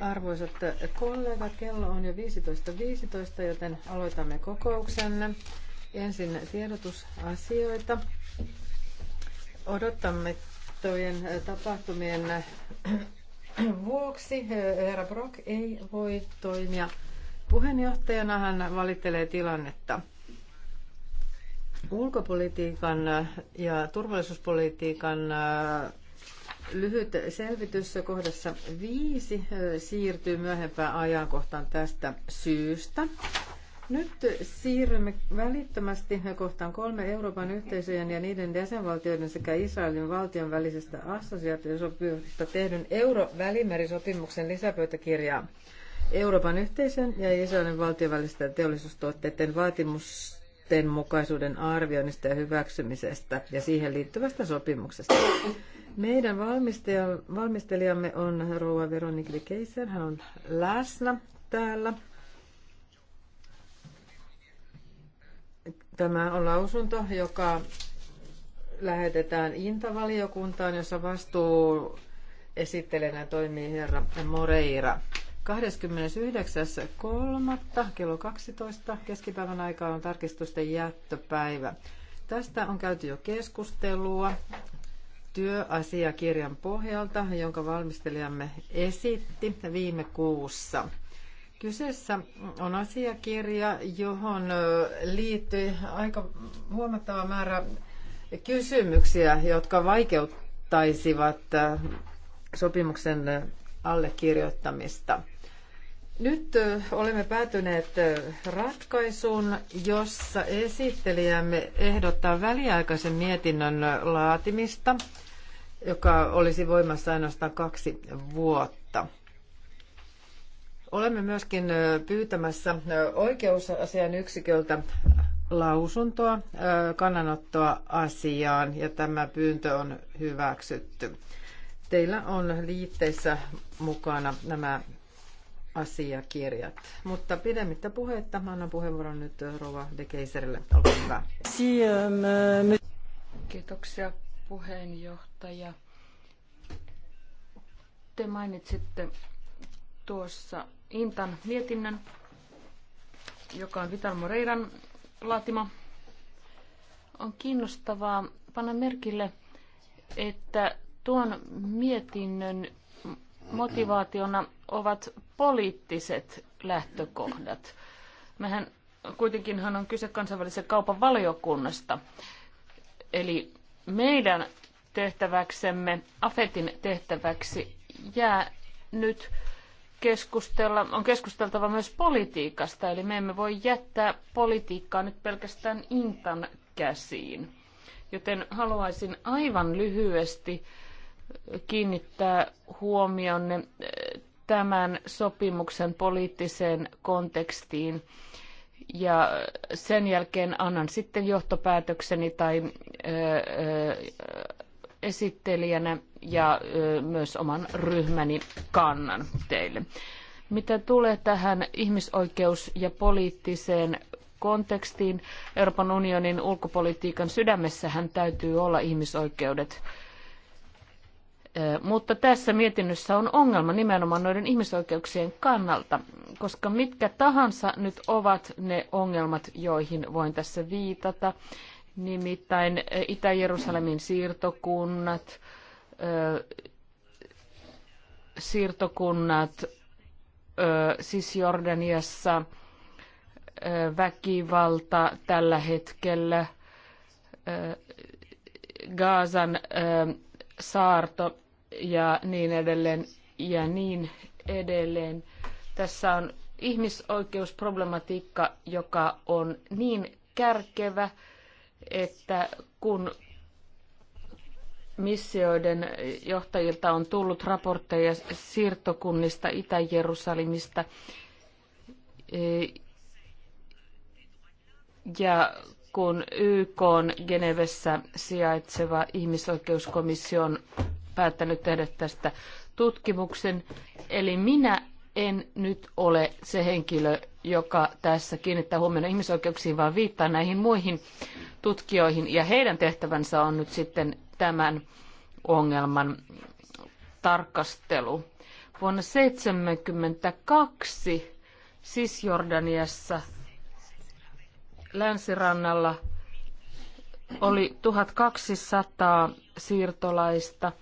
Arvoisat kollegat, kello on jo 15.15, 15, joten aloitamme kokouksenne. Ensin tiedotusasioita. Odottamme tojen äh, tapahtumien äh, vuoksi äh, herra Brock ei voi toimia puheenjohtajana. Hän valittelee tilannetta. Ulkopolitiikan ja turvallisuuspolitiikan Lyhyt selvitys kohdassa viisi siirtyy myöhempään ajankohtaan tästä syystä. Nyt siirrymme välittömästi kohtaan kolme Euroopan yhteisöjen ja niiden jäsenvaltioiden sekä Israelin valtion välisestä assosiaatiosopimuksesta tehdyn Euro-välimerisopimuksen lisäpöytäkirjaa. Euroopan yhteisön ja Israelin valtion välisestä teollisuustuotteiden vaatimus, johdonmukaisuuden arvioinnista ja hyväksymisestä ja siihen liittyvästä sopimuksesta. Meidän valmistelijamme on rouva Veronique Keiser. Hän on läsnä täällä. Tämä on lausunto, joka lähetetään Intavaliokuntaan, jossa vastuu esittelenä toimii herra Moreira. 29.3. kello 12 keskipäivän aikaa on tarkistusten jättöpäivä. Tästä on käyty jo keskustelua työasiakirjan pohjalta, jonka valmistelijamme esitti viime kuussa. Kyseessä on asiakirja, johon liittyy aika huomattava määrä kysymyksiä, jotka vaikeuttaisivat sopimuksen allekirjoittamista. Nyt olemme päätyneet ratkaisuun, jossa esittelijämme ehdottaa väliaikaisen mietinnön laatimista, joka olisi voimassa ainoastaan kaksi vuotta. Olemme myöskin pyytämässä oikeusasian yksiköltä lausuntoa, kannanottoa asiaan, ja tämä pyyntö on hyväksytty. Teillä on liitteissä mukana nämä asiakirjat. Mutta pidemmittä puheitta annan puheenvuoron nyt Rova de Keiserille. Olkaa hyvä. Ähm, Kiitoksia puheenjohtaja. Te mainitsitte tuossa Intan mietinnön, joka on Vital Moreiran laatima. On kiinnostavaa panna merkille, että tuon mietinnön motivaationa ovat poliittiset lähtökohdat. Mehän kuitenkinhan on kyse kansainvälisen kaupan valiokunnasta. Eli meidän tehtäväksemme, AFETin tehtäväksi jää nyt keskustella, on keskusteltava myös politiikasta, eli me emme voi jättää politiikkaa nyt pelkästään Intan käsiin. Joten haluaisin aivan lyhyesti kiinnittää huomionne eh, tämän sopimuksen poliittiseen kontekstiin ja sen jälkeen annan sitten johtopäätökseni tai eh, eh, esittelijänä ja myös oman ryhmäni kannan teille. Mitä tulee tähän ihmisoikeus- ja poliittiseen kontekstiin, Euroopan unionin ulkopolitiikan sydämessähän täytyy olla ihmisoikeudet mutta tässä mietinnössä on ongelma nimenomaan noiden ihmisoikeuksien kannalta, koska mitkä tahansa nyt ovat ne ongelmat, joihin voin tässä viitata, nimittäin Itä-Jerusalemin siirtokunnat, siirtokunnat Sisjordaniassa, väkivalta tällä hetkellä, Gaasan saarto ja niin edelleen ja niin edelleen. Tässä on ihmisoikeusproblematiikka, joka on niin kärkevä, että kun missioiden johtajilta on tullut raportteja siirtokunnista Itä-Jerusalimista e, ja kun YK on Genevessä sijaitseva ihmisoikeuskomissio on päättänyt tehdä tästä tutkimuksen. Eli minä en nyt ole se henkilö, joka tässä kiinnittää huomiota ihmisoikeuksiin, vaan viittaa näihin muihin tutkijoihin. Ja heidän tehtävänsä on nyt sitten tämän ongelman tarkastelu. Vuonna 1972 Sisjordaniassa länsirannalla oli 1200 siirtolaista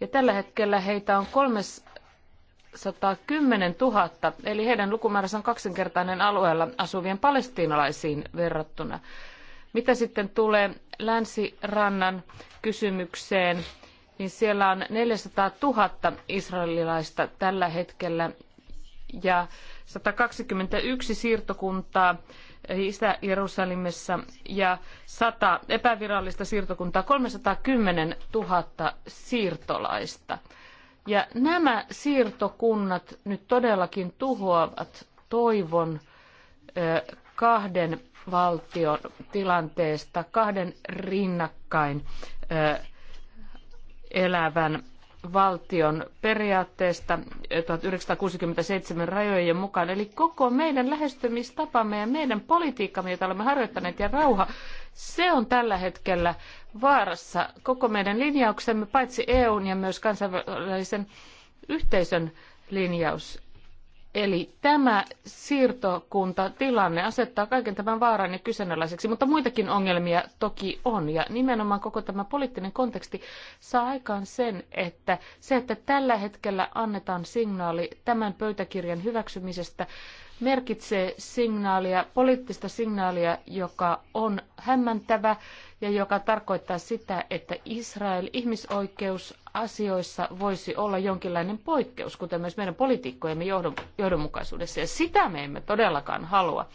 ja tällä hetkellä heitä on 310 000, eli heidän lukumääränsä on kaksinkertainen alueella asuvien palestiinalaisiin verrattuna. Mitä sitten tulee länsirannan kysymykseen, niin siellä on 400 000 israelilaista tällä hetkellä ja 121 siirtokuntaa Itä-Jerusalimissa ja 100 epävirallista siirtokuntaa, 310 000 siirtolaista. Ja nämä siirtokunnat nyt todellakin tuhoavat toivon kahden valtion tilanteesta, kahden rinnakkain elävän valtion periaatteesta 1967 eh, rajojen mukaan. Eli koko meidän lähestymistapamme ja meidän politiikkamme, jota olemme harjoittaneet ja rauha, se on tällä hetkellä vaarassa. Koko meidän linjauksemme, paitsi EUn ja myös kansainvälisen yhteisön linjaus. Eli tämä siirtokuntatilanne asettaa kaiken tämän vaaran ja kyseenalaiseksi, mutta muitakin ongelmia toki on. Ja nimenomaan koko tämä poliittinen konteksti saa aikaan sen, että se, että tällä hetkellä annetaan signaali tämän pöytäkirjan hyväksymisestä, merkitsee signaalia, poliittista signaalia, joka on hämmentävä ja joka tarkoittaa sitä, että Israel ihmisoikeusasioissa voisi olla jonkinlainen poikkeus, kuten myös meidän poliitikkojemme johdonmukaisuudessa. Ja sitä me emme todellakaan halua.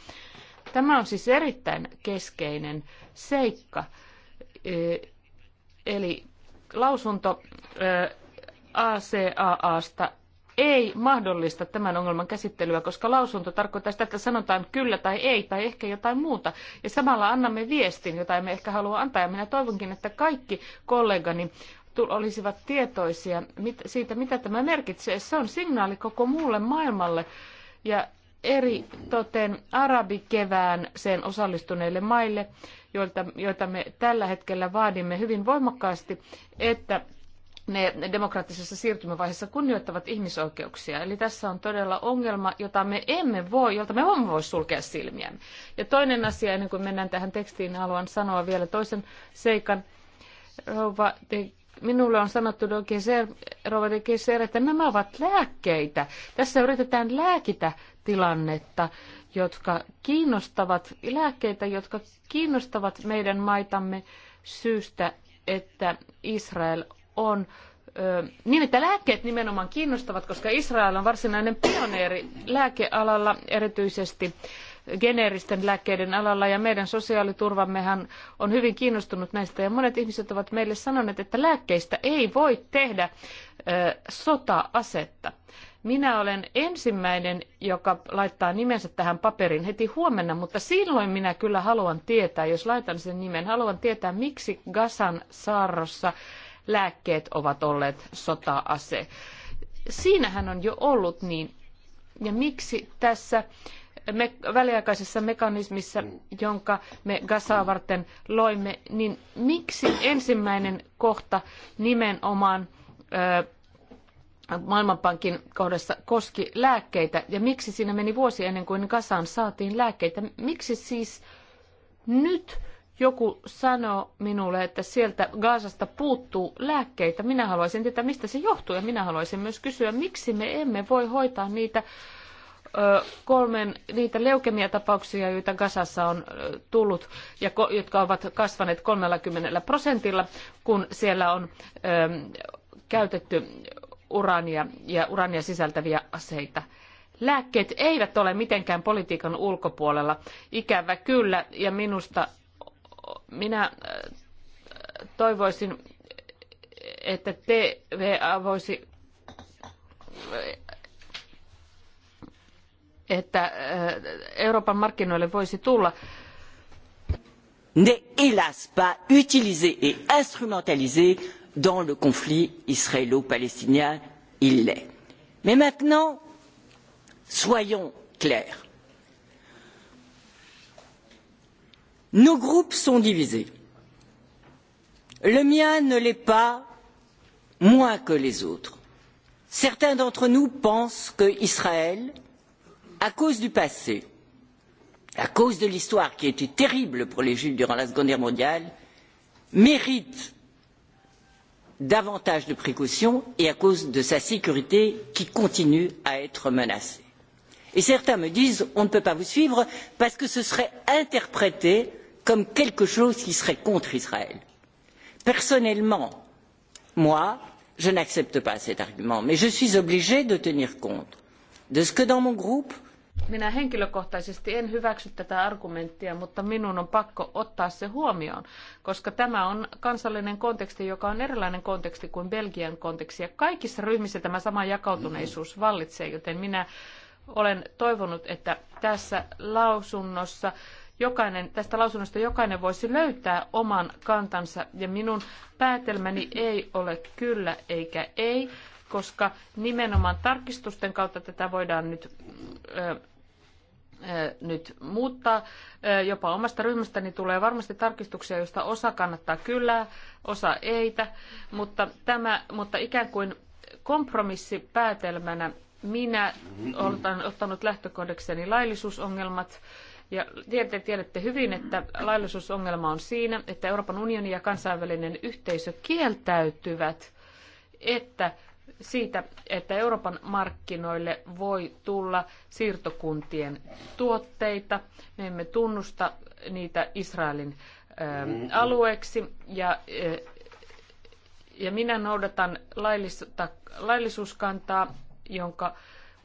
Tämä on siis erittäin keskeinen seikka. Eh, eli lausunto eh, ACAAsta ei mahdollista tämän ongelman käsittelyä, koska lausunto tarkoittaa sitä, että sanotaan kyllä tai ei tai ehkä jotain muuta. Ja samalla annamme viestin, jota emme ehkä halua antaa. Ja minä toivonkin, että kaikki kollegani olisivat tietoisia siitä, mitä tämä merkitsee. Se on signaali koko muulle maailmalle. Ja eri toten arabikevään sen osallistuneille maille, joita me tällä hetkellä vaadimme hyvin voimakkaasti, että ne demokraattisessa siirtymävaiheessa kunnioittavat ihmisoikeuksia. Eli tässä on todella ongelma, jota me emme voi, jolta me emme voi sulkea silmiä. Ja toinen asia, ennen kuin mennään tähän tekstiin, haluan sanoa vielä toisen seikan. Rouva de, minulle on sanottu de Geser, Rouva de Geser, että nämä ovat lääkkeitä. Tässä yritetään lääkitä tilannetta jotka kiinnostavat, lääkkeitä, jotka kiinnostavat meidän maitamme syystä, että Israel on niin, että lääkkeet nimenomaan kiinnostavat, koska Israel on varsinainen pioneeri lääkealalla, erityisesti geneeristen lääkkeiden alalla ja meidän sosiaaliturvammehan on hyvin kiinnostunut näistä ja monet ihmiset ovat meille sanoneet, että lääkkeistä ei voi tehdä ö, sota-asetta. Minä olen ensimmäinen, joka laittaa nimensä tähän paperin heti huomenna, mutta silloin minä kyllä haluan tietää, jos laitan sen nimen, haluan tietää, miksi Gasan saarrossa lääkkeet ovat olleet sota-ase. Siinähän on jo ollut niin. Ja miksi tässä me, väliaikaisessa mekanismissa, jonka me Gazaa varten loimme, niin miksi ensimmäinen kohta nimenomaan ö, Maailmanpankin kohdassa koski lääkkeitä ja miksi siinä meni vuosi ennen kuin Gasaan saatiin lääkkeitä? Miksi siis nyt joku sanoi minulle, että sieltä Gaasasta puuttuu lääkkeitä. Minä haluaisin tietää, mistä se johtuu ja minä haluaisin myös kysyä, miksi me emme voi hoitaa niitä kolmen niitä leukemiatapauksia, joita Gasassa on tullut ja ko, jotka ovat kasvaneet 30 prosentilla, kun siellä on ö, käytetty urania ja urania sisältäviä aseita. Lääkkeet eivät ole mitenkään politiikan ulkopuolella, ikävä kyllä, ja minusta minä äh, toivoisin, että TVA voisi äh, että äh, Euroopan markkinoille voisi tulla n'est hélas pas utilisé et instrumentalisé dans le conflit israélo palestinien il l'est. mais maintenant soyons clairs nos groupes sont divisés. le mien ne l'est pas moins que les autres. certains d'entre nous pensent qu'israël à cause du passé à cause de l'histoire qui a été terrible pour les juifs durant la seconde guerre mondiale mérite davantage de précautions et à cause de sa sécurité qui continue à être menacée et certains me disent on ne peut pas vous suivre parce que ce serait interprété comme quelque chose qui serait contre israël. personnellement je n'accepte pas cet argument mais je suis obligée de tenir compte de ce que dans mon groupe minä henkilökohtaisesti en hyväksy tätä argumenttia, mutta minun on pakko ottaa se huomioon, koska tämä on kansallinen konteksti, joka on erilainen konteksti kuin Belgian konteksti. Ja kaikissa ryhmissä tämä sama jakautuneisuus vallitsee, joten minä olen toivonut, että tässä lausunnossa jokainen, tästä lausunnosta jokainen voisi löytää oman kantansa ja minun päätelmäni ei ole kyllä eikä ei, koska nimenomaan tarkistusten kautta tätä voidaan nyt ö, nyt muuttaa. Jopa omasta ryhmästäni tulee varmasti tarkistuksia, joista osa kannattaa kyllä, osa eitä, mutta, tämä, mutta ikään kuin kompromissipäätelmänä minä olen ottanut lähtökohdakseni laillisuusongelmat. Ja te tiedätte hyvin, että laillisuusongelma on siinä, että Euroopan unioni ja kansainvälinen yhteisö kieltäytyvät että siitä, että Euroopan markkinoille voi tulla siirtokuntien tuotteita. Me emme tunnusta niitä Israelin ähm, alueeksi ja äh, ja minä noudatan laillista, laillisuuskantaa jonka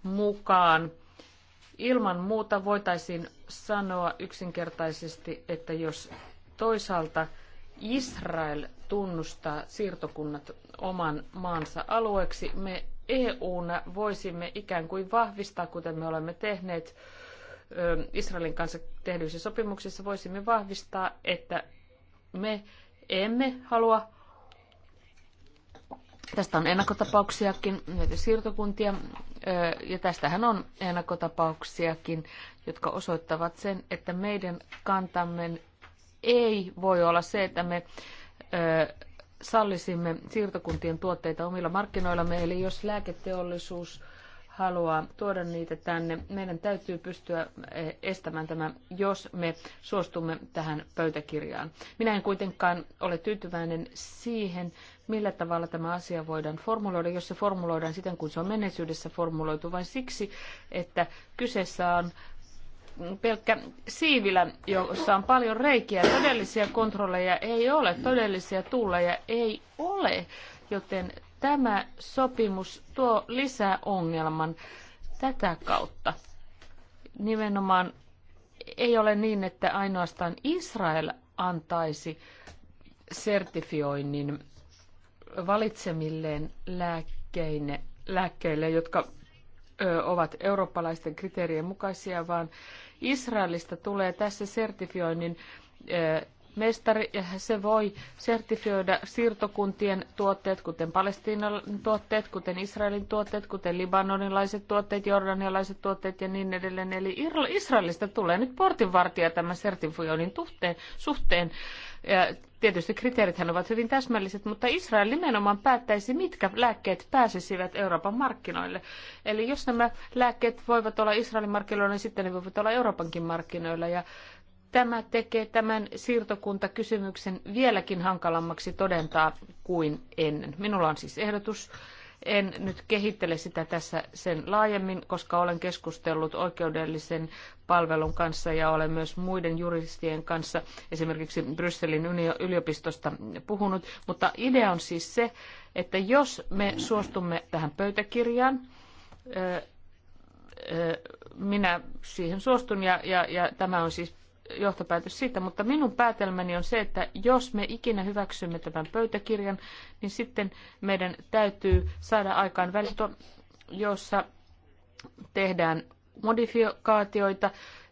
mukaan ilman muuta voitaisiin sanoa yksinkertaisesti, että jos toisaalta Israel tunnustaa siirtokunnat oman maansa alueeksi, me EUna voisimme ikään kuin vahvistaa, kuten me olemme tehneet Israelin kanssa tehdyissä sopimuksissa, voisimme vahvistaa, että me emme halua Tästä on ennakkotapauksiakin, näitä siirtokuntia, ja tästähän on ennakkotapauksiakin, jotka osoittavat sen, että meidän kantamme ei voi olla se, että me sallisimme siirtokuntien tuotteita omilla markkinoillamme. Eli jos lääketeollisuus haluaa tuoda niitä tänne, meidän täytyy pystyä estämään tämä, jos me suostumme tähän pöytäkirjaan. Minä en kuitenkaan ole tyytyväinen siihen, millä tavalla tämä asia voidaan formuloida, jos se formuloidaan siten, kun se on menneisyydessä formuloitu, vain siksi, että kyseessä on pelkkä siivilä, jossa on paljon reikiä. Todellisia kontrolleja ei ole, todellisia tulleja ei ole, joten tämä sopimus tuo lisää ongelman tätä kautta. Nimenomaan ei ole niin, että ainoastaan Israel antaisi sertifioinnin valitsemilleen lääkkeine, lääkkeille, jotka ovat eurooppalaisten kriteerien mukaisia, vaan Israelista tulee tässä sertifioinnin mestari ja se voi sertifioida siirtokuntien tuotteet, kuten Palestiinan tuotteet, kuten Israelin tuotteet, kuten libanonilaiset tuotteet, jordanialaiset tuotteet ja niin edelleen. Eli Israelista tulee nyt portinvartija tämän sertifioinnin suhteen. suhteen. Ja tietysti kriteerithän ovat hyvin täsmälliset, mutta Israel nimenomaan päättäisi, mitkä lääkkeet pääsisivät Euroopan markkinoille. Eli jos nämä lääkkeet voivat olla Israelin markkinoilla, niin sitten ne voivat olla Euroopankin markkinoilla. Ja tämä tekee tämän siirtokuntakysymyksen vieläkin hankalammaksi todentaa kuin ennen. Minulla on siis ehdotus en nyt kehittele sitä tässä sen laajemmin, koska olen keskustellut oikeudellisen palvelun kanssa ja olen myös muiden juristien kanssa esimerkiksi Brysselin yliopistosta puhunut. Mutta idea on siis se, että jos me suostumme tähän pöytäkirjaan, minä siihen suostun ja, ja, ja tämä on siis johtopäätös siitä, mutta minun päätelmäni on se, että jos me ikinä hyväksymme tämän pöytäkirjan, niin sitten meidän täytyy saada aikaan välitö, jossa tehdään modifikaatioita,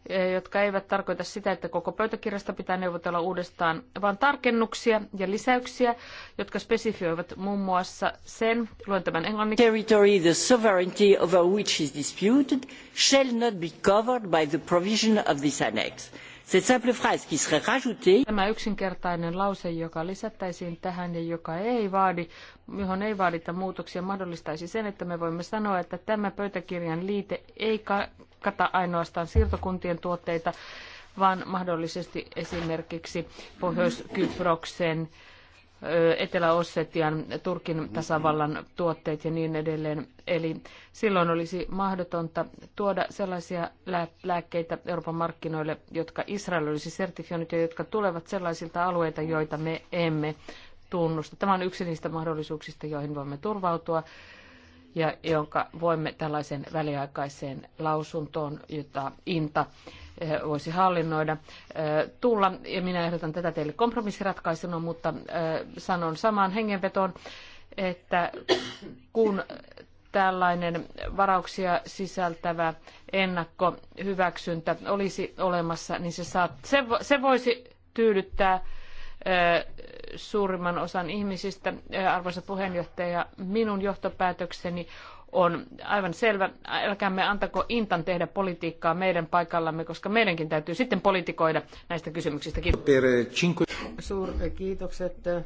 eh, jotka eivät tarkoita sitä, että koko pöytäkirjasta pitää neuvotella uudestaan, vaan tarkennuksia ja lisäyksiä, jotka spesifioivat muun muassa sen, luen tämän englanniksi. Territory the sovereignty over which is disputed shall not be covered by the provision of this annex Cette simple phrase qui serait rajoutée... Tämä yksinkertainen lause, joka lisättäisiin tähän ja joka ei vaadi, johon ei vaadita muutoksia, mahdollistaisi sen, että me voimme sanoa, että tämä pöytäkirjan liite ei kata ainoastaan siirtokuntien tuotteita, vaan mahdollisesti esimerkiksi Pohjois-Kyproksen Etelä-Ossetian, Turkin tasavallan tuotteet ja niin edelleen. Eli silloin olisi mahdotonta tuoda sellaisia lääkkeitä Euroopan markkinoille, jotka Israel olisi sertifioinut ja jotka tulevat sellaisilta alueilta, joita me emme tunnusta. Tämä on yksi niistä mahdollisuuksista, joihin voimme turvautua ja jonka voimme tällaisen väliaikaiseen lausuntoon, jota INTA Eh, voisi hallinnoida eh, tulla. Ja minä ehdotan tätä teille kompromissiratkaisuna, mutta eh, sanon samaan hengenvetoon, että kun tällainen varauksia sisältävä ennakkohyväksyntä olisi olemassa, niin se, saat, se, se voisi tyydyttää suurimman osan ihmisistä. Arvoisa puheenjohtaja, minun johtopäätökseni on aivan selvä. Älkäämme antako Intan tehdä politiikkaa meidän paikallamme, koska meidänkin täytyy sitten politikoida näistä kysymyksistä. Kiitos. Eh, Suur eh, kiitokset. Eh,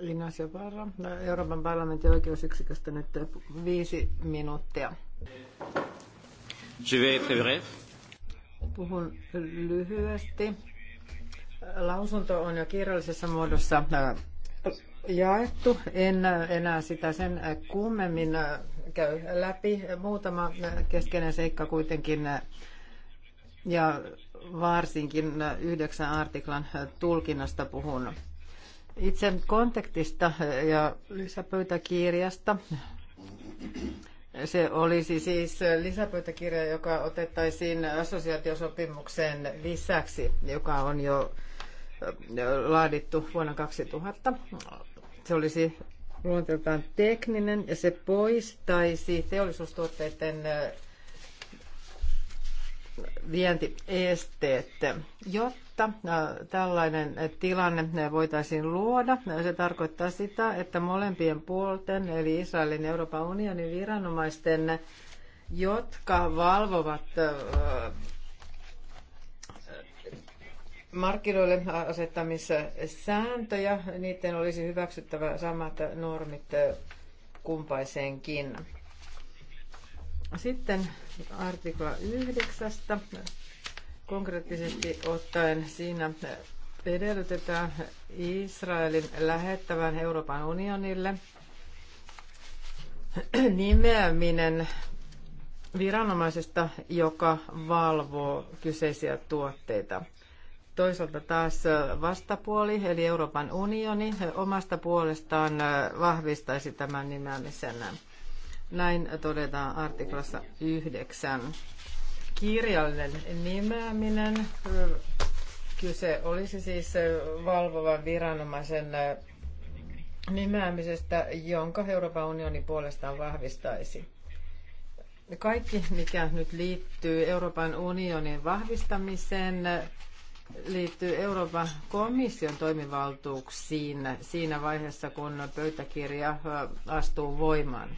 Ignacio Parra, Euroopan parlamentin oikeusyksiköstä nyt viisi minuuttia. Puhun lyhyesti. Lausunto on jo kirjallisessa muodossa jaettu. En enää sitä sen kummemmin käy läpi. Muutama keskeinen seikka kuitenkin ja varsinkin yhdeksän artiklan tulkinnasta puhun. Itse kontekstista ja lisäpöytäkirjasta. Se olisi siis lisäpöytäkirja, joka otettaisiin assosiaatiosopimukseen lisäksi, joka on jo laadittu vuonna 2000. Se olisi luonteeltaan tekninen ja se poistaisi teollisuustuotteiden vientiesteet. Jotta tällainen tilanne voitaisiin luoda, se tarkoittaa sitä, että molempien puolten, eli Israelin ja Euroopan unionin viranomaisten, jotka valvovat markkinoille asettamissa sääntöjä, niiden olisi hyväksyttävä samat normit kumpaisenkin. Sitten artikla 9. Konkreettisesti ottaen siinä edellytetään Israelin lähettävän Euroopan unionille nimeäminen viranomaisesta, joka valvoo kyseisiä tuotteita. Toisaalta taas vastapuoli, eli Euroopan unioni, omasta puolestaan vahvistaisi tämän nimeämisen. Näin todetaan artiklassa 9. Kirjallinen nimeäminen. Kyse olisi siis valvovan viranomaisen nimeämisestä, jonka Euroopan unioni puolestaan vahvistaisi kaikki, mikä nyt liittyy Euroopan unionin vahvistamiseen, liittyy Euroopan komission toimivaltuuksiin siinä vaiheessa, kun pöytäkirja astuu voimaan.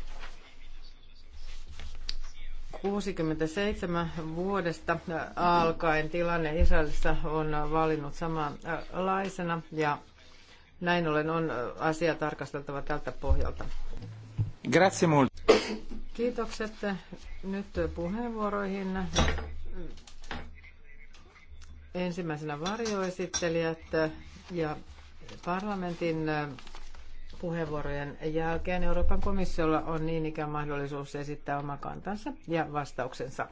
67 vuodesta alkaen tilanne Israelissa on valinnut samanlaisena ja näin ollen on asia tarkasteltava tältä pohjalta. Grazie molto. Kiitokset nyt puheenvuoroihin Ensimmäisenä varjoesittelijät ja parlamentin puheenvuorojen jälkeen Euroopan komissiolla on niin ikään mahdollisuus esittää oma kantansa ja vastauksensa.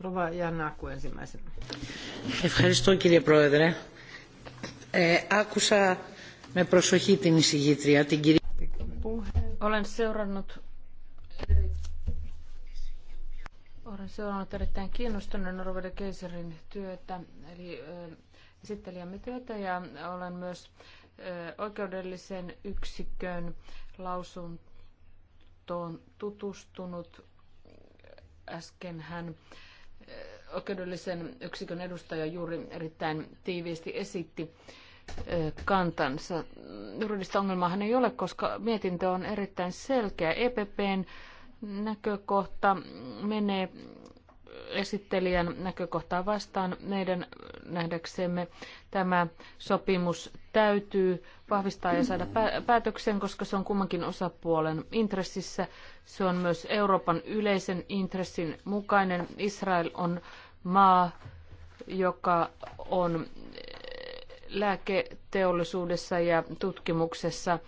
Rova Akku ensimmäisenä. Ευχαριστώ κύριε Πρόεδρε. άκουσα με προσοχή την εισηγήτρια, την κυρία... Olen seurannut olen seurannut erittäin kiinnostuneen Rovede Keiserin työtä, eli esittelijämme työtä, ja olen myös oikeudellisen yksikön lausuntoon tutustunut. Äsken hän oikeudellisen yksikön edustaja juuri erittäin tiiviisti esitti kantansa. Juridista hän ei ole, koska mietintö on erittäin selkeä. EPPn näkökohta menee esittelijän näkökohtaa vastaan. Meidän nähdäksemme tämä sopimus täytyy vahvistaa ja saada päätöksen, koska se on kummankin osapuolen intressissä. Se on myös Euroopan yleisen intressin mukainen. Israel on maa, joka on lääketeollisuudessa ja tutkimuksessa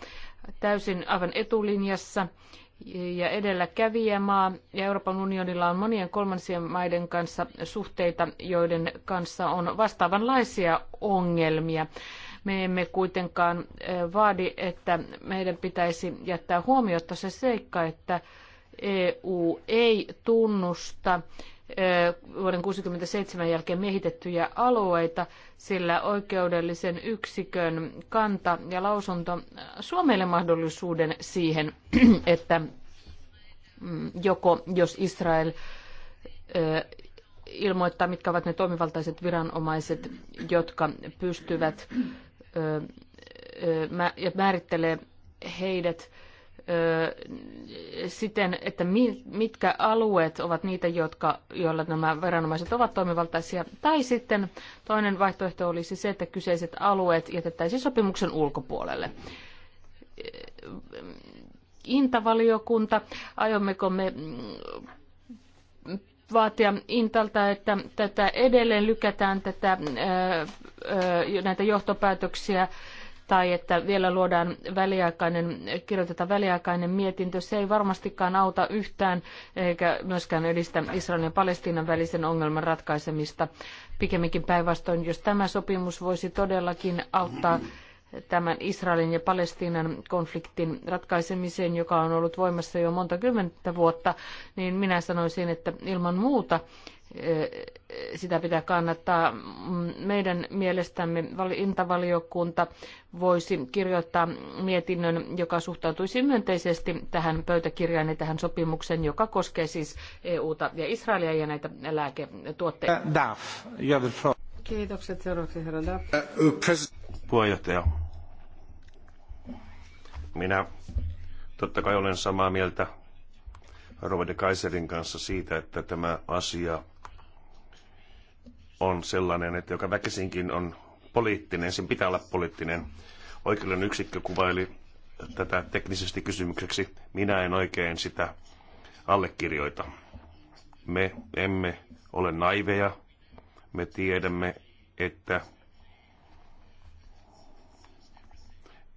täysin aivan etulinjassa ja edelläkävijämaa ja Euroopan unionilla on monien kolmansien maiden kanssa suhteita, joiden kanssa on vastaavanlaisia ongelmia. Me emme kuitenkaan eh, vaadi, että meidän pitäisi jättää huomiota se seikka, että EU ei tunnusta vuoden 1967 jälkeen miehitettyjä alueita, sillä oikeudellisen yksikön kanta ja lausunto Suomelle mahdollisuuden siihen, että mm, joko jos Israel ilmoittaa, mitkä ovat ne toimivaltaiset viranomaiset, jotka pystyvät ja määrittelee heidät siten, että mitkä alueet ovat niitä, jotka, joilla nämä viranomaiset ovat toimivaltaisia. Tai sitten toinen vaihtoehto olisi se, että kyseiset alueet jätettäisiin sopimuksen ulkopuolelle. Intavaliokunta, aiommeko me vaatia Intalta, että tätä edelleen lykätään tätä, näitä johtopäätöksiä tai että vielä luodaan väliaikainen, kirjoitetaan väliaikainen mietintö, se ei varmastikaan auta yhtään eikä myöskään edistä Israelin ja Palestiinan välisen ongelman ratkaisemista. Pikemminkin päinvastoin, jos tämä sopimus voisi todellakin auttaa tämän Israelin ja Palestiinan konfliktin ratkaisemiseen, joka on ollut voimassa jo monta kymmentä vuotta, niin minä sanoisin, että ilman muuta sitä pitää kannattaa. Meidän mielestämme intavaliokunta voisi kirjoittaa mietinnön, joka suhtautuisi myönteisesti tähän pöytäkirjaan ja tähän sopimukseen, joka koskee siis EUta ja Israelia ja näitä lääketuotteita. Uh, Duff, Kiitokset seuraavaksi herra Duff. Uh, uh, Puheenjohtaja. Minä totta kai olen samaa mieltä Robert Kaiserin kanssa siitä, että tämä asia on sellainen, että joka väkisinkin on poliittinen, sen pitää olla poliittinen. Oikeuden yksikkö kuvaili tätä teknisesti kysymykseksi. Minä en oikein sitä allekirjoita. Me emme ole naiveja. Me tiedämme, että,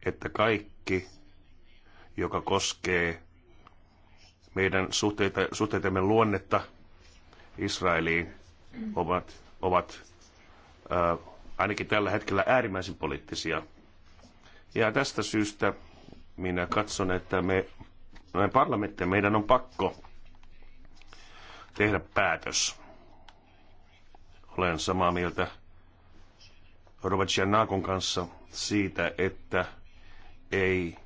että kaikki, joka koskee meidän suhteita, suhteitamme luonnetta Israeliin, ovat ovat äh, ainakin tällä hetkellä äärimmäisen poliittisia. Ja tästä syystä minä katson, että me, me parlamentti meidän on pakko tehdä päätös. Olen samaa mieltä Robert Naakon kanssa siitä, että ei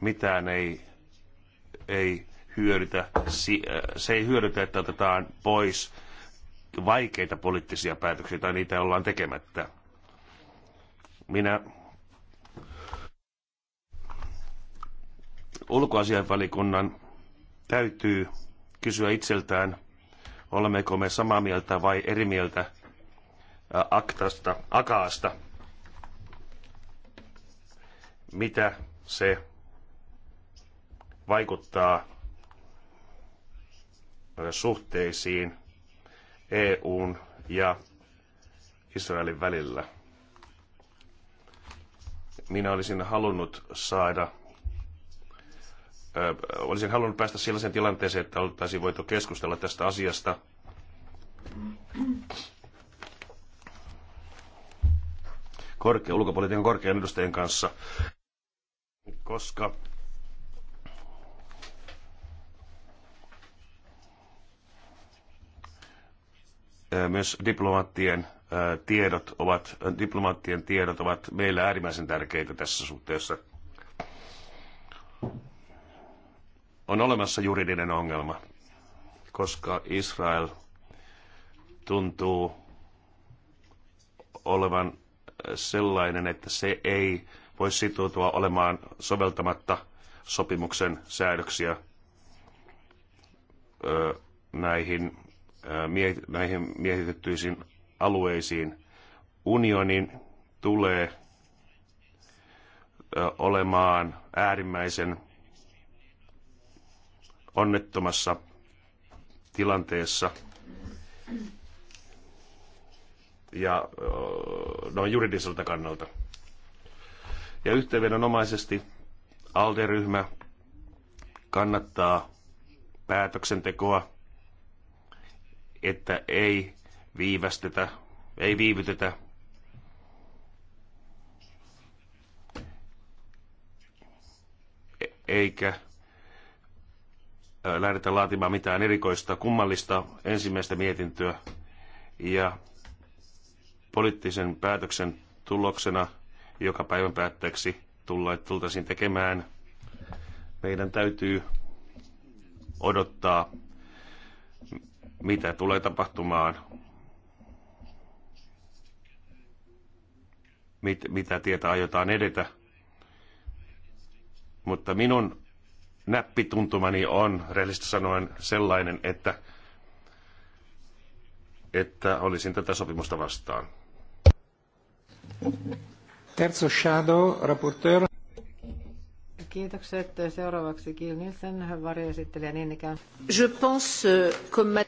mitään ei, ei hyödytä, se ei hyödytä, että otetaan pois vaikeita poliittisia päätöksiä tai niitä ollaan tekemättä. Minä ulkoasianvalikunnan täytyy kysyä itseltään, olemmeko me samaa mieltä vai eri mieltä aktasta, akaasta, mitä se vaikuttaa suhteisiin EUn ja Israelin välillä. Minä olisin halunnut saada olisin halunnut päästä sellaiseen tilanteeseen, että oltaisiin voitu keskustella tästä asiasta. Korkea, ulkopolitiikan korkean edustajien kanssa, koska myös diplomaattien tiedot ovat, diplomaattien tiedot ovat meillä äärimmäisen tärkeitä tässä suhteessa. On olemassa juridinen ongelma, koska Israel tuntuu olevan sellainen, että se ei voi sitoutua olemaan soveltamatta sopimuksen säädöksiä näihin näihin miehitettyisiin alueisiin. Unionin tulee olemaan äärimmäisen onnettomassa tilanteessa. Ja noin juridiselta kannalta. Ja yhteenvedonomaisesti ALDE-ryhmä kannattaa päätöksentekoa että ei viivästetä, ei viivytetä. Eikä lähdetä laatimaan mitään erikoista, kummallista ensimmäistä mietintöä. Ja poliittisen päätöksen tuloksena joka päivän päätteeksi tultaisiin tekemään. Meidän täytyy odottaa mitä tulee tapahtumaan, mit, mitä tietä aiotaan edetä. Mutta minun näppituntumani on rehellisesti sanoen sellainen, että, että olisin tätä sopimusta vastaan. Terzo Shadow, raporteur. Kiitokset. Seuraavaksi Kiil Nielsen, varjoesittelijä niin ikään. Je pense, euh, comme...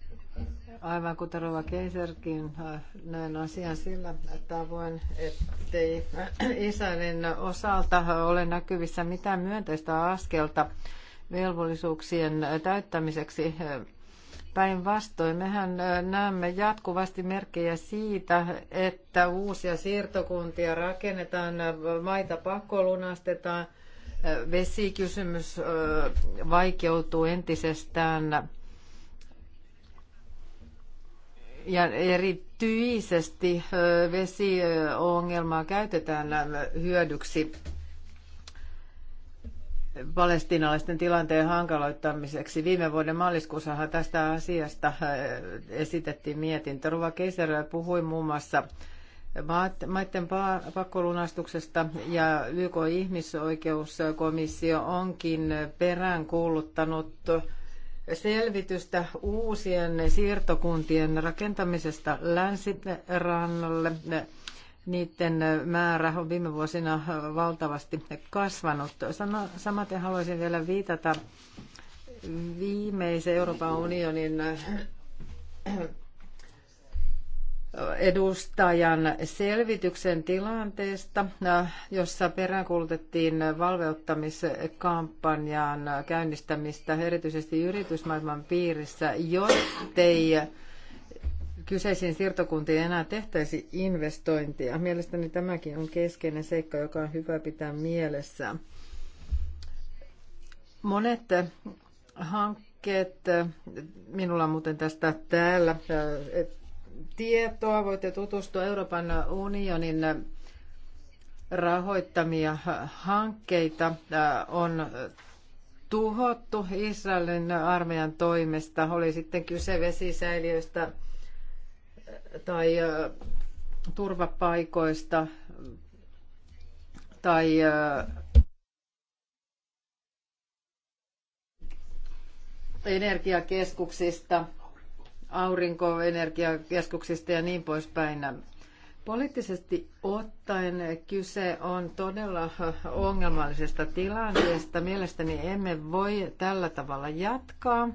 Aivan kuten Rova Keiserkin äh, näen asian sillä tavoin, ettei äh, Israelin osalta ole näkyvissä mitään myönteistä askelta velvollisuuksien täyttämiseksi. Päinvastoin mehän äh, näemme jatkuvasti merkkejä siitä, että uusia siirtokuntia rakennetaan, maita pakkolunastetaan, vesikysymys vaikeutuu entisestään ja erityisesti vesiongelmaa käytetään hyödyksi palestiinalaisten tilanteen hankaloittamiseksi. Viime vuoden maaliskuussahan tästä asiasta esitettiin mietintö. Ruva Keiser puhui muun muassa maiden pakkolunastuksesta ja YK ihmisoikeuskomissio onkin peräänkuuluttanut kuuluttanut selvitystä uusien siirtokuntien rakentamisesta länsirannalle. Niiden määrä on viime vuosina valtavasti kasvanut. Samaten haluaisin vielä viitata viimeisen Euroopan unionin edustajan selvityksen tilanteesta, jossa peräänkuulutettiin valveottamiskampanjan käynnistämistä erityisesti yritysmaailman piirissä, jottei kyseisiin siirtokuntiin enää tehtäisi investointia. Mielestäni tämäkin on keskeinen seikka, joka on hyvä pitää mielessä. Monet hankkeet, minulla on muuten tästä täällä tietoa, voitte tutustua Euroopan unionin rahoittamia hankkeita on tuhottu Israelin armeijan toimesta. Oli sitten kyse vesisäiliöistä tai turvapaikoista tai energiakeskuksista – aurinkoenergiakeskuksista ja niin poispäin. Poliittisesti ottaen kyse on todella ongelmallisesta tilanteesta. Mielestäni emme voi tällä tavalla jatkaa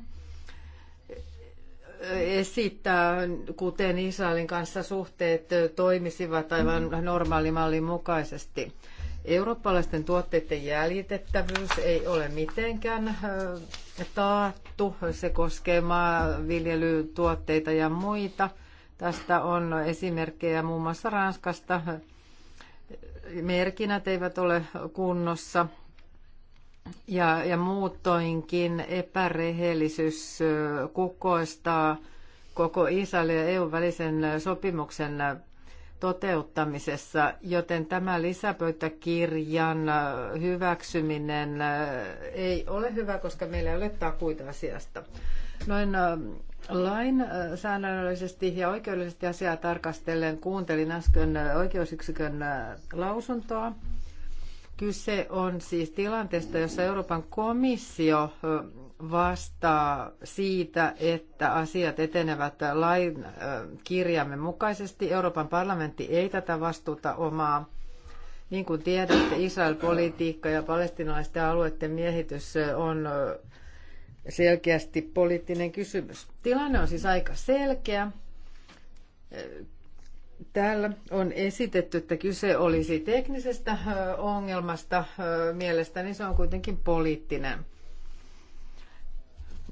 esittää, kuten Israelin kanssa suhteet toimisivat aivan normaalimallin mukaisesti. Eurooppalaisten tuotteiden jäljitettävyys ei ole mitenkään taattu. Se koskee maanviljelytuotteita ja muita. Tästä on esimerkkejä muun muassa Ranskasta. Merkinnät eivät ole kunnossa ja, ja muutoinkin epärehellisyys kukoistaa koko Israelin ja eu välisen sopimuksen toteuttamisessa, joten tämä lisäpöytäkirjan äh, hyväksyminen äh, ei ole hyvä, koska meillä ei ole takuita asiasta. Noin äh, säännöllisesti ja oikeudellisesti asiaa tarkastellen kuuntelin äsken oikeusyksikön lausuntoa. Kyse on siis tilanteesta, jossa Euroopan komissio vastaa siitä, että asiat etenevät lain kirjamme mukaisesti. Euroopan parlamentti ei tätä vastuuta omaa. Niin kuin tiedätte, Israel-politiikka ja palestinalaisten alueiden miehitys on selkeästi poliittinen kysymys. Tilanne on siis aika selkeä. Täällä on esitetty, että kyse olisi teknisestä ongelmasta. Mielestäni se on kuitenkin poliittinen.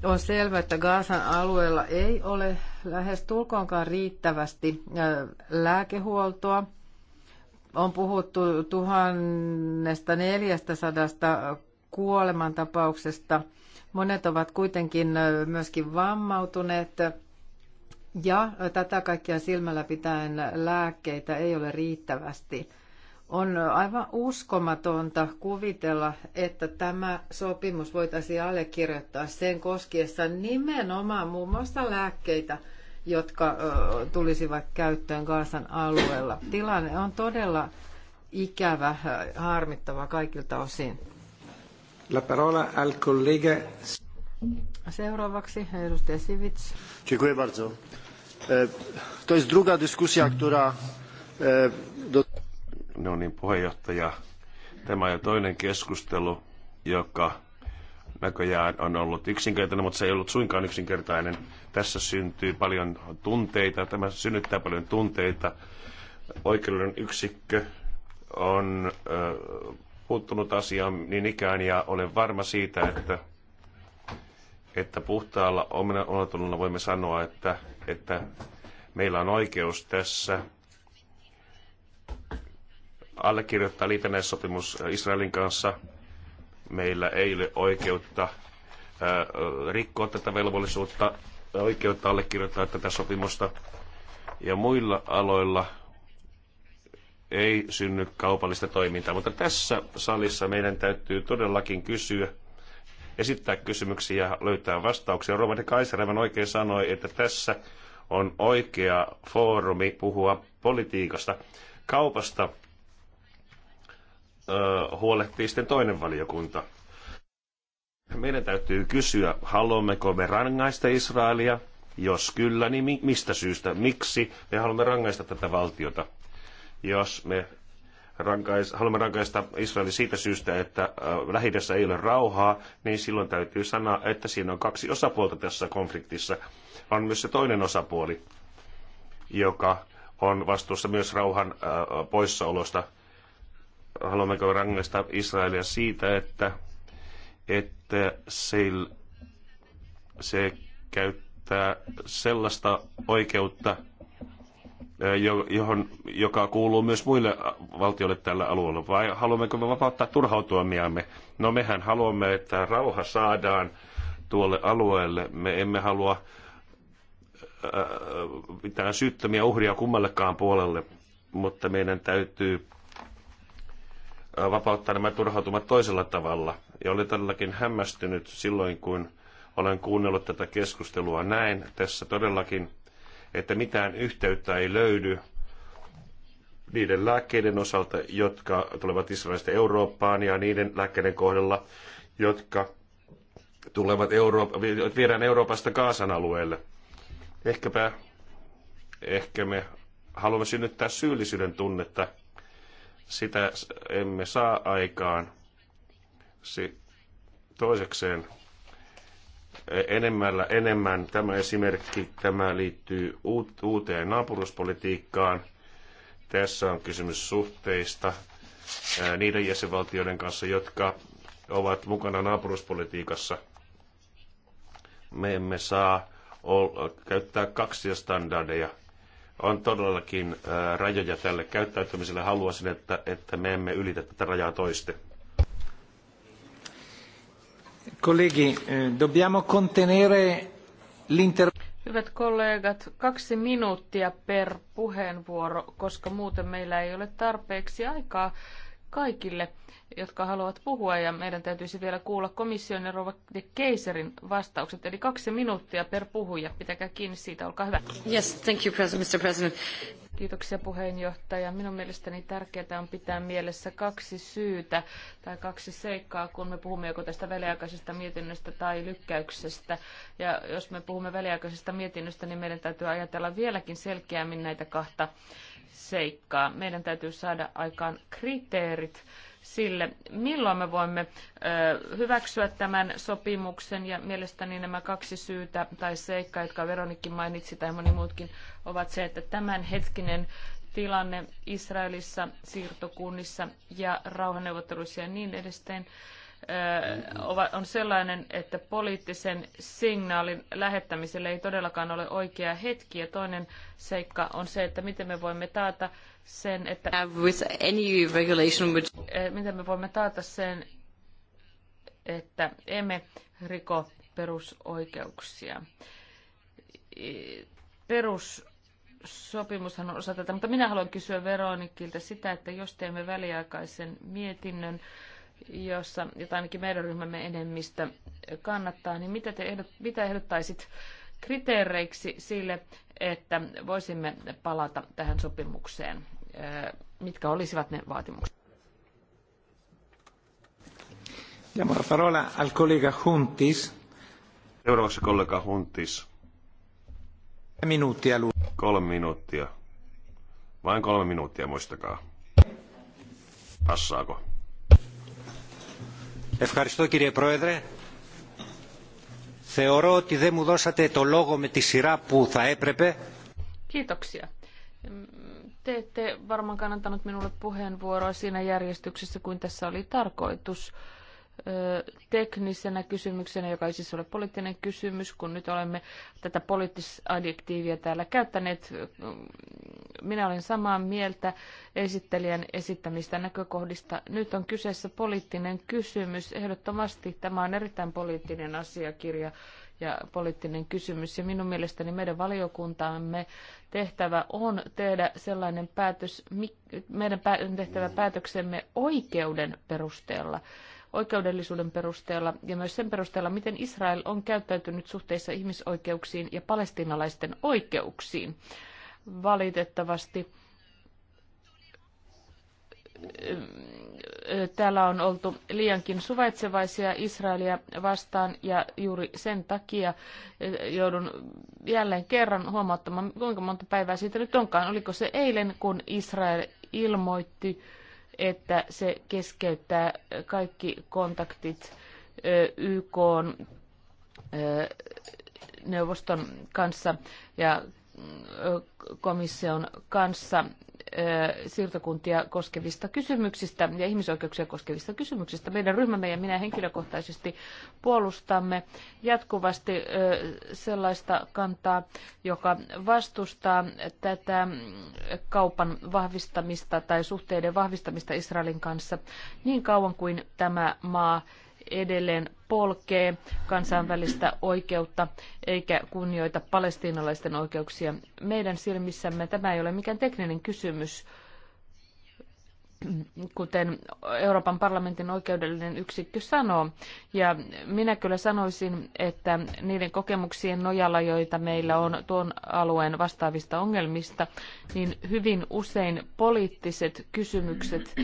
On selvää, että Gaasan alueella ei ole lähes tulkoonkaan riittävästi lääkehuoltoa. On puhuttu 1400 kuolemantapauksesta. Monet ovat kuitenkin myöskin vammautuneet ja tätä kaikkia silmällä pitäen lääkkeitä ei ole riittävästi. On aivan uskomatonta kuvitella, että tämä sopimus voitaisiin allekirjoittaa sen koskiessa nimenomaan muun muassa lääkkeitä, jotka tulisivat käyttöön Gaasan alueella. Tilanne on todella ikävä, harmittava kaikilta osin. La parola al collega. Seuraavaksi edustaja Sivits. Kiitos. bardzo. E, to jest druga dyskusja, która... E, do unionin niin, puheenjohtaja. Tämä on jo toinen keskustelu, joka näköjään on ollut yksinkertainen, mutta se ei ollut suinkaan yksinkertainen. Tässä syntyy paljon tunteita, tämä synnyttää paljon tunteita. Oikeuden yksikkö on ö, puuttunut asiaan niin ikään ja olen varma siitä, että, että puhtaalla omatunnolla voimme sanoa, että, että meillä on oikeus tässä allekirjoittaa liitännäissopimus äh, Israelin kanssa. Meillä ei ole oikeutta äh, rikkoa tätä velvollisuutta, oikeutta allekirjoittaa tätä sopimusta. Ja muilla aloilla ei synny kaupallista toimintaa. Mutta tässä salissa meidän täytyy todellakin kysyä, esittää kysymyksiä ja löytää vastauksia. Kaiser aivan oikein sanoi, että tässä on oikea foorumi puhua politiikasta. Kaupasta huolehtii sitten toinen valiokunta. Meidän täytyy kysyä, haluammeko me rangaista Israelia? Jos kyllä, niin mistä syystä? Miksi me haluamme rangaista tätä valtiota? Jos me rankais, haluamme rankaista Israelin siitä syystä, että lähidessä ei ole rauhaa, niin silloin täytyy sanoa, että siinä on kaksi osapuolta tässä konfliktissa. On myös se toinen osapuoli, joka on vastuussa myös rauhan poissaolosta haluammeko rangaista Israelia siitä, että, että se, se käyttää sellaista oikeutta, johon, joka kuuluu myös muille valtioille tällä alueella, vai haluammeko me vapauttaa turhautuamiamme? No mehän haluamme, että rauha saadaan tuolle alueelle. Me emme halua mitään syyttömiä uhria kummallekaan puolelle, mutta meidän täytyy vapauttaa nämä turhautumat toisella tavalla. Ja olen todellakin hämmästynyt silloin, kun olen kuunnellut tätä keskustelua näin tässä todellakin, että mitään yhteyttä ei löydy niiden lääkkeiden osalta, jotka tulevat Israelista Eurooppaan ja niiden lääkkeiden kohdalla, jotka tulevat Euroop- viedään Euroopasta Kaasan alueelle. Ehkäpä, ehkä me haluamme synnyttää syyllisyyden tunnetta sitä emme saa aikaan. Si- toisekseen e- enemmällä enemmän. Tämä esimerkki tämä liittyy uuteen naapuruspolitiikkaan. Tässä on kysymys suhteista niiden jäsenvaltioiden kanssa, jotka ovat mukana naapuruspolitiikassa. Me emme saa käyttää kaksia standardeja – on todellakin rajoja tälle käyttäytymiselle. Haluaisin, että, että me emme ylitä tätä rajaa toiste. Kollegi, dobbiamo contenere l'inter... Hyvät kollegat, kaksi minuuttia per puheenvuoro, koska muuten meillä ei ole tarpeeksi aikaa kaikille, jotka haluavat puhua, ja meidän täytyisi vielä kuulla komission ja Rova de Keiserin vastaukset, eli kaksi minuuttia per puhuja. Pitäkää kiinni siitä, olkaa hyvä. Yes, thank you, Mr. President. Kiitoksia puheenjohtaja. Minun mielestäni tärkeää on pitää mielessä kaksi syytä tai kaksi seikkaa, kun me puhumme joko tästä väliaikaisesta mietinnöstä tai lykkäyksestä. Ja jos me puhumme väliaikaisesta mietinnöstä, niin meidän täytyy ajatella vieläkin selkeämmin näitä kahta seikkaa. Meidän täytyy saada aikaan kriteerit sille, milloin me voimme hyväksyä tämän sopimuksen. Ja mielestäni nämä kaksi syytä tai seikkaa, jotka Veronikki mainitsi tai moni muutkin, ovat se, että tämänhetkinen tilanne Israelissa, siirtokunnissa ja rauhanneuvotteluissa ja niin edesteen on sellainen, että poliittisen signaalin lähettämiselle ei todellakaan ole oikea hetki. Ja toinen seikka on se, että miten me voimme taata sen, että with any regulation miten me voimme taata sen, että emme riko perusoikeuksia. sopimushan on osa tätä, mutta minä haluan kysyä Veronikilta sitä, että jos teemme väliaikaisen mietinnön, jossa, jota ainakin meidän ryhmämme enemmistö kannattaa, niin mitä, te ehdot, mitä ehdottaisit kriteereiksi sille, että voisimme palata tähän sopimukseen? Mitkä olisivat ne vaatimukset? Diamo la parola al collega Huntis. Seuraavaksi kollega Huntis. Minuuttia. Kolme minuuttia. Vain kolme minuuttia, muistakaa. Passaako? Ευχαριστώ κύριε Πρόεδρε. Θεωρώ ότι δεν μου δώσατε το λόγο με τη σειρά που θα έπρεπε. Te ette varmaankaan antanut minulle puheenvuoroa siinä järjestyksessä, kuin tässä oli tarkoitus teknisenä kysymyksenä, joka ei siis ole poliittinen kysymys, kun nyt olemme tätä poliittisadjektiiviä täällä käyttäneet. Minä olen samaa mieltä esittelijän esittämistä näkökohdista. Nyt on kyseessä poliittinen kysymys. Ehdottomasti tämä on erittäin poliittinen asiakirja ja poliittinen kysymys. Ja minun mielestäni meidän valiokuntamme tehtävä on tehdä sellainen päätös, meidän tehtävä päätöksemme oikeuden perusteella oikeudellisuuden perusteella ja myös sen perusteella, miten Israel on käyttäytynyt suhteessa ihmisoikeuksiin ja palestinalaisten oikeuksiin. Valitettavasti täällä on oltu liiankin suvaitsevaisia Israelia vastaan ja juuri sen takia joudun jälleen kerran huomauttamaan, kuinka monta päivää siitä nyt onkaan. Oliko se eilen, kun Israel ilmoitti että se keskeyttää kaikki kontaktit YK neuvoston kanssa ja komission kanssa siirtokuntia koskevista kysymyksistä ja ihmisoikeuksia koskevista kysymyksistä. Meidän ryhmämme ja minä henkilökohtaisesti puolustamme jatkuvasti sellaista kantaa, joka vastustaa tätä kaupan vahvistamista tai suhteiden vahvistamista Israelin kanssa niin kauan kuin tämä maa edelleen polkee kansainvälistä oikeutta eikä kunnioita palestiinalaisten oikeuksia. Meidän silmissämme tämä ei ole mikään tekninen kysymys, kuten Euroopan parlamentin oikeudellinen yksikkö sanoo. Ja minä kyllä sanoisin, että niiden kokemuksien nojalla, joita meillä on tuon alueen vastaavista ongelmista, niin hyvin usein poliittiset kysymykset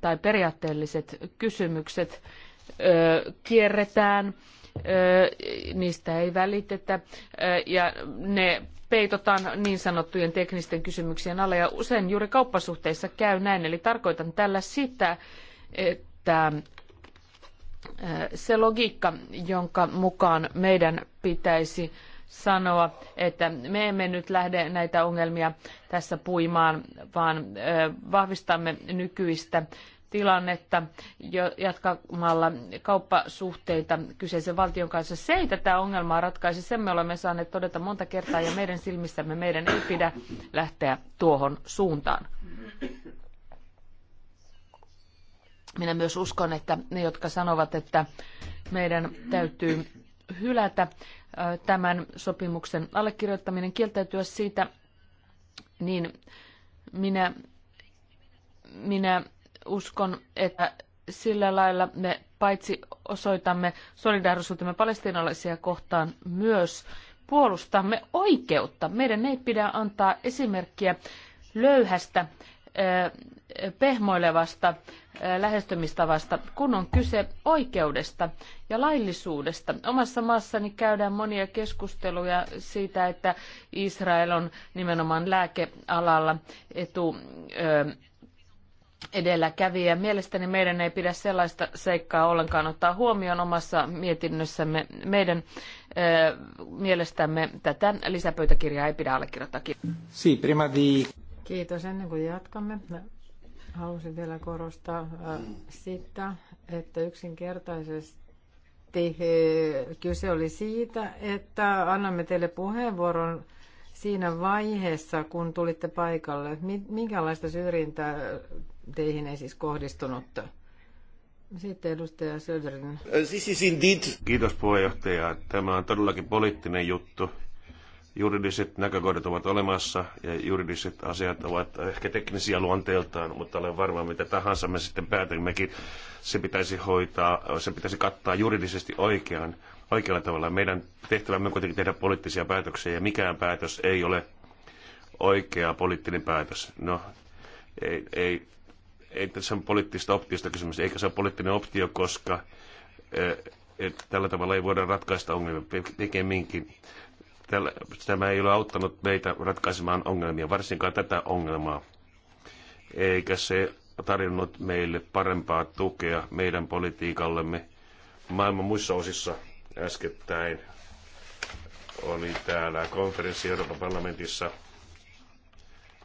tai periaatteelliset kysymykset ö, kierretään, ö, niistä ei välitetä ja ne peitotaan niin sanottujen teknisten kysymyksien alle ja usein juuri kauppasuhteissa käy näin. Eli tarkoitan tällä sitä, että se logiikka, jonka mukaan meidän pitäisi sanoa, että me emme nyt lähde näitä ongelmia tässä puimaan, vaan vahvistamme nykyistä tilannetta jatkamalla kauppasuhteita kyseisen valtion kanssa. Se ei tätä ongelmaa ratkaise, sen me olemme saaneet todeta monta kertaa ja meidän silmissämme meidän ei pidä lähteä tuohon suuntaan. Minä myös uskon, että ne, jotka sanovat, että meidän täytyy hylätä tämän sopimuksen allekirjoittaminen, kieltäytyä siitä, niin minä, minä uskon, että sillä lailla me paitsi osoitamme solidaarisuutemme palestiinalaisia kohtaan, myös puolustamme oikeutta. Meidän ei pidä antaa esimerkkiä löyhästä pehmoilevasta lähestymistavasta, kun on kyse oikeudesta ja laillisuudesta. Omassa maassani käydään monia keskusteluja siitä, että Israel on nimenomaan lääkealalla etu edelläkävijä. Mielestäni meidän ei pidä sellaista seikkaa ollenkaan ottaa huomioon omassa mietinnössämme. Meidän ö, mielestämme tätä lisäpöytäkirjaa ei pidä allekirjoittaa. Si, prima di... Kiitos. Ennen kuin jatkamme, halusin vielä korostaa äh, sitä, että yksinkertaisesti äh, kyse oli siitä, että annamme teille puheenvuoron siinä vaiheessa, kun tulitte paikalle. Minkälaista syrjintää teihin ei siis kohdistunut? Sitten edustaja Söderin. Äh, siis indeed. Kiitos puheenjohtaja. Tämä on todellakin poliittinen juttu juridiset näkökohdat ovat olemassa ja juridiset asiat ovat ehkä teknisiä luonteeltaan, mutta olen varma, mitä tahansa me sitten päätämmekin, se pitäisi hoitaa, se pitäisi kattaa juridisesti oikean, oikealla tavalla. Meidän tehtävämme on kuitenkin tehdä poliittisia päätöksiä ja mikään päätös ei ole oikea poliittinen päätös. No, ei, ei, ei tässä on poliittista optiosta kysymys, eikä se ole poliittinen optio, koska eh, että tällä tavalla ei voida ratkaista ongelmia pikemminkin tämä ei ole auttanut meitä ratkaisemaan ongelmia, varsinkaan tätä ongelmaa, eikä se tarjonnut meille parempaa tukea meidän politiikallemme maailman muissa osissa äskettäin. Oli täällä konferenssi Euroopan parlamentissa,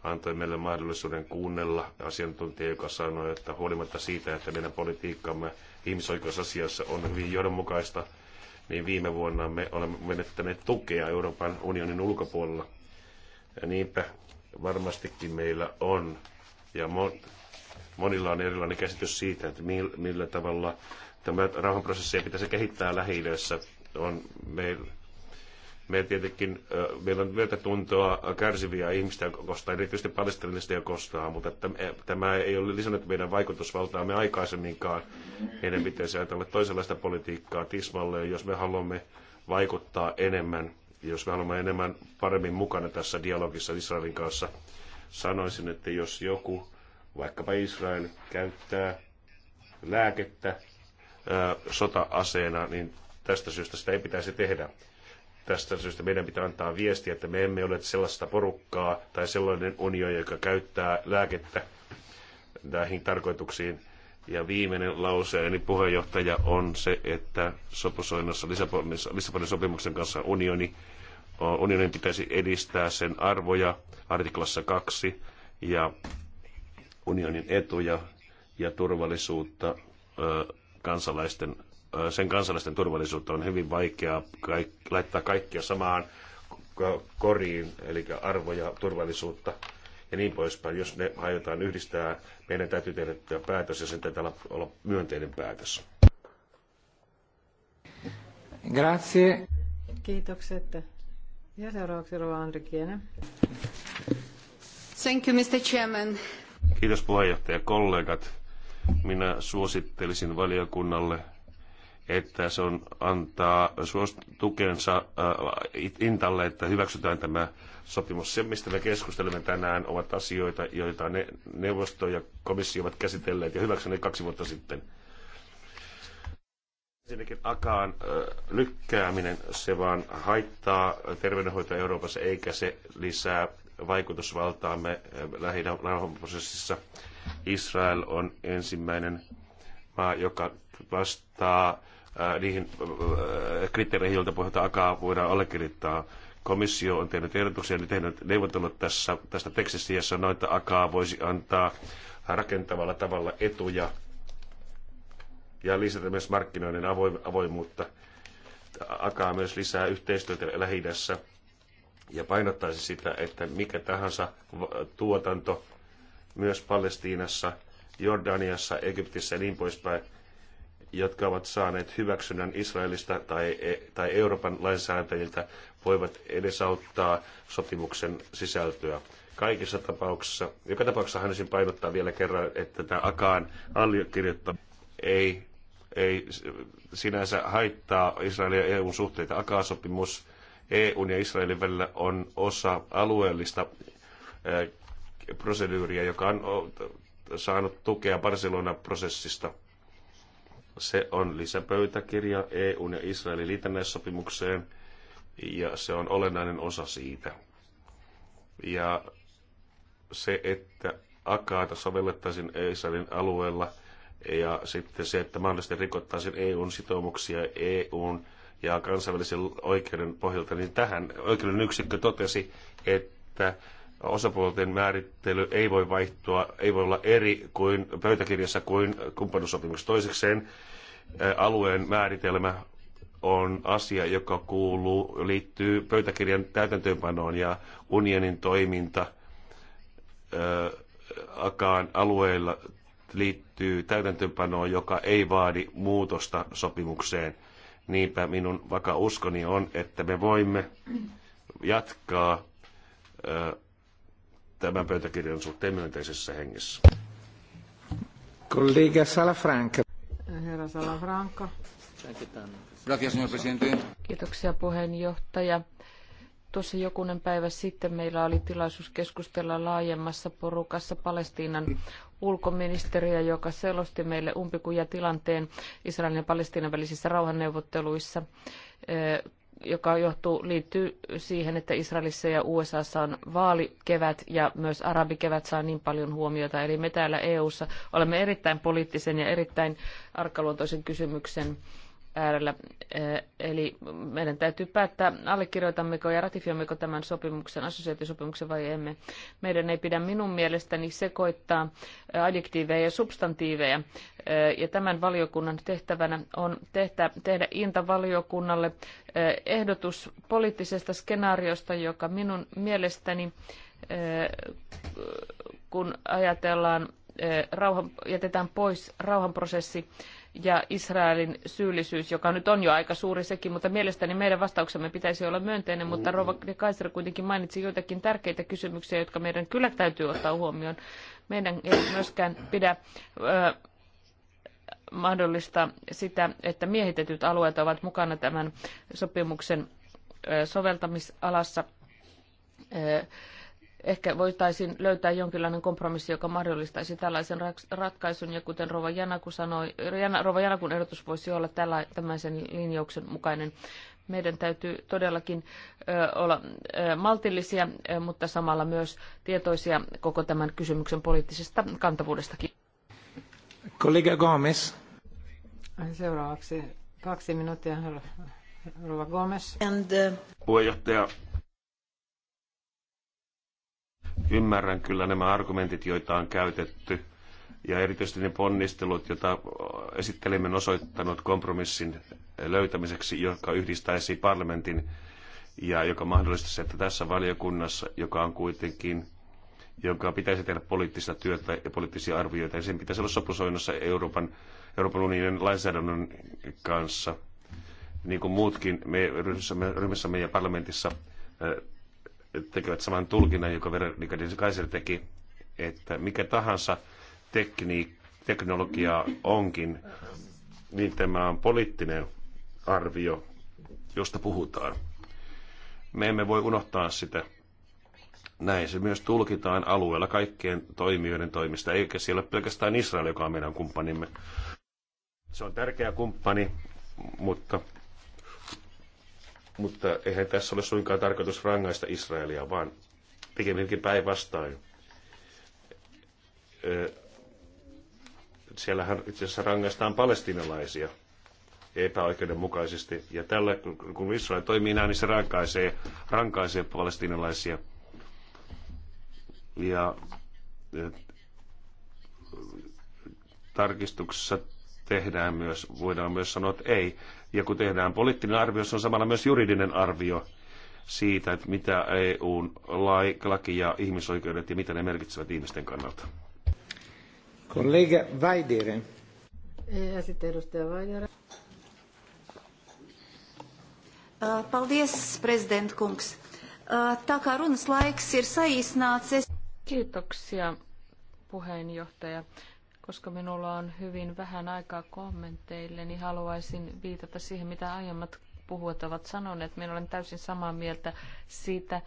antoi meille mahdollisuuden kuunnella asiantuntija, joka sanoi, että huolimatta siitä, että meidän politiikkamme ihmisoikeusasiassa on hyvin johdonmukaista, niin viime vuonna me olemme menettäneet tukea Euroopan unionin ulkopuolella. Ja niinpä varmastikin meillä on, ja monilla on erilainen käsitys siitä, että millä tavalla tämä rauhanprosessi pitäisi kehittää lähi on meillä me tietenkin, meillä on myötätuntoa kärsiviä ihmistä kohtaan, erityisesti palestinalaisia kostaa, mutta e, tämä ei ole lisännyt meidän vaikutusvaltaamme aikaisemminkaan. Meidän pitäisi ajatella toisenlaista politiikkaa tismalle, jos me haluamme vaikuttaa enemmän, jos me haluamme enemmän paremmin mukana tässä dialogissa Israelin kanssa. Sanoisin, että jos joku, vaikkapa Israel, käyttää lääkettä sota-aseena, niin tästä syystä sitä ei pitäisi tehdä. Tästä syystä meidän pitää antaa viesti, että me emme ole sellaista porukkaa tai sellainen unioni, joka käyttää lääkettä näihin tarkoituksiin. Ja viimeinen lause, eli puheenjohtaja, on se, että sopusoinnossa Lissabonin sopimuksen kanssa unioni, unionin pitäisi edistää sen arvoja artiklassa 2 ja unionin etuja ja turvallisuutta kansalaisten sen kansalaisten turvallisuutta on hyvin vaikea laittaa kaikkia samaan koriin, eli arvoja, turvallisuutta ja niin poispäin. Jos ne aiotaan yhdistää, meidän täytyy tehdä päätös ja sen täytyy olla myönteinen päätös. Grazie. Kiitokset. Ja seuraavaksi Rova Andrikiene. Thank you, Mr. Chairman. Kiitos puheenjohtaja kollegat. Minä suosittelisin valiokunnalle että se on, antaa suost- tukensa äh, Intalle, että hyväksytään tämä sopimus. Se, mistä me keskustelemme tänään, ovat asioita, joita ne, neuvosto ja komissio ovat käsitelleet ja hyväksyneet kaksi vuotta sitten. Ensinnäkin akaan äh, lykkääminen, se vaan haittaa terveydenhoitoa Euroopassa, eikä se lisää vaikutusvaltaamme äh, lähinnä Israel on ensimmäinen maa, joka vastaa Äh, niihin äh, kriteereihin, joilta pohjalta akaa voidaan allekirjoittaa. Komissio on tehnyt ehdotuksia, eli tehnyt neuvottelut tässä, tästä tekstistä, ja sanoi, että akaa voisi antaa rakentavalla tavalla etuja ja lisätä myös markkinoiden avoimuutta. Akaa myös lisää yhteistyötä lähi ja painottaisi sitä, että mikä tahansa tuotanto myös Palestiinassa, Jordaniassa, Egyptissä ja niin poispäin – jotka ovat saaneet hyväksynnän Israelista tai, e- tai Euroopan lainsäätäjiltä, voivat edesauttaa sopimuksen sisältöä. Kaikissa tapauksissa, joka tapauksessa haluaisin painottaa vielä kerran, että tämä Akaan allekirjoittaminen ei, ei sinänsä haittaa Israelin ja EUn suhteita. Akaa-sopimus EUn ja Israelin välillä on osa alueellista proseduuria, joka on saanut tukea Barcelona-prosessista – se on lisäpöytäkirja EUn ja Israelin liitännäissopimukseen ja se on olennainen osa siitä. Ja se, että akaata sovellettaisiin Israelin alueella ja sitten se, että mahdollisesti rikottaisiin EUn sitoumuksia EUn ja kansainvälisen oikeuden pohjalta, niin tähän oikeuden yksikkö totesi, että osapuolten määrittely ei voi vaihtua, ei voi olla eri kuin pöytäkirjassa kuin kumppanuussopimuksessa. Toisekseen alueen määritelmä on asia, joka kuuluu, liittyy pöytäkirjan täytäntöönpanoon ja unionin toiminta akaan alueilla liittyy täytäntöönpanoon, joka ei vaadi muutosta sopimukseen. Niinpä minun vaka uskoni on, että me voimme jatkaa tämän pöytäkirjan suhteen myönteisessä hengessä. Kollega Salafranca. Herra Salafranca. Kiitoksia puheenjohtaja. Tuossa jokunen päivä sitten meillä oli tilaisuus keskustella laajemmassa porukassa Palestiinan ulkoministeriä, joka selosti meille umpikuja tilanteen Israelin ja Palestiinan välisissä rauhanneuvotteluissa eh, joka johtuu, liittyy siihen, että Israelissa ja USAssa on vaalikevät ja myös arabikevät saa niin paljon huomiota. Eli me täällä EUssa olemme erittäin poliittisen ja erittäin arkaluontoisen kysymyksen äärellä. Eli meidän täytyy päättää, allekirjoitammeko ja ratifioimmeko tämän sopimuksen, assosiaatiosopimuksen vai emme. Meidän ei pidä minun mielestäni sekoittaa adjektiiveja ja substantiiveja. Ja tämän valiokunnan tehtävänä on tehtä, tehdä Inta-valiokunnalle ehdotus poliittisesta skenaariosta, joka minun mielestäni, kun ajatellaan, rauhan, jätetään pois rauhanprosessi, ja Israelin syyllisyys, joka nyt on jo aika suuri sekin, mutta mielestäni meidän vastauksemme pitäisi olla myönteinen, mutta Rova de Kaiser kuitenkin mainitsi joitakin tärkeitä kysymyksiä, jotka meidän kyllä täytyy ottaa huomioon. Meidän ei myöskään pidä ö, mahdollista sitä, että miehitetyt alueet ovat mukana tämän sopimuksen ö, soveltamisalassa. Ö, Ehkä voitaisiin löytää jonkinlainen kompromissi, joka mahdollistaisi tällaisen ratkaisun, ja kuten Rova Janaku sanoi, Jana, Rova Janakun ehdotus voisi olla tällä, tämmöisen linjauksen mukainen. Meidän täytyy todellakin ö, olla ö, maltillisia, ö, mutta samalla myös tietoisia koko tämän kysymyksen poliittisesta kantavuudestakin. Kollega Gomes. Seuraavaksi kaksi minuuttia, Rova Gomes. And, uh... Puheenjohtaja, Ymmärrän kyllä nämä argumentit, joita on käytetty, ja erityisesti ne ponnistelut, joita esittelimme on osoittanut kompromissin löytämiseksi, joka yhdistäisi parlamentin ja joka mahdollistaisi, että tässä valiokunnassa, joka on kuitenkin joka pitäisi tehdä poliittista työtä ja poliittisia arvioita, ja sen pitäisi olla sopusoinnossa Euroopan, Euroopan unionin lainsäädännön kanssa. Niin kuin muutkin, me ryhmässämme, ryhmässämme ja parlamentissa tekevät saman tulkinnan, joka Veronika Kaiser teki, että mikä tahansa tekniik, teknologia onkin, niin tämä on poliittinen arvio, josta puhutaan. Me emme voi unohtaa sitä. Näin se myös tulkitaan alueella kaikkien toimijoiden toimista, eikä siellä ole pelkästään Israel, joka on meidän kumppanimme. Se on tärkeä kumppani, mutta mutta eihän tässä ole suinkaan tarkoitus rangaista Israelia, vaan pikemminkin päinvastoin. Siellähän itse asiassa rangaistaan palestinalaisia epäoikeudenmukaisesti. Ja tällä, kun Israel toimii näin, niin se rankaisee, rankaisee palestinalaisia. Ja tarkistuksessa tehdään myös, voidaan myös sanoa, että ei. Ja kun tehdään poliittinen arvio, se on samalla myös juridinen arvio siitä, että mitä EUn laki ja ihmisoikeudet ja mitä ne merkitsevät ihmisten kannalta. Kollega Vaidere. Ja sitten edustaja Vaidere. Paldies, president Kungs. Tā kā runas Kiitoksia, puheenjohtaja. Koska minulla on hyvin vähän aikaa kommenteille, niin haluaisin viitata siihen, mitä aiemmat puhujat ovat sanoneet. Minä olen täysin samaa mieltä siitä,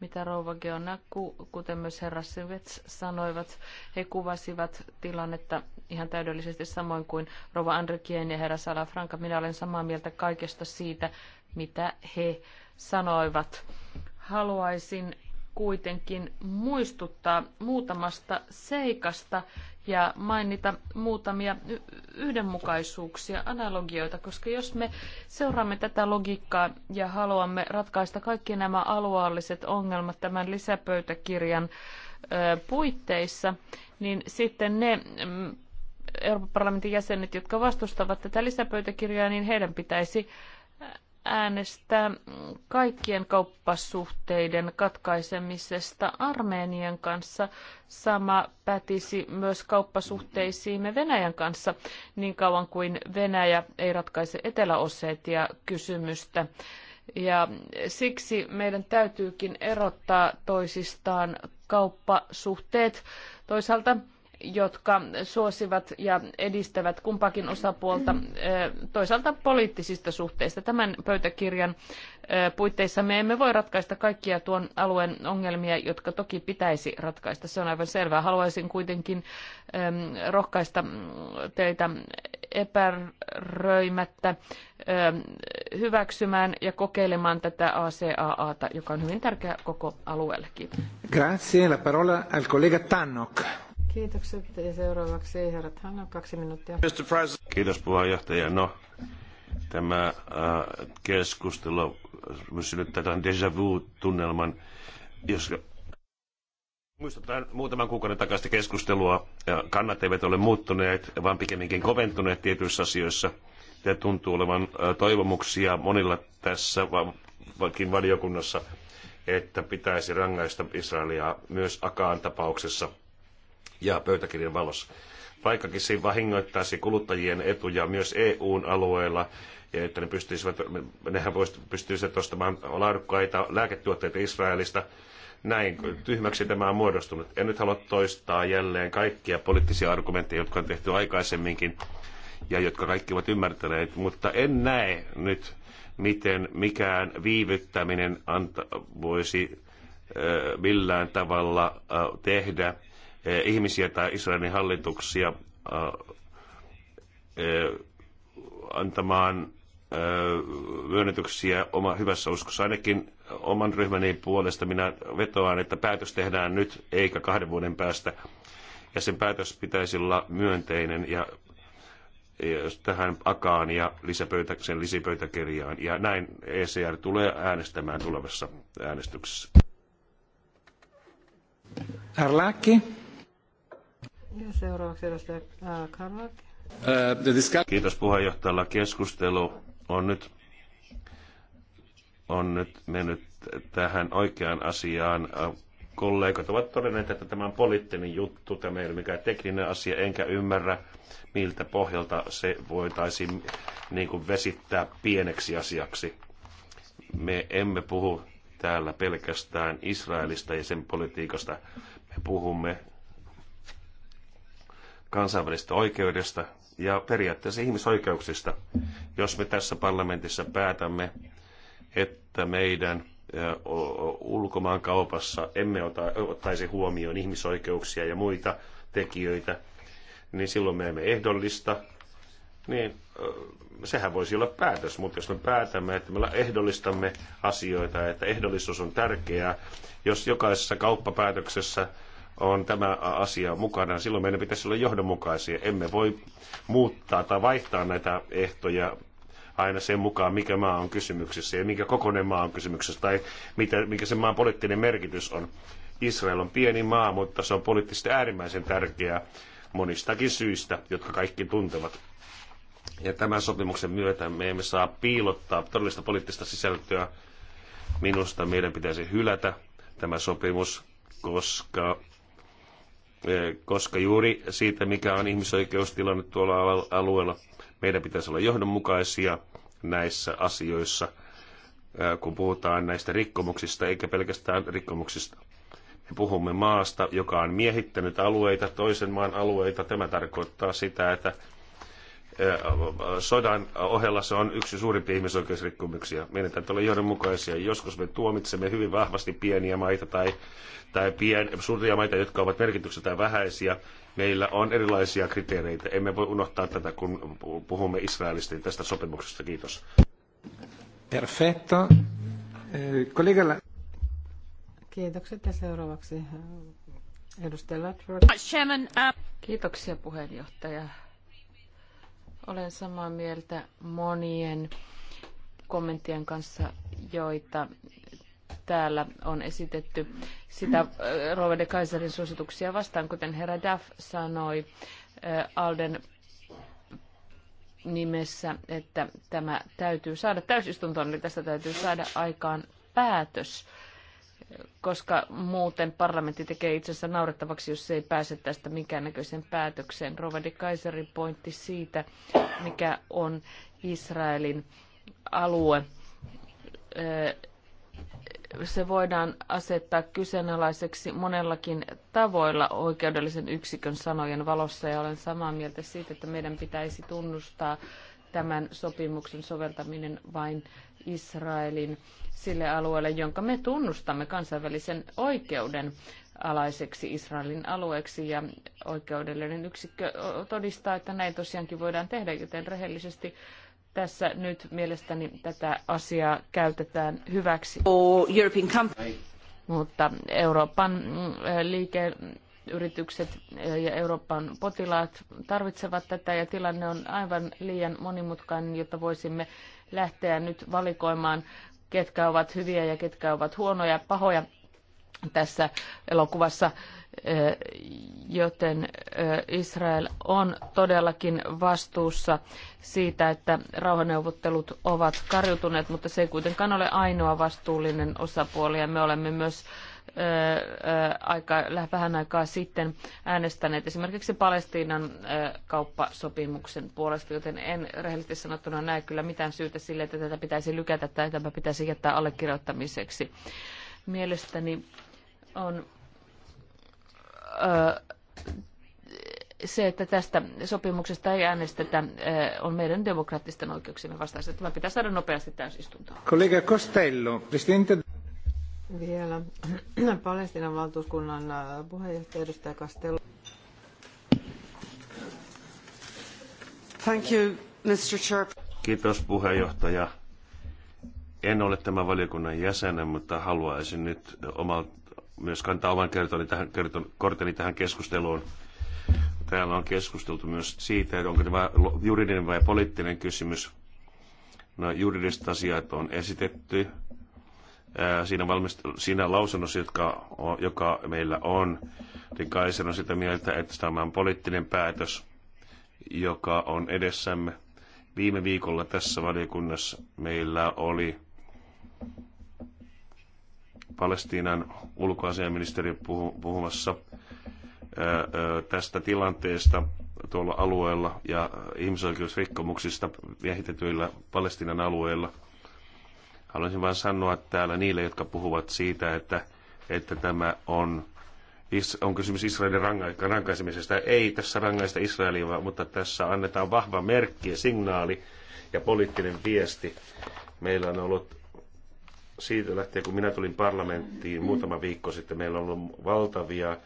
mitä rouva Geonaku, kuten myös herra Syvets sanoivat. He kuvasivat tilannetta ihan täydellisesti samoin kuin rouva Andrikien ja herra Franka. Minä olen samaa mieltä kaikesta siitä, mitä he sanoivat. Haluaisin kuitenkin muistuttaa muutamasta seikasta, ja mainita muutamia yhdenmukaisuuksia, analogioita, koska jos me seuraamme tätä logiikkaa ja haluamme ratkaista kaikki nämä alueelliset ongelmat tämän lisäpöytäkirjan puitteissa, niin sitten ne mm, Euroopan parlamentin jäsenet, jotka vastustavat tätä lisäpöytäkirjaa, niin heidän pitäisi äänestää kaikkien kauppasuhteiden katkaisemisesta Armenian kanssa. Sama pätisi myös kauppasuhteisiimme Venäjän kanssa niin kauan kuin Venäjä ei ratkaise eteläoseetia kysymystä. Ja siksi meidän täytyykin erottaa toisistaan kauppasuhteet. Toisaalta jotka suosivat ja edistävät kumpakin osapuolta toisaalta poliittisista suhteista. Tämän pöytäkirjan puitteissa me emme voi ratkaista kaikkia tuon alueen ongelmia, jotka toki pitäisi ratkaista. Se on aivan selvää. Haluaisin kuitenkin rohkaista teitä epäröimättä hyväksymään ja kokeilemaan tätä ACAAta, joka on hyvin tärkeä koko alueelle. Grazie. La parola al collega Tannock. Kiitokset. Ja seuraavaksi herrat Hanna, kaksi minuuttia. Kiitos puheenjohtaja. No, tämä äh, keskustelu synnyttää tämän déjà vu-tunnelman, jos Muistutan muutaman kuukauden takaista keskustelua. Kannat eivät ole muuttuneet, vaan pikemminkin koventuneet tietyissä asioissa. Ja tuntuu olevan äh, toivomuksia monilla tässä valiokunnassa, että pitäisi rangaista Israelia myös Akaan tapauksessa ja pöytäkirjan valossa. Vaikkakin siinä vahingoittaisi kuluttajien etuja myös EUn alueella, ja että ne pystyisivät, nehän pystyisivät ostamaan laadukkaita lääketuotteita Israelista, näin tyhmäksi tämä on muodostunut. En nyt halua toistaa jälleen kaikkia poliittisia argumentteja, jotka on tehty aikaisemminkin ja jotka kaikki ovat ymmärtäneet, mutta en näe nyt, miten mikään viivyttäminen anta, voisi ö, millään tavalla ö, tehdä Eh, ihmisiä tai Israelin hallituksia eh, eh, antamaan myönnytyksiä oma hyvässä uskossa. Ainakin oman ryhmäni puolesta minä vetoan, että päätös tehdään nyt eikä kahden vuoden päästä. Ja sen päätös pitäisi olla myönteinen ja tähän akaan ja lisäpöytäkseen lisipöytäkirjaan. Ja näin ECR tulee äänestämään tulevassa äänestyksessä. Arlaki. Seuraavaksi edustaja äh, äh, Kiitos puheenjohtajalla. Keskustelu on nyt, on nyt mennyt tähän oikeaan asiaan. Äh, kollegat ovat todenneet, että tämä on poliittinen juttu, tämä ei ole mikään tekninen asia, enkä ymmärrä, miltä pohjalta se voitaisiin niin kuin vesittää pieneksi asiaksi. Me emme puhu täällä pelkästään Israelista ja sen politiikasta. Me puhumme kansainvälistä oikeudesta ja periaatteessa ihmisoikeuksista, jos me tässä parlamentissa päätämme, että meidän ulkomaankaupassa emme ota, ottaisi huomioon ihmisoikeuksia ja muita tekijöitä, niin silloin me emme ehdollista, niin sehän voisi olla päätös, mutta jos me päätämme, että me ehdollistamme asioita, että ehdollisuus on tärkeää, jos jokaisessa kauppapäätöksessä on tämä asia mukana, silloin meidän pitäisi olla johdonmukaisia. Emme voi muuttaa tai vaihtaa näitä ehtoja aina sen mukaan, mikä maa on kysymyksessä ja mikä kokoinen maa on kysymyksessä tai mitä, mikä sen maan poliittinen merkitys on. Israel on pieni maa, mutta se on poliittisesti äärimmäisen tärkeää monistakin syistä, jotka kaikki tuntevat. Ja tämän sopimuksen myötä me emme saa piilottaa todellista poliittista sisältöä. Minusta meidän pitäisi hylätä tämä sopimus, koska koska juuri siitä, mikä on ihmisoikeustilanne tuolla alueella, meidän pitäisi olla johdonmukaisia näissä asioissa, kun puhutaan näistä rikkomuksista, eikä pelkästään rikkomuksista. Me puhumme maasta, joka on miehittänyt alueita, toisen maan alueita. Tämä tarkoittaa sitä, että sodan ohella se on yksi suurimpia ihmisoikeusrikkomuksia. Meidän täytyy olla johdonmukaisia. Joskus me tuomitsemme hyvin vahvasti pieniä maita tai, tai pien, suuria maita, jotka ovat merkitykseltään vähäisiä. Meillä on erilaisia kriteereitä. Emme voi unohtaa tätä, kun puhumme Israelista ja tästä sopimuksesta. Kiitos. Perfetto. Kollega... Eh, Kiitokset ja seuraavaksi eh, edustaja Latford. Uh- Kiitoksia puheenjohtaja. Olen samaa mieltä monien kommenttien kanssa, joita täällä on esitetty sitä äh, Rove de Kaiserin suosituksia vastaan, kuten herra Daff sanoi äh, Alden nimessä, että tämä täytyy saada täysistuntoon, eli tästä täytyy saada aikaan päätös koska muuten parlamentti tekee itsensä naurettavaksi, jos se ei pääse tästä minkäännäköiseen päätökseen. Rovadi Kaiserin pointti siitä, mikä on Israelin alue. Se voidaan asettaa kyseenalaiseksi monellakin tavoilla oikeudellisen yksikön sanojen valossa, ja olen samaa mieltä siitä, että meidän pitäisi tunnustaa tämän sopimuksen soveltaminen vain Israelin sille alueelle, jonka me tunnustamme kansainvälisen oikeuden alaiseksi Israelin alueeksi ja oikeudellinen yksikkö todistaa, että näin tosiaankin voidaan tehdä, joten rehellisesti tässä nyt mielestäni tätä asiaa käytetään hyväksi. Mutta Euroopan eh, liikeyritykset eh, ja Euroopan potilaat tarvitsevat tätä ja tilanne on aivan liian monimutkainen, jotta voisimme lähteä nyt valikoimaan ketkä ovat hyviä ja ketkä ovat huonoja, pahoja tässä elokuvassa, joten Israel on todellakin vastuussa siitä, että rauhaneuvottelut ovat karjutuneet, mutta se ei kuitenkaan ole ainoa vastuullinen osapuoli ja me olemme myös aika, vähän aikaa sitten äänestäneet esimerkiksi Palestiinan kauppasopimuksen puolesta, joten en rehellisesti sanottuna näe kyllä mitään syytä sille, että tätä pitäisi lykätä tai tämä pitäisi jättää allekirjoittamiseksi. Mielestäni on se, että tästä sopimuksesta ei äänestetä, on meidän demokraattisten oikeuksien vastaista. Tämä pitää saada nopeasti täysistuntoon. Kollega Costello, presidente... Vielä Palestinan valtuuskunnan äh, puheenjohtaja edustaja Castello. Thank you, Mr. Chair. Kiitos puheenjohtaja. En ole tämän valiokunnan jäsenen, mutta haluaisin nyt omalta, myös kantaa oman kertoni tähän, kerton, korteni tähän keskusteluun. Täällä on keskusteltu myös siitä, onko tämä juridinen vai poliittinen kysymys. No, juridiset asiat on esitetty siinä, valmist- siinä lausunnossa, jotka, joka meillä on, niin Kaiser on sitä mieltä, että tämä on poliittinen päätös, joka on edessämme. Viime viikolla tässä valiokunnassa meillä oli Palestiinan ulkoasiaministeri puhumassa tästä tilanteesta tuolla alueella ja ihmisoikeusrikkomuksista viehitetyillä Palestiinan alueilla – Haluaisin vain sanoa täällä niille, jotka puhuvat siitä, että, että tämä on, on kysymys Israelin rankaisemisesta. Ei tässä rangaista Israelia, mutta tässä annetaan vahva merkki ja signaali ja poliittinen viesti. Meillä on ollut siitä lähtien, kun minä tulin parlamenttiin muutama viikko sitten, meillä on ollut valtavia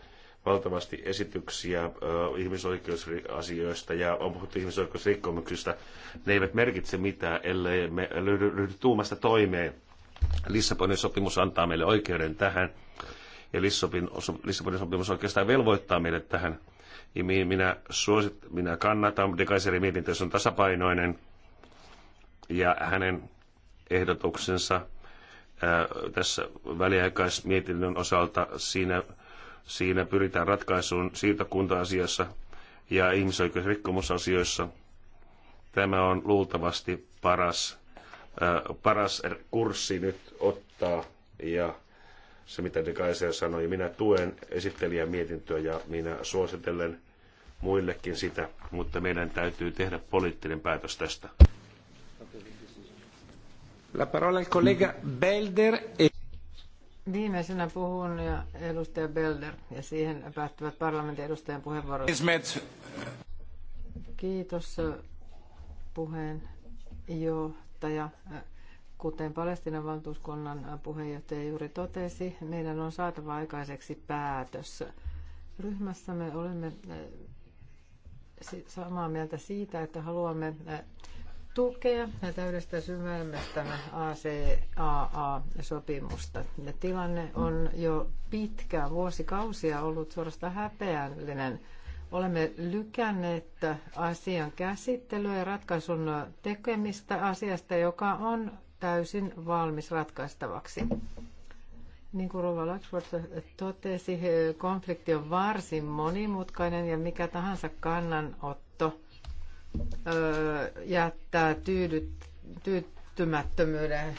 valtavasti esityksiä ihmisoikeusasioista ja on puhuttu ihmisoikeusrikkomuksista. Ne eivät merkitse mitään, ellei me ryhdy tuumasta toimeen. Lissabonin sopimus antaa meille oikeuden tähän. Ja Lissabonin sopimus oikeastaan velvoittaa meille tähän. Ja minä, suosit, minä kannatan. De Kaiserin mietintö on tasapainoinen. Ja hänen ehdotuksensa ää, tässä väliaikaismietinnön osalta siinä Siinä pyritään ratkaisuun siirtokunta-asiassa ja ihmisoikeusrikkomusasioissa. Tämä on luultavasti paras, äh, paras kurssi nyt ottaa ja se mitä De Kaiser sanoi, minä tuen esittelijän mietintöä ja minä suosittelen muillekin sitä, mutta meidän täytyy tehdä poliittinen päätös tästä. La parola al collega Belder. E... Viimeisenä puhun ja edustaja Belder ja siihen päättyvät parlamentin edustajan puheenvuorot. Kiitos puheenjohtaja. Kuten Palestinan valtuuskunnan puheenjohtaja juuri totesi, meidän on saatava aikaiseksi päätös. Ryhmässämme olemme eh, samaa mieltä siitä, että haluamme eh, tukea ja täydestä syvälmästä ACAA-sopimusta. Tilanne on jo pitkään, vuosikausia ollut suorastaan häpeällinen. Olemme lykänneet asian käsittelyä ja ratkaisun tekemistä asiasta, joka on täysin valmis ratkaistavaksi. Niin kuin Rova Laksworth totesi, konflikti on varsin monimutkainen ja mikä tahansa kannanotto – jättää tyydyt, tyytymättömyyden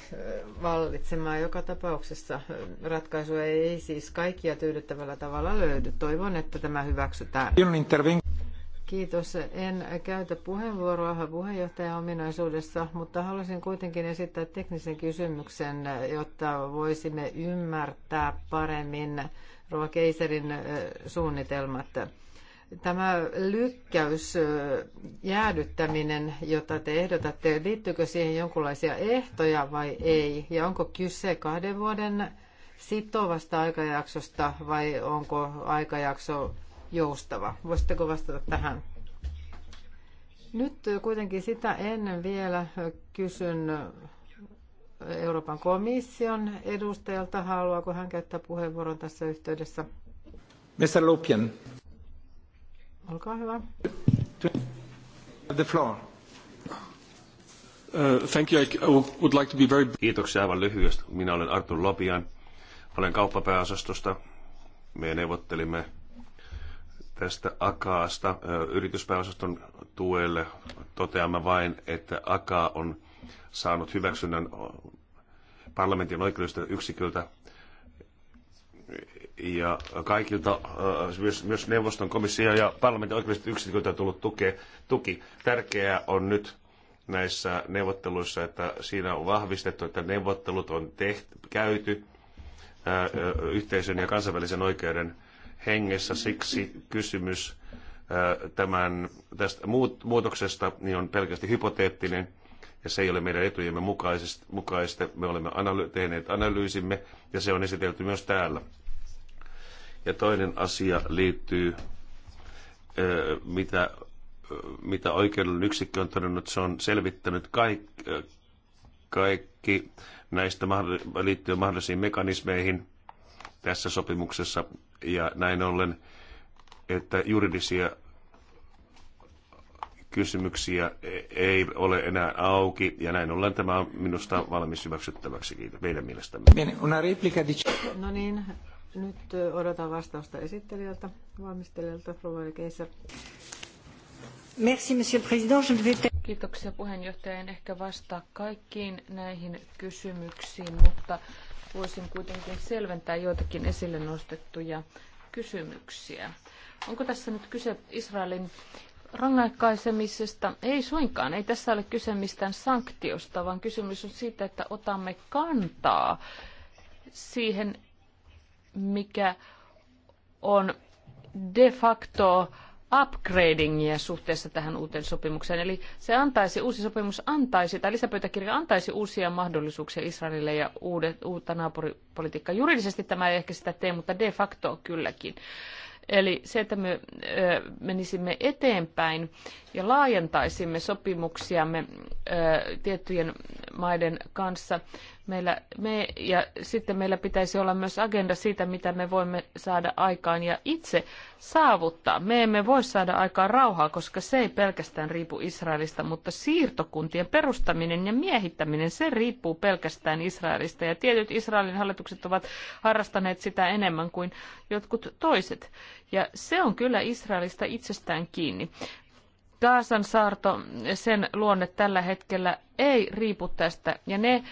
vallitsemaan joka tapauksessa. Ratkaisua ei siis kaikkia tyydyttävällä tavalla löydy. Toivon, että tämä hyväksytään. Kiitos. En käytä puheenvuoroa puheenjohtajan ominaisuudessa, mutta haluaisin kuitenkin esittää teknisen kysymyksen, jotta voisimme ymmärtää paremmin Rova Keiserin suunnitelmat. Tämä lykkäys, jäädyttäminen, jota te ehdotatte, liittyykö siihen jonkinlaisia ehtoja vai ei? Ja onko kyse kahden vuoden sitovasta aikajaksosta vai onko aikajakso joustava? Voisitteko vastata tähän? Nyt kuitenkin sitä ennen vielä kysyn Euroopan komission edustajalta. Haluaako hän käyttää puheenvuoron tässä yhteydessä? Mr. Lupien. Olkaa hyvä. The floor. Uh, thank you. I would like to be very... Kiitoksia aivan lyhyesti. Minä olen Artur Lopian. Olen kauppapääosastosta. Me neuvottelimme tästä AKAasta uh, yrityspääosaston tuelle. Toteamme vain, että AKA on saanut hyväksynnän uh, parlamentin oikeudelliselta yksiköltä ja kaikilta, äh, myös, myös neuvoston komissio ja parlamentin oikeudelliset yksiköitä on tullut tuke, tuki. Tärkeää on nyt näissä neuvotteluissa, että siinä on vahvistettu, että neuvottelut on tehty, käyty ää, äh, äh, yhteisön ja kansainvälisen oikeuden hengessä. Siksi kysymys ää, tämän, tästä muut, muutoksesta niin on pelkästään hypoteettinen ja se ei ole meidän etujemme mukaista. Me olemme analy- tehneet analyysimme ja se on esitelty myös täällä. Ja toinen asia liittyy, mitä, mitä oikeudellinen yksikkö on todennut, se on selvittänyt kaikki, kaikki näistä liittyen mahdollisiin mekanismeihin tässä sopimuksessa. Ja näin ollen, että juridisia kysymyksiä e-, ei ole enää auki, ja näin ollen tämä on minusta valmis hyväksyttäväksi meidän mielestämme. No niin, nyt odotan vastausta esittelijältä, valmistelijalta, Roveri Keiser. Merci, monsieur le président. Je vais... Kiitoksia puheenjohtaja. En ehkä vastaa kaikkiin näihin kysymyksiin, mutta voisin kuitenkin selventää joitakin esille nostettuja kysymyksiä. Onko tässä nyt kyse Israelin rangaikaisemisesta? Ei suinkaan. Ei tässä ole kyse mistään sanktiosta, vaan kysymys on siitä, että otamme kantaa siihen, mikä on de facto upgradingia suhteessa tähän uuteen sopimukseen. Eli se antaisi, uusi sopimus antaisi, tai lisäpöytäkirja antaisi uusia mahdollisuuksia Israelille ja uudet, uutta naapuripolitiikkaa. Juridisesti tämä ei ehkä sitä tee, mutta de facto kylläkin. Eli se, että me menisimme eteenpäin ja laajentaisimme sopimuksiamme tiettyjen maiden kanssa, Meillä, me, ja sitten meillä pitäisi olla myös agenda siitä, mitä me voimme saada aikaan ja itse saavuttaa. Me emme voi saada aikaan rauhaa, koska se ei pelkästään riipu Israelista, mutta siirtokuntien perustaminen ja miehittäminen, se riippuu pelkästään Israelista. Ja tietyt Israelin hallitukset ovat harrastaneet sitä enemmän kuin jotkut toiset. Ja se on kyllä Israelista itsestään kiinni. Gaasan saarto, sen luonne tällä hetkellä ei riipu tästä. Ja ne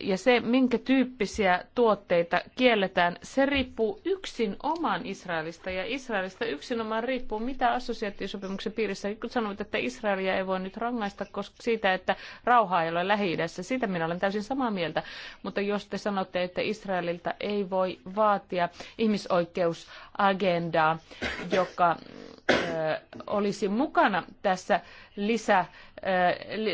ja se, minkä tyyppisiä tuotteita kielletään, se riippuu yksin oman Israelista. Ja Israelista yksinomaan riippuu, mitä assosiaatiosopimuksen piirissä. Kun sanoit, että Israelia ei voi nyt rangaista koska siitä, että rauhaa ei ole lähi -idässä. Siitä minä olen täysin samaa mieltä. Mutta jos te sanotte, että Israelilta ei voi vaatia ihmisoikeusagendaa, joka olisi mukana tässä lisä,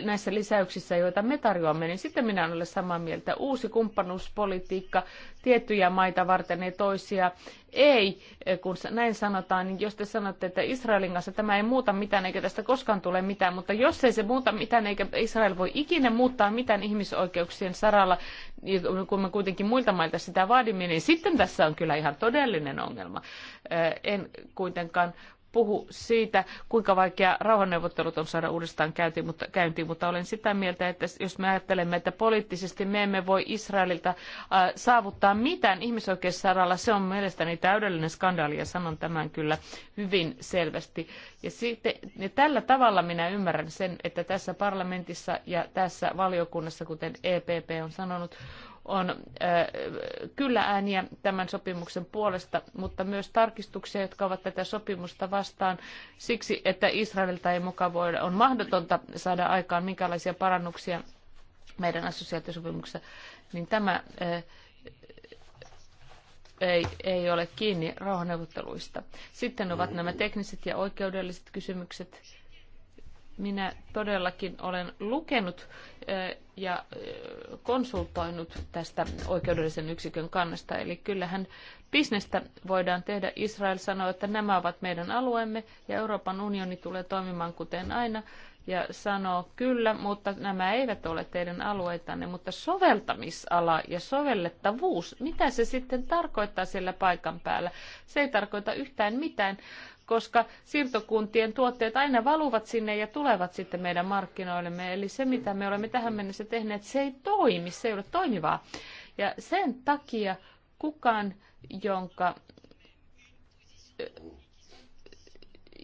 näissä lisäyksissä, joita me tarjoamme, niin sitten minä olen samaa mieltä. Uusi kumppanuuspolitiikka tiettyjä maita varten ja toisia ei, kun näin sanotaan, niin jos te sanotte, että Israelin kanssa tämä ei muuta mitään eikä tästä koskaan tule mitään, mutta jos ei se muuta mitään eikä Israel voi ikinä muuttaa mitään ihmisoikeuksien saralla, niin kun me kuitenkin muilta mailta sitä vaadimme, niin sitten tässä on kyllä ihan todellinen ongelma. En kuitenkaan puhu siitä, kuinka vaikea rauhanneuvottelut on saada uudestaan käyntiin mutta, mutta olen sitä mieltä, että jos me ajattelemme, että poliittisesti me emme voi Israelilta äh, saavuttaa mitään ihmisoikeussaralla, se on mielestäni täydellinen skandaali ja sanon tämän kyllä hyvin selvästi. Ja, sitten, ja tällä tavalla minä ymmärrän sen, että tässä parlamentissa ja tässä valiokunnassa, kuten EPP on sanonut, on kyllä ääniä tämän sopimuksen puolesta, mutta myös tarkistuksia, jotka ovat tätä sopimusta vastaan siksi, että Israelilta ei mukaan voida, on mahdotonta saada aikaan minkälaisia parannuksia meidän assosiaatiosopimuksessa, niin tämä ei, ei ole kiinni rauhanneuvotteluista. Sitten ovat nämä tekniset ja oikeudelliset kysymykset minä todellakin olen lukenut ja konsultoinut tästä oikeudellisen yksikön kannasta. Eli kyllähän bisnestä voidaan tehdä. Israel sanoo, että nämä ovat meidän alueemme ja Euroopan unioni tulee toimimaan kuten aina ja sanoo kyllä, mutta nämä eivät ole teidän alueitanne, mutta soveltamisala ja sovellettavuus, mitä se sitten tarkoittaa siellä paikan päällä? Se ei tarkoita yhtään mitään koska siirtokuntien tuotteet aina valuvat sinne ja tulevat sitten meidän markkinoillemme. Eli se, mitä me olemme tähän mennessä tehneet, se ei toimi, se ei ole toimivaa. Ja sen takia kukaan, jonka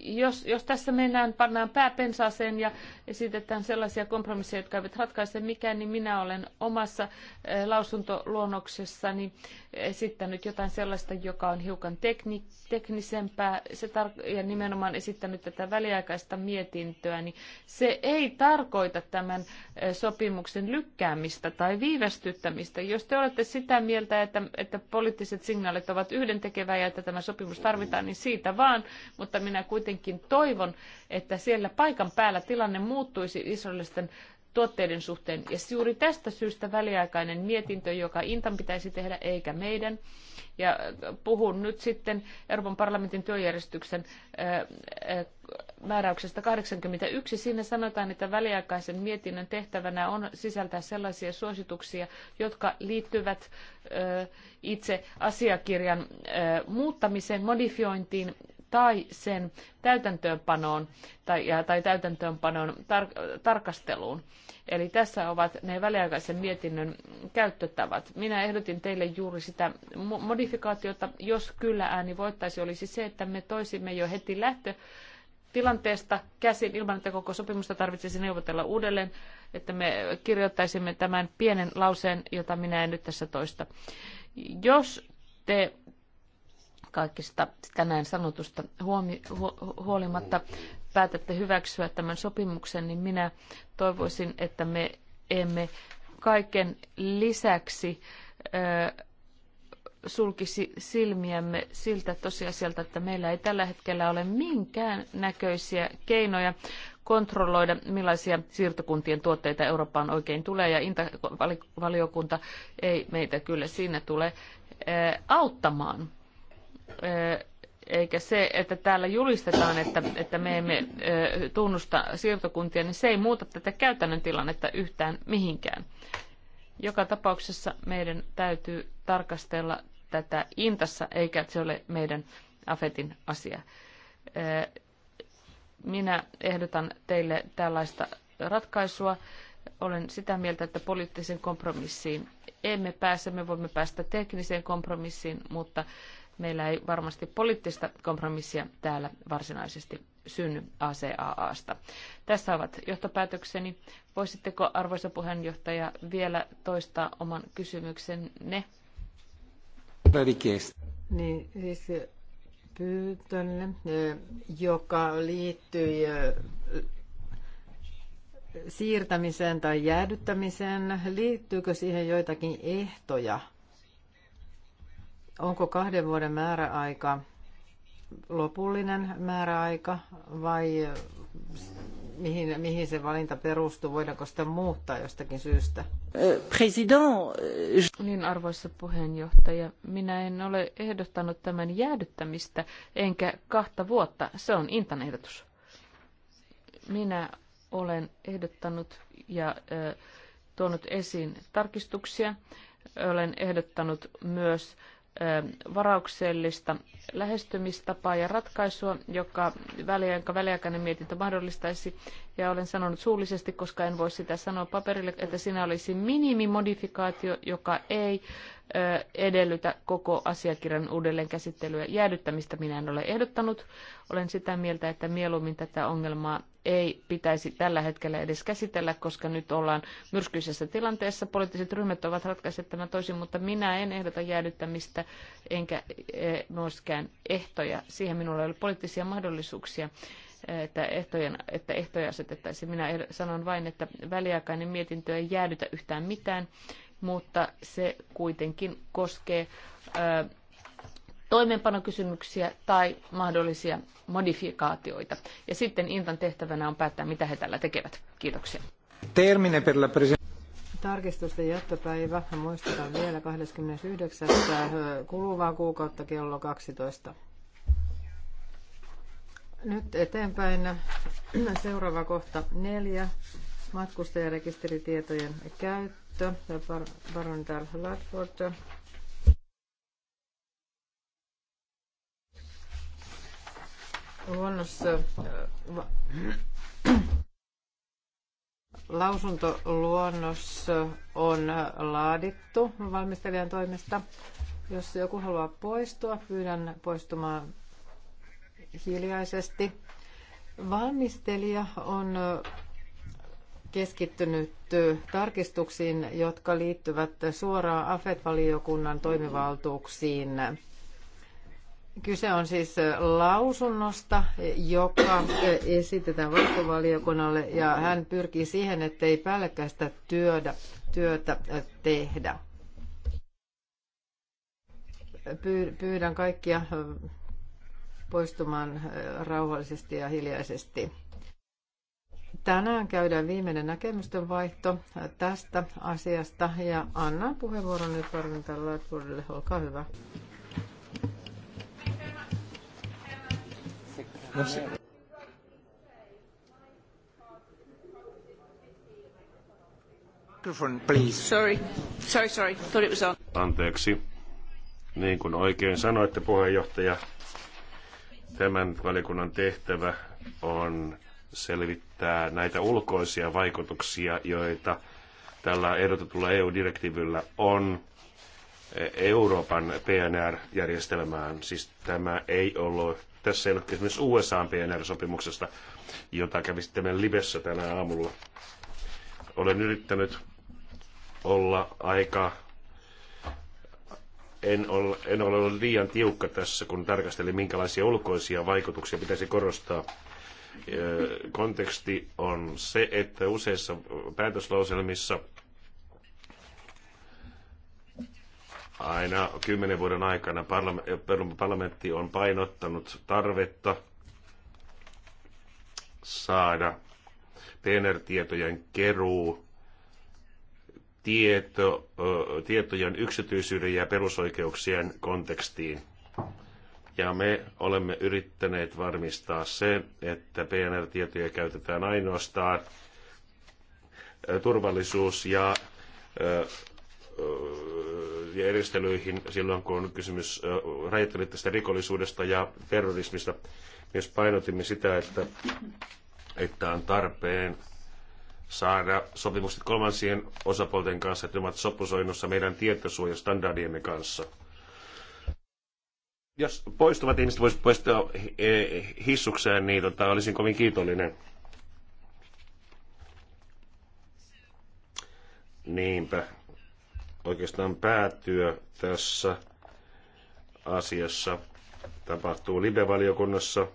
jos, jos tässä mennään, pannaan pääpensaaseen ja esitetään sellaisia kompromisseja, jotka eivät ratkaise mikään, niin minä olen omassa eh, lausuntoluonnoksessani esittänyt jotain sellaista, joka on hiukan tekni, teknisempää se tar- ja nimenomaan esittänyt tätä väliaikaista mietintöä, niin se ei tarkoita tämän eh, sopimuksen lykkäämistä tai viivästyttämistä. Jos te olette sitä mieltä, että, että poliittiset signaalit ovat yhdentekevää ja että tämä sopimus tarvitaan, niin siitä vaan, mutta minä kuitenkin kuitenkin toivon, että siellä paikan päällä tilanne muuttuisi israelisten tuotteiden suhteen. Ja juuri tästä syystä väliaikainen mietintö, joka Intan pitäisi tehdä eikä meidän. Ja äh, puhun nyt sitten Euroopan parlamentin työjärjestyksen äh, äh, määräyksestä 81. Siinä sanotaan, että väliaikaisen mietinnön tehtävänä on sisältää sellaisia suosituksia, jotka liittyvät itse asiakirjan muuttamiseen, modifiointiin tai sen täytäntöönpanoon tai, ja, tai täytäntöönpanoon tar- tarkasteluun. Eli tässä ovat ne väliaikaisen mietinnön käyttötavat. Minä ehdotin teille juuri sitä modifikaatiota, jos kyllä ääni voittaisi, olisi se, että me toisimme jo heti lähtö tilanteesta käsin ilman, että koko sopimusta tarvitsisi neuvotella uudelleen, että me kirjoittaisimme tämän pienen lauseen, jota minä en nyt tässä toista. Jos te kaikista tänään sanotusta huomi, hu, huolimatta päätätte hyväksyä tämän sopimuksen, niin minä toivoisin, että me emme kaiken lisäksi ö, sulkisi silmiämme siltä tosiasialta, että meillä ei tällä hetkellä ole minkään näköisiä keinoja kontrolloida, millaisia siirtokuntien tuotteita Eurooppaan oikein tulee, ja Inta-valiokunta ei meitä kyllä siinä tule auttamaan eikä se, että täällä julistetaan, että, että me emme tunnusta siirtokuntia, niin se ei muuta tätä käytännön tilannetta yhtään mihinkään. Joka tapauksessa meidän täytyy tarkastella tätä intassa, eikä se ole meidän AFETin asia. Minä ehdotan teille tällaista ratkaisua. Olen sitä mieltä, että poliittisen kompromissiin emme pääse. Me voimme päästä tekniseen kompromissiin, mutta Meillä ei varmasti poliittista kompromissia täällä varsinaisesti synny ACAAsta. Tässä ovat johtopäätökseni. Voisitteko, arvoisa puheenjohtaja, vielä toistaa oman kysymyksenne? Niin, siis pyytönne, joka liittyy siirtämiseen tai jäädyttämiseen, liittyykö siihen joitakin ehtoja? Onko kahden vuoden määräaika lopullinen määräaika vai mihin, mihin se valinta perustuu? Voidaanko sitä muuttaa jostakin syystä? President... Niin, arvoisa puheenjohtaja, minä en ole ehdottanut tämän jäädyttämistä enkä kahta vuotta. Se on Intan ehdotus. Minä olen ehdottanut ja äh, tuonut esiin tarkistuksia. Olen ehdottanut myös äh, varauksellista lähestymistapaa ja ratkaisua, joka, jonka väliaikainen mietintö mahdollistaisi ja olen sanonut suullisesti, koska en voi sitä sanoa paperille, että siinä olisi minimimodifikaatio, joka ei ö, edellytä koko asiakirjan uudelleenkäsittelyä. Jäädyttämistä minä en ole ehdottanut. Olen sitä mieltä, että mieluummin tätä ongelmaa ei pitäisi tällä hetkellä edes käsitellä, koska nyt ollaan myrskyisessä tilanteessa. Poliittiset ryhmät ovat ratkaisseet tämän toisin, mutta minä en ehdota jäädyttämistä enkä e, myöskään ehtoja. Siihen minulla ei ole poliittisia mahdollisuuksia että, ehtojen, että ehtoja asetettaisiin. Minä sanon vain, että väliaikainen mietintö ei jäädytä yhtään mitään, mutta se kuitenkin koskee ö, toimeenpanokysymyksiä tai mahdollisia modifikaatioita. Ja sitten Intan tehtävänä on päättää, mitä he tällä tekevät. Kiitoksia. Termine per la Tarkistusten jättöpäivä muistetaan vielä 29. kuluvaa kuukautta kello 12. Nyt eteenpäin seuraava kohta neljä. Matkustajarekisteritietojen käyttö. Baron Baronitar Ladford. Luonnossa lausuntoluonnos on laadittu valmistelijan toimesta. Jos joku haluaa poistua, pyydän poistumaan hiljaisesti. Valmistelija on keskittynyt tarkistuksiin, jotka liittyvät suoraan AFET-valiokunnan toimivaltuuksiin. Kyse on siis lausunnosta, joka esitetään valtuvaliokunnalle ja hän pyrkii siihen, ettei päällekkäistä työtä, työtä tehdä. Pyydän kaikkia poistumaan äh, rauhallisesti ja hiljaisesti. Tänään käydään viimeinen näkemysten vaihto äh, tästä asiasta ja annan puheenvuoron nyt varmintaan Ladfordille. Olkaa hyvä. Sorry. Sorry, sorry. Anteeksi. Niin kuin oikein sanoitte, puheenjohtaja, Tämän valiokunnan tehtävä on selvittää näitä ulkoisia vaikutuksia, joita tällä ehdotetulla EU-direktiivillä on Euroopan PNR-järjestelmään. Siis tämä ei ollut, tässä ei ollut esimerkiksi USA PNR-sopimuksesta, jota sitten livessä tänä aamulla. Olen yrittänyt olla aika en ole, en ole ollut liian tiukka tässä, kun tarkastelin, minkälaisia ulkoisia vaikutuksia pitäisi korostaa. Konteksti on se, että useissa päätöslauselmissa aina kymmenen vuoden aikana parlamentti on painottanut tarvetta saada PNR-tietojen keruu tieto, tietojen yksityisyyden ja perusoikeuksien kontekstiin. Ja me olemme yrittäneet varmistaa se, että PNR-tietoja käytetään ainoastaan turvallisuus- ja, ja eristelyihin silloin, kun on kysymys rajoittelittästä rikollisuudesta ja terrorismista. Myös painotimme sitä, että, että on tarpeen saada sopimukset kolmansien osapuolten kanssa, että ne ovat sopusoinnussa meidän tietosuojastandardiemme kanssa. Jos poistuvat ihmiset voisivat poistua eh, eh, hissukseen, niin tota, olisin kovin kiitollinen. Niinpä. Oikeastaan päätyä tässä asiassa tapahtuu live-valiokunnassa,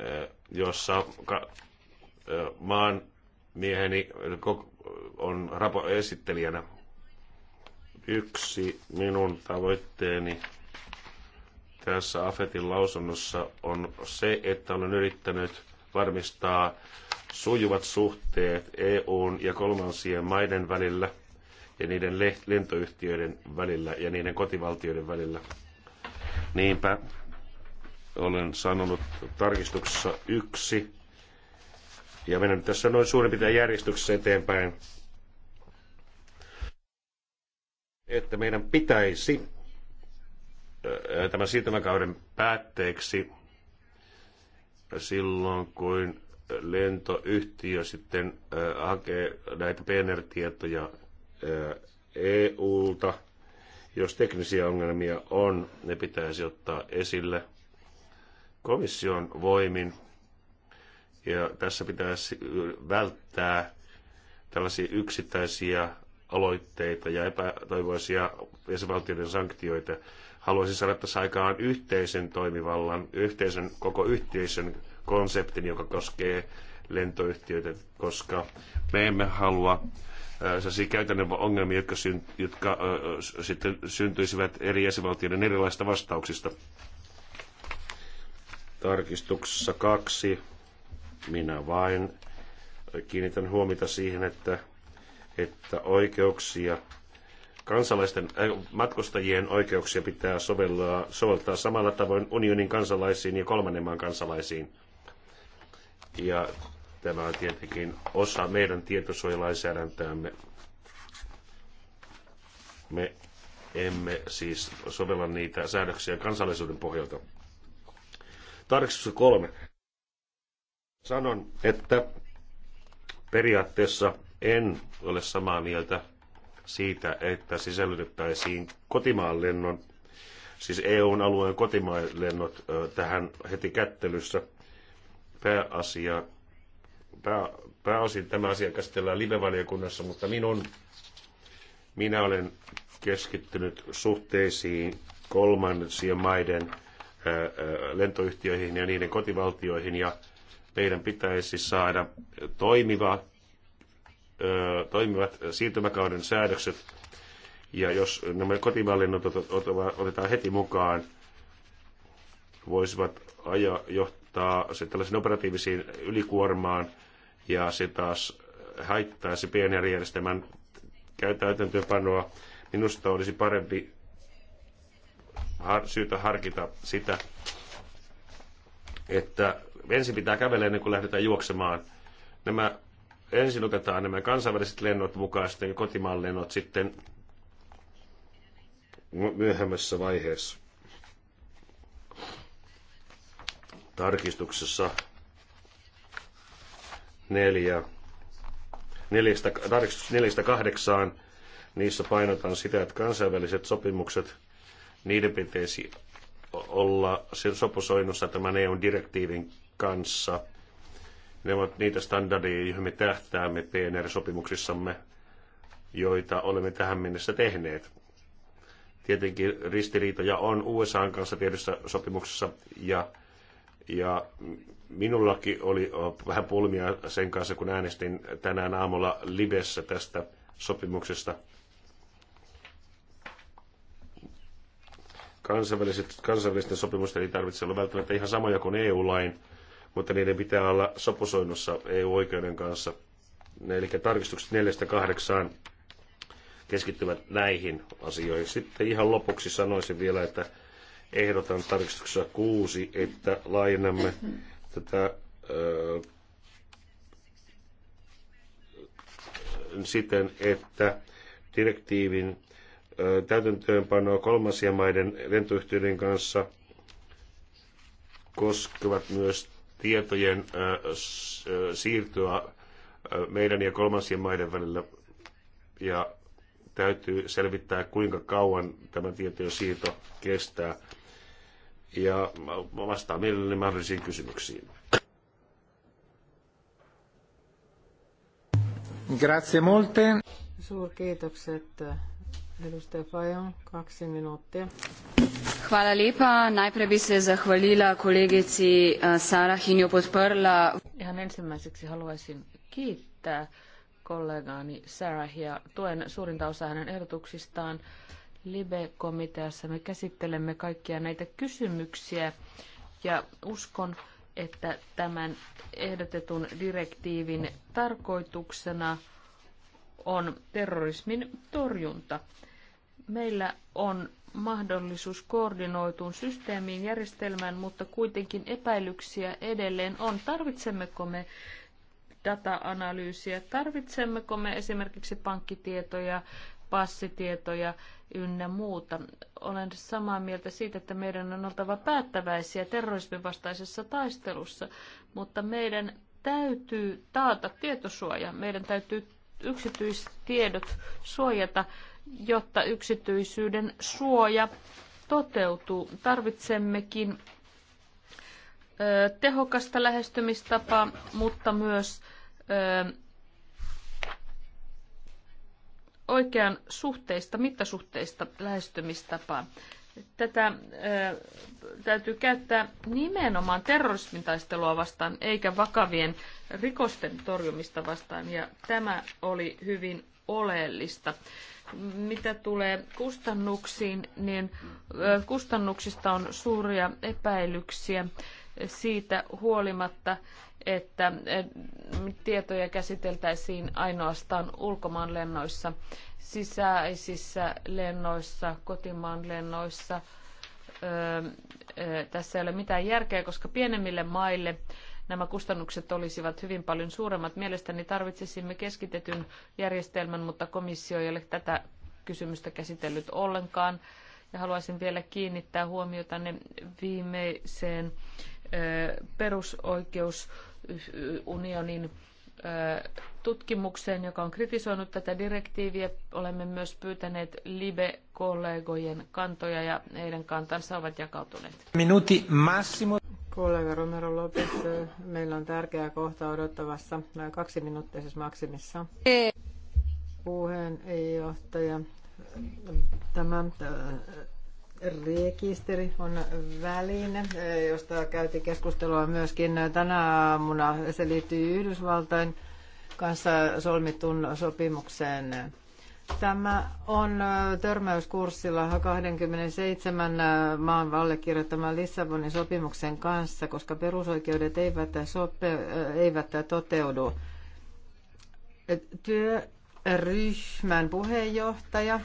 eh, jossa maan mieheni on rapo esittelijänä. Yksi minun tavoitteeni tässä AFETin lausunnossa on se, että olen yrittänyt varmistaa sujuvat suhteet EUn ja kolmansien maiden välillä ja niiden lentoyhtiöiden välillä ja niiden kotivaltioiden välillä. Niinpä olen sanonut tarkistuksessa yksi ja mennään tässä noin suurin piirtein järjestyksessä eteenpäin. Että meidän pitäisi tämän siirtymäkauden päätteeksi silloin, kun lentoyhtiö sitten hakee näitä PNR-tietoja EUlta, jos teknisiä ongelmia on, ne pitäisi ottaa esille komission voimin ja tässä pitäisi välttää tällaisia yksittäisiä aloitteita ja epätoivoisia jäsenvaltioiden sanktioita. Haluaisin saada tässä aikaan yhteisen toimivallan, yhteisen, koko yhteisön konseptin, joka koskee lentoyhtiöitä, koska me emme halua äh, sellaisia käytännön ongelmia, jotka, syn, jotka äh, sitten syntyisivät eri jäsenvaltioiden erilaisista vastauksista. Tarkistuksessa kaksi minä vain kiinnitän huomiota siihen, että, että oikeuksia kansalaisten, äh, matkustajien oikeuksia pitää sovellaa, soveltaa samalla tavoin unionin kansalaisiin ja kolmannen maan kansalaisiin. Ja tämä on tietenkin osa meidän tietosuojalainsäädäntöämme. Me emme siis sovella niitä säädöksiä kansallisuuden pohjalta. Tarkistus kolme. Sanon, että periaatteessa en ole samaa mieltä siitä, että sisällytettäisiin kotimaan lennon, siis EUn alueen kotimaan lennot tähän heti kättelyssä. Pääasia, pää, pääosin tämä asia käsitellään live-valiokunnassa, mutta minun, minä olen keskittynyt suhteisiin kolmansien maiden lentoyhtiöihin ja niiden kotivaltioihin ja meidän pitäisi saada toimiva, toimivat siirtymäkauden säädökset, ja jos nämä kotimallinnot otetaan heti mukaan, voisivat aja, johtaa se tällaisiin operatiivisiin ylikuormaan, ja se taas haittaisi pienen järjestelmän täytäntöönpanoa. Minusta olisi parempi syytä harkita sitä, että ensin pitää kävellä ennen kuin lähdetään juoksemaan. Nämä, ensin otetaan nämä kansainväliset lennot mukaan, sitten kotimaan lennot sitten myöhemmässä vaiheessa. Tarkistuksessa neljä, neljästä, tarkistus neljästä kahdeksaan, niissä painotan sitä, että kansainväliset sopimukset, niiden pitäisi olla sopusoinnussa tämän eu direktiivin kanssa. Ne ovat niitä standardeja, joihin me tähtäämme PNR-sopimuksissamme, joita olemme tähän mennessä tehneet. Tietenkin ristiriitoja on USA kanssa tiedossa sopimuksessa ja, ja minullakin oli vähän pulmia sen kanssa, kun äänestin tänään aamulla livessä tästä sopimuksesta. kansainvälisten sopimusten ei tarvitse olla välttämättä ihan samoja kuin EU-lain, mutta niiden pitää olla sopusoinnussa EU-oikeuden kanssa. Eli tarkistukset neljästä kahdeksaan keskittyvät näihin asioihin. Sitten ihan lopuksi sanoisin vielä, että ehdotan tarkistuksessa kuusi, että laajennamme tätä siten, että direktiivin öö, täytäntöönpanoa kolmansien maiden lentoyhtiöiden kanssa koskevat myös tietojen äh, äh, siirtoa äh, meidän ja kolmansien maiden välillä. Ja täytyy selvittää, kuinka kauan tämä tietojen siirto kestää. Ja vastaan mielelläni mahdollisiin kysymyksiin. Grazie molte. kiitokset. Edustaja Fajon, Hvala lepa. Najprej bi se zahvalila kolegici eh, Sarahin jo podprla. Ihan ensimmäiseksi haluaisin kiittää kollegaani Sarahia. Tuen suurinta osaa hänen ehdotuksistaan. Libe-komiteassa me käsittelemme kaikkia näitä kysymyksiä ja uskon, että tämän ehdotetun direktiivin tarkoituksena on terrorismin torjunta meillä on mahdollisuus koordinoituun systeemiin, järjestelmään, mutta kuitenkin epäilyksiä edelleen on. Tarvitsemmeko me data-analyysiä, tarvitsemmeko me esimerkiksi pankkitietoja, passitietoja ynnä muuta. Olen samaa mieltä siitä, että meidän on oltava päättäväisiä terrorismin vastaisessa taistelussa, mutta meidän täytyy taata tietosuoja, meidän täytyy yksityistiedot suojata jotta yksityisyyden suoja toteutuu. Tarvitsemmekin tehokasta lähestymistapaa, mutta myös oikean suhteista, mittasuhteista lähestymistapaa. Tätä täytyy käyttää nimenomaan terrorismin taistelua vastaan, eikä vakavien rikosten torjumista vastaan, ja tämä oli hyvin oleellista. Mitä tulee kustannuksiin, niin kustannuksista on suuria epäilyksiä siitä huolimatta, että tietoja käsiteltäisiin ainoastaan ulkomaan lennoissa, sisäisissä lennoissa, kotimaan lennoissa. Tässä ei ole mitään järkeä, koska pienemmille maille nämä kustannukset olisivat hyvin paljon suuremmat. Mielestäni tarvitsisimme keskitetyn järjestelmän, mutta komissio ei ole tätä kysymystä käsitellyt ollenkaan. Ja haluaisin vielä kiinnittää huomiota viimeiseen perusoikeusunionin tutkimukseen, joka on kritisoinut tätä direktiiviä. Olemme myös pyytäneet Libe-kollegojen kantoja ja heidän kantansa ovat jakautuneet. Minuutti massimo kollega Romero Lopes. Meillä on tärkeä kohta odottavassa äh, kaksi minuuttisessa maksimissa. Puheenjohtaja, tämä äh, rekisteri on väline, äh, josta käytiin keskustelua myöskin tänä aamuna. Se liittyy Yhdysvaltain kanssa solmittuun sopimukseen Tämä on törmäyskurssilla 27 maan allekirjoittaman Lissabonin sopimuksen kanssa, koska perusoikeudet eivät, sope, eivät toteudu. Työryhmän puheenjohtaja,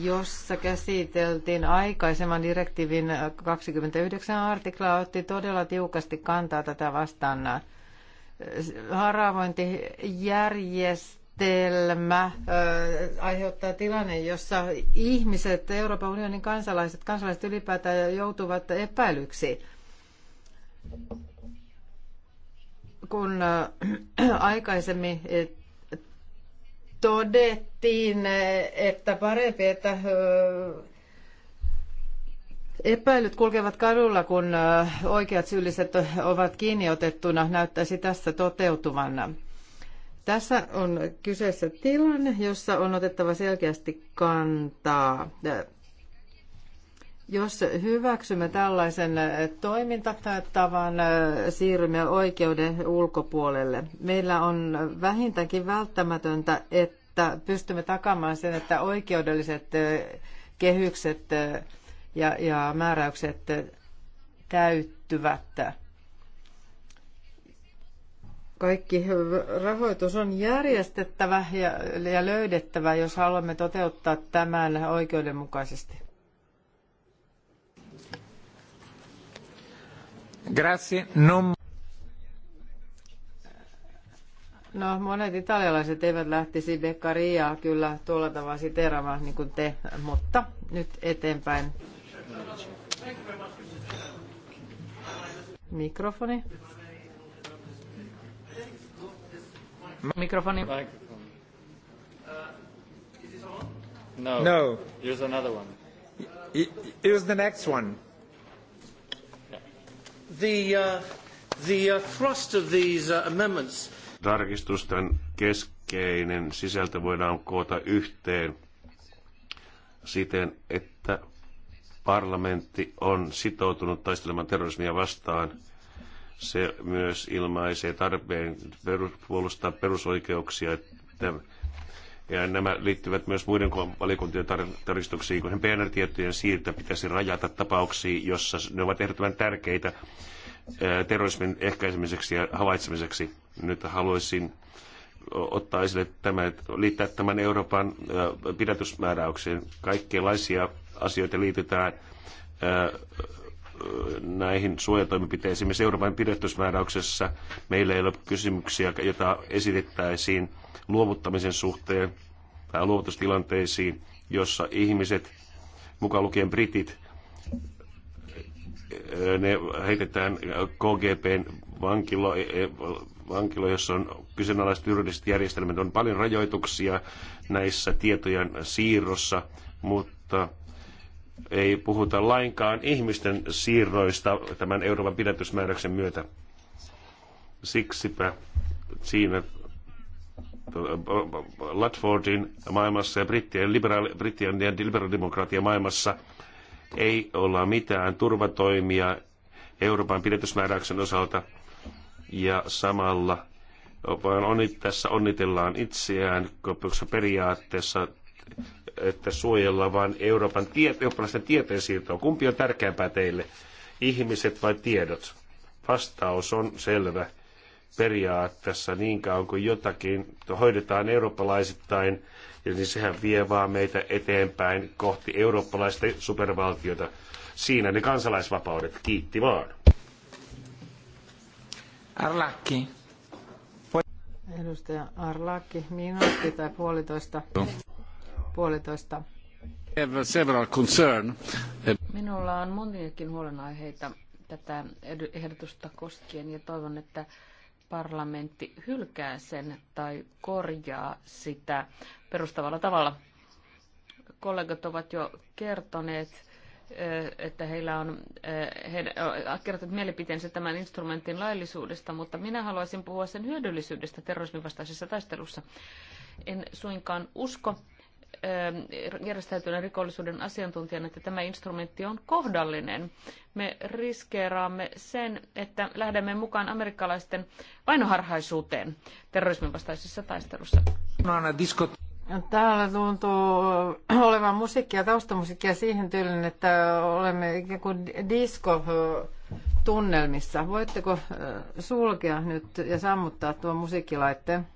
jossa käsiteltiin aikaisemman direktiivin 29 artiklaa, otti todella tiukasti kantaa tätä vastaan. Haravointijärjestelmä järjestelmä aiheuttaa tilanne, jossa ihmiset, Euroopan unionin kansalaiset, kansalaiset ylipäätään joutuvat epäilyksi. Kun aikaisemmin todettiin, että parempi, että Epäilyt kulkevat kadulla, kun oikeat syylliset ovat kiinni otettuna, näyttäisi tässä toteutuvan. Tässä on kyseessä tilanne, jossa on otettava selkeästi kantaa. Jos hyväksymme tällaisen toimintatavan, siirrymme oikeuden ulkopuolelle. Meillä on vähintäänkin välttämätöntä, että pystymme takaamaan sen, että oikeudelliset kehykset ja, ja määräykset täyttyvät kaikki rahoitus on järjestettävä ja, löydettävä, jos haluamme toteuttaa tämän oikeudenmukaisesti. Grazie. Non... No, monet italialaiset eivät lähtisi Beccaria kyllä tuolla tavalla siteeraamaan niin kuin te, mutta nyt eteenpäin. Mikrofoni. Microphone. No. No. Here's another one. Here's the next one. The, uh, the uh, thrust of these uh, amendments. Tarkistusten keskeinen sisältö voidaan koota yhteen siten, että parlamentti on sitoutunut taistelemaan terrorismia vastaan – se myös ilmaisee tarpeen perus, puolustaa perusoikeuksia. Että, ja nämä liittyvät myös muiden valiokuntien tar- tarkistuksiin, kun PNR-tietojen siirto pitäisi rajata tapauksiin, jossa ne ovat ehdottoman tärkeitä terrorismin ehkäisemiseksi ja havaitsemiseksi. Nyt haluaisin ottaa esille tämä, liittää tämän Euroopan pidätysmääräykseen. Kaikkienlaisia asioita liitetään näihin suojatoimenpiteisiin. Me Euroopan pidettysmääräyksessä meillä ei ole kysymyksiä, joita esitettäisiin luovuttamisen suhteen tai luovutustilanteisiin, jossa ihmiset, mukaan lukien britit, ne heitetään KGPn vankilo, vankilo jossa on kyseenalaiset juridiset järjestelmät. On paljon rajoituksia näissä tietojen siirrossa, mutta ei puhuta lainkaan ihmisten siirroista tämän Euroopan pidätysmääräyksen myötä. Siksipä siinä äh, Latfordin maailmassa ja brittien, liberaali, brittien ja liberaalidemokratia maailmassa ei olla mitään turvatoimia Euroopan pidätysmääräyksen osalta ja samalla vaan on, tässä onnitellaan itseään, koska periaatteessa että suojellaan, vain Euroopan tie, tieteen siirtoa. Kumpi on tärkeämpää teille, ihmiset vai tiedot? Vastaus on selvä periaatteessa niin kauan kuin jotakin hoidetaan eurooppalaisittain, ja niin sehän vie vaan meitä eteenpäin kohti eurooppalaista supervaltiota. Siinä ne kansalaisvapaudet. Kiitti vaan. Arlaki. Edustaja Arlaki, minuutti tai puolitoista. No puolitoista. Minulla on moniakin huolenaiheita tätä ehdotusta koskien ja toivon, että parlamentti hylkää sen tai korjaa sitä perustavalla tavalla. Kollegat ovat jo kertoneet, että heillä on he kertonut mielipiteensä tämän instrumentin laillisuudesta, mutta minä haluaisin puhua sen hyödyllisyydestä terrorismin vastaisessa taistelussa. En suinkaan usko, Ähm, järjestäytyneen rikollisuuden asiantuntijana, että tämä instrumentti on kohdallinen. Me riskeeraamme sen, että lähdemme mukaan amerikkalaisten vainoharhaisuuteen terrorismin vastaisessa taistelussa. No, no, Täällä tuntuu olevan musiikkia, taustamusiikkia siihen tyyliin, että olemme ikään kuin disko-tunnelmissa. Voitteko äh, sulkea nyt ja sammuttaa tuon musiikkilaitteen?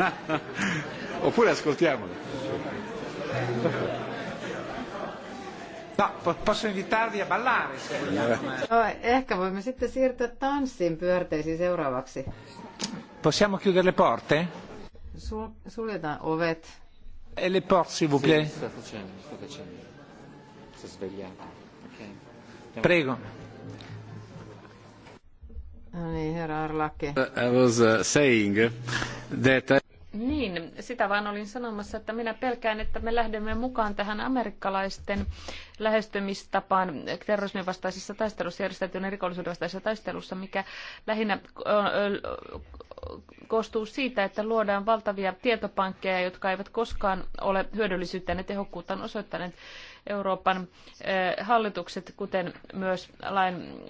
Oppure ascoltiamolo. No, posso invitarvi a ballare se vogliamo. No, ehkä voimme sitten siirtyä tanssiin pyörteisiin seuraavaksi. Possiamo chiudere le porte? Sul- suljetaan ovet. E le porte, s'il vous plaît? Sta facendo, sta facendo. Sta svegliando. Prego. No niin, herra Arlaki. Uh, I was uh, saying that I... Niin, sitä vaan olin sanomassa, että minä pelkään, että me lähdemme mukaan tähän amerikkalaisten lähestymistapaan terrorismin vastaisessa taistelussa, järjestäytyneen rikollisuuden vastaisessa taistelussa, mikä lähinnä koostuu siitä, että luodaan valtavia tietopankkeja, jotka eivät koskaan ole hyödyllisyyttä ja tehokkuuttaan osoittaneet. Euroopan hallitukset, kuten myös lain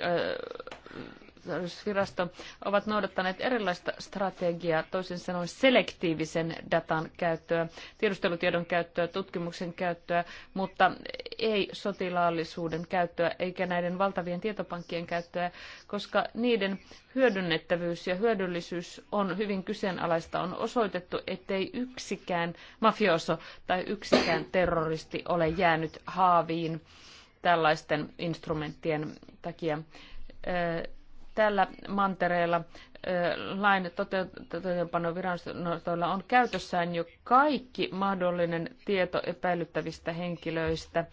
tarkastusvirasto ovat noudattaneet erilaista strategiaa, toisin sanoen selektiivisen datan käyttöä, tiedustelutiedon käyttöä, tutkimuksen käyttöä, mutta ei sotilaallisuuden käyttöä eikä näiden valtavien tietopankkien käyttöä, koska niiden hyödynnettävyys ja hyödyllisyys on hyvin kyseenalaista. On osoitettu, ettei yksikään mafioso tai yksikään terroristi ole jäänyt haaviin tällaisten instrumenttien takia tällä mantereella lain toteutupanovirastoilla on käytössään jo kaikki mahdollinen tieto epäilyttävistä henkilöistä.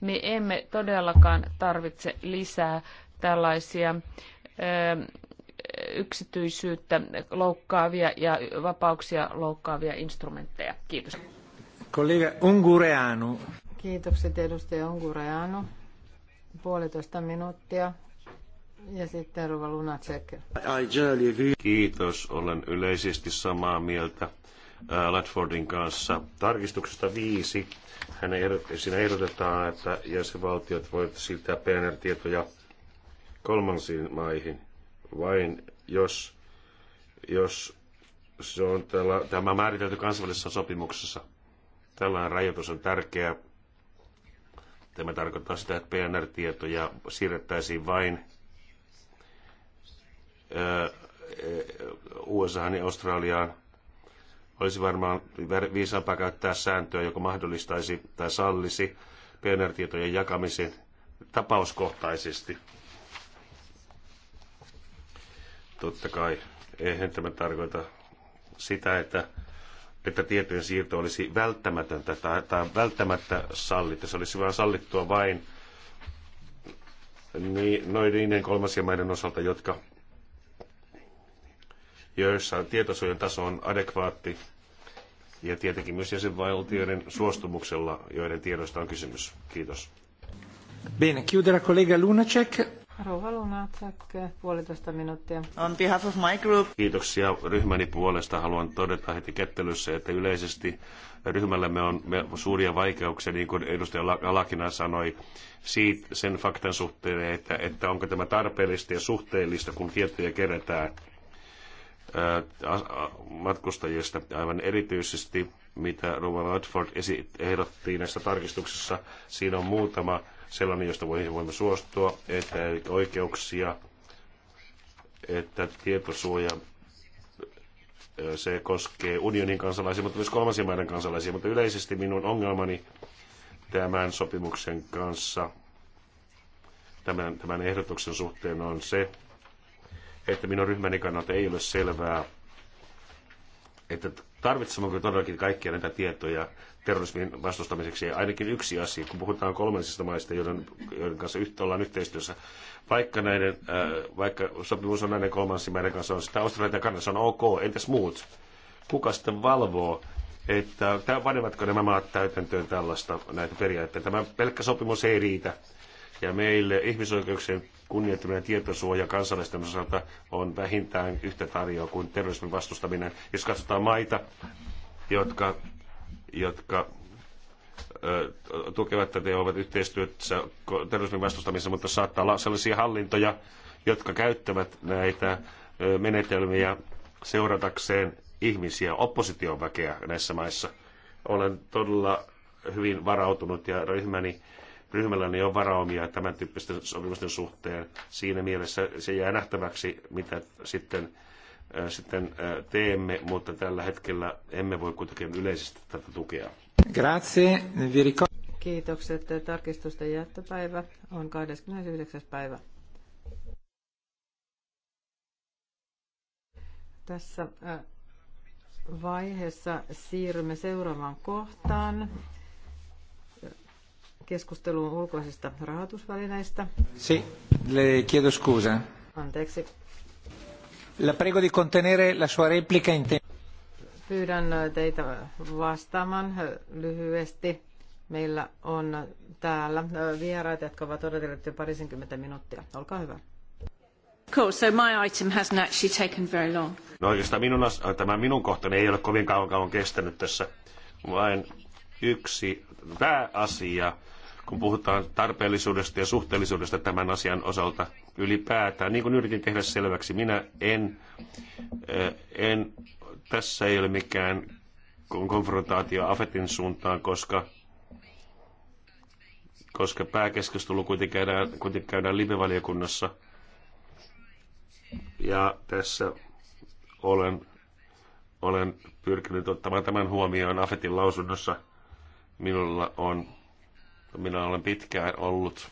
Me emme todellakaan tarvitse lisää tällaisia yksityisyyttä loukkaavia ja vapauksia loukkaavia instrumentteja. Kiitos. Kollega Ungureanu. Kiitokset edustaja Ungureanu. Puolitoista minuuttia. Ja sitten Ruva Lunacek. Kiitos, olen yleisesti samaa mieltä Latfordin kanssa. Tarkistuksesta viisi. Hän ehdot, siinä ehdotetaan, että jäsenvaltiot voivat siirtää PNR-tietoja kolmansiin maihin vain jos, jos se on tällä, tämä määritelty kansainvälisessä sopimuksessa. Tällainen rajoitus on tärkeä. Tämä tarkoittaa sitä, että PNR-tietoja siirrettäisiin vain USA ja Australiaan. Olisi varmaan viisaampaa käyttää sääntöä, joka mahdollistaisi tai sallisi PNR-tietojen jakamisen tapauskohtaisesti. Totta kai, eihän tämä tarkoita sitä, että, että tietojen siirto olisi välttämätöntä tai, tai välttämättä sallittu. Se olisi vain sallittua vain niin, noin niiden kolmasien maiden osalta, jotka joissa tietosuojan taso on adekvaatti ja tietenkin myös jäsenvaltioiden suostumuksella, joiden tiedoista on kysymys. Kiitos. Bene, chiude la Lunacek. Rouva Lunacek, puolitoista minuuttia. On behalf of my group. Kiitoksia ryhmäni puolesta. Haluan todeta heti kättelyssä, että yleisesti ryhmällämme on suuria vaikeuksia, niin kuin edustaja Lakina sanoi, siitä, sen faktan suhteen, että, että onko tämä tarpeellista ja suhteellista, kun tietoja kerätään matkustajista, aivan erityisesti mitä Ruva Radford ehdotti näissä tarkistuksissa. Siinä on muutama sellainen, josta voimme suostua, että oikeuksia, että tietosuoja se koskee unionin kansalaisia, mutta myös kolmansien maiden kansalaisia. Mutta yleisesti minun ongelmani tämän sopimuksen kanssa, tämän, tämän ehdotuksen suhteen on se, että minun ryhmäni kannalta ei ole selvää, että tarvitsemmeko todellakin kaikkia näitä tietoja terrorismin vastustamiseksi. Ja ainakin yksi asia, kun puhutaan kolmansista maista, joiden, joiden kanssa yhtä ollaan yhteistyössä, vaikka, näiden, äh, vaikka sopimus on näiden kolmansien maiden kanssa, on sitä Australian kannassa on ok, entäs muut? Kuka sitten valvoo, että panevatko nämä maat täytäntöön tällaista näitä periaatteita? Tämä pelkkä sopimus ei riitä. Ja meille ihmisoikeuksien kunnioittaminen tietosuoja kansalaisten osalta on vähintään yhtä tarjoa kuin terrorismin vastustaminen. Jos katsotaan maita, jotka, jotka tukevat tätä ja ovat yhteistyössä terrorismin vastustamisessa, mutta saattaa olla sellaisia hallintoja, jotka käyttävät näitä menetelmiä seuratakseen ihmisiä, opposition väkeä näissä maissa. Olen todella hyvin varautunut ja ryhmäni ryhmälläni niin on varaumia tämän tyyppisten sopimusten suhteen. Siinä mielessä se jää nähtäväksi, mitä sitten, sitten teemme, mutta tällä hetkellä emme voi kuitenkin yleisesti tätä tukea. Grazie. Kiitokset. Tarkistusten jättöpäivä on 29. päivä. Tässä vaiheessa siirrymme seuraavaan kohtaan keskusteluun ulkoisista rahoitusvälineistä. Si, le chiedo scusa. Anteeksi. La prego di contenere la sua replica in te- Pyydän äh, teitä vastaamaan äh, lyhyesti. Meillä on täällä äh, vieraita, jotka ovat odotelleet jo parisenkymmentä minuuttia. Olkaa hyvä. Cool, so my item hasn't actually taken very long. No oikeastaan minun, tämä minun kohtani ei ole kovin kauan kauan kestänyt tässä. Vain yksi pääasia, kun puhutaan tarpeellisuudesta ja suhteellisuudesta tämän asian osalta ylipäätään. Niin kuin yritin tehdä selväksi, minä en, eh, en tässä ei ole mikään konfrontaatio Afetin suuntaan, koska, koska pääkeskustelu kuitenkin käydään, kuitenkin käydään live-valiokunnassa. Ja tässä olen, olen pyrkinyt ottamaan tämän huomioon Afetin lausunnossa – Minulla on, minä olen pitkään ollut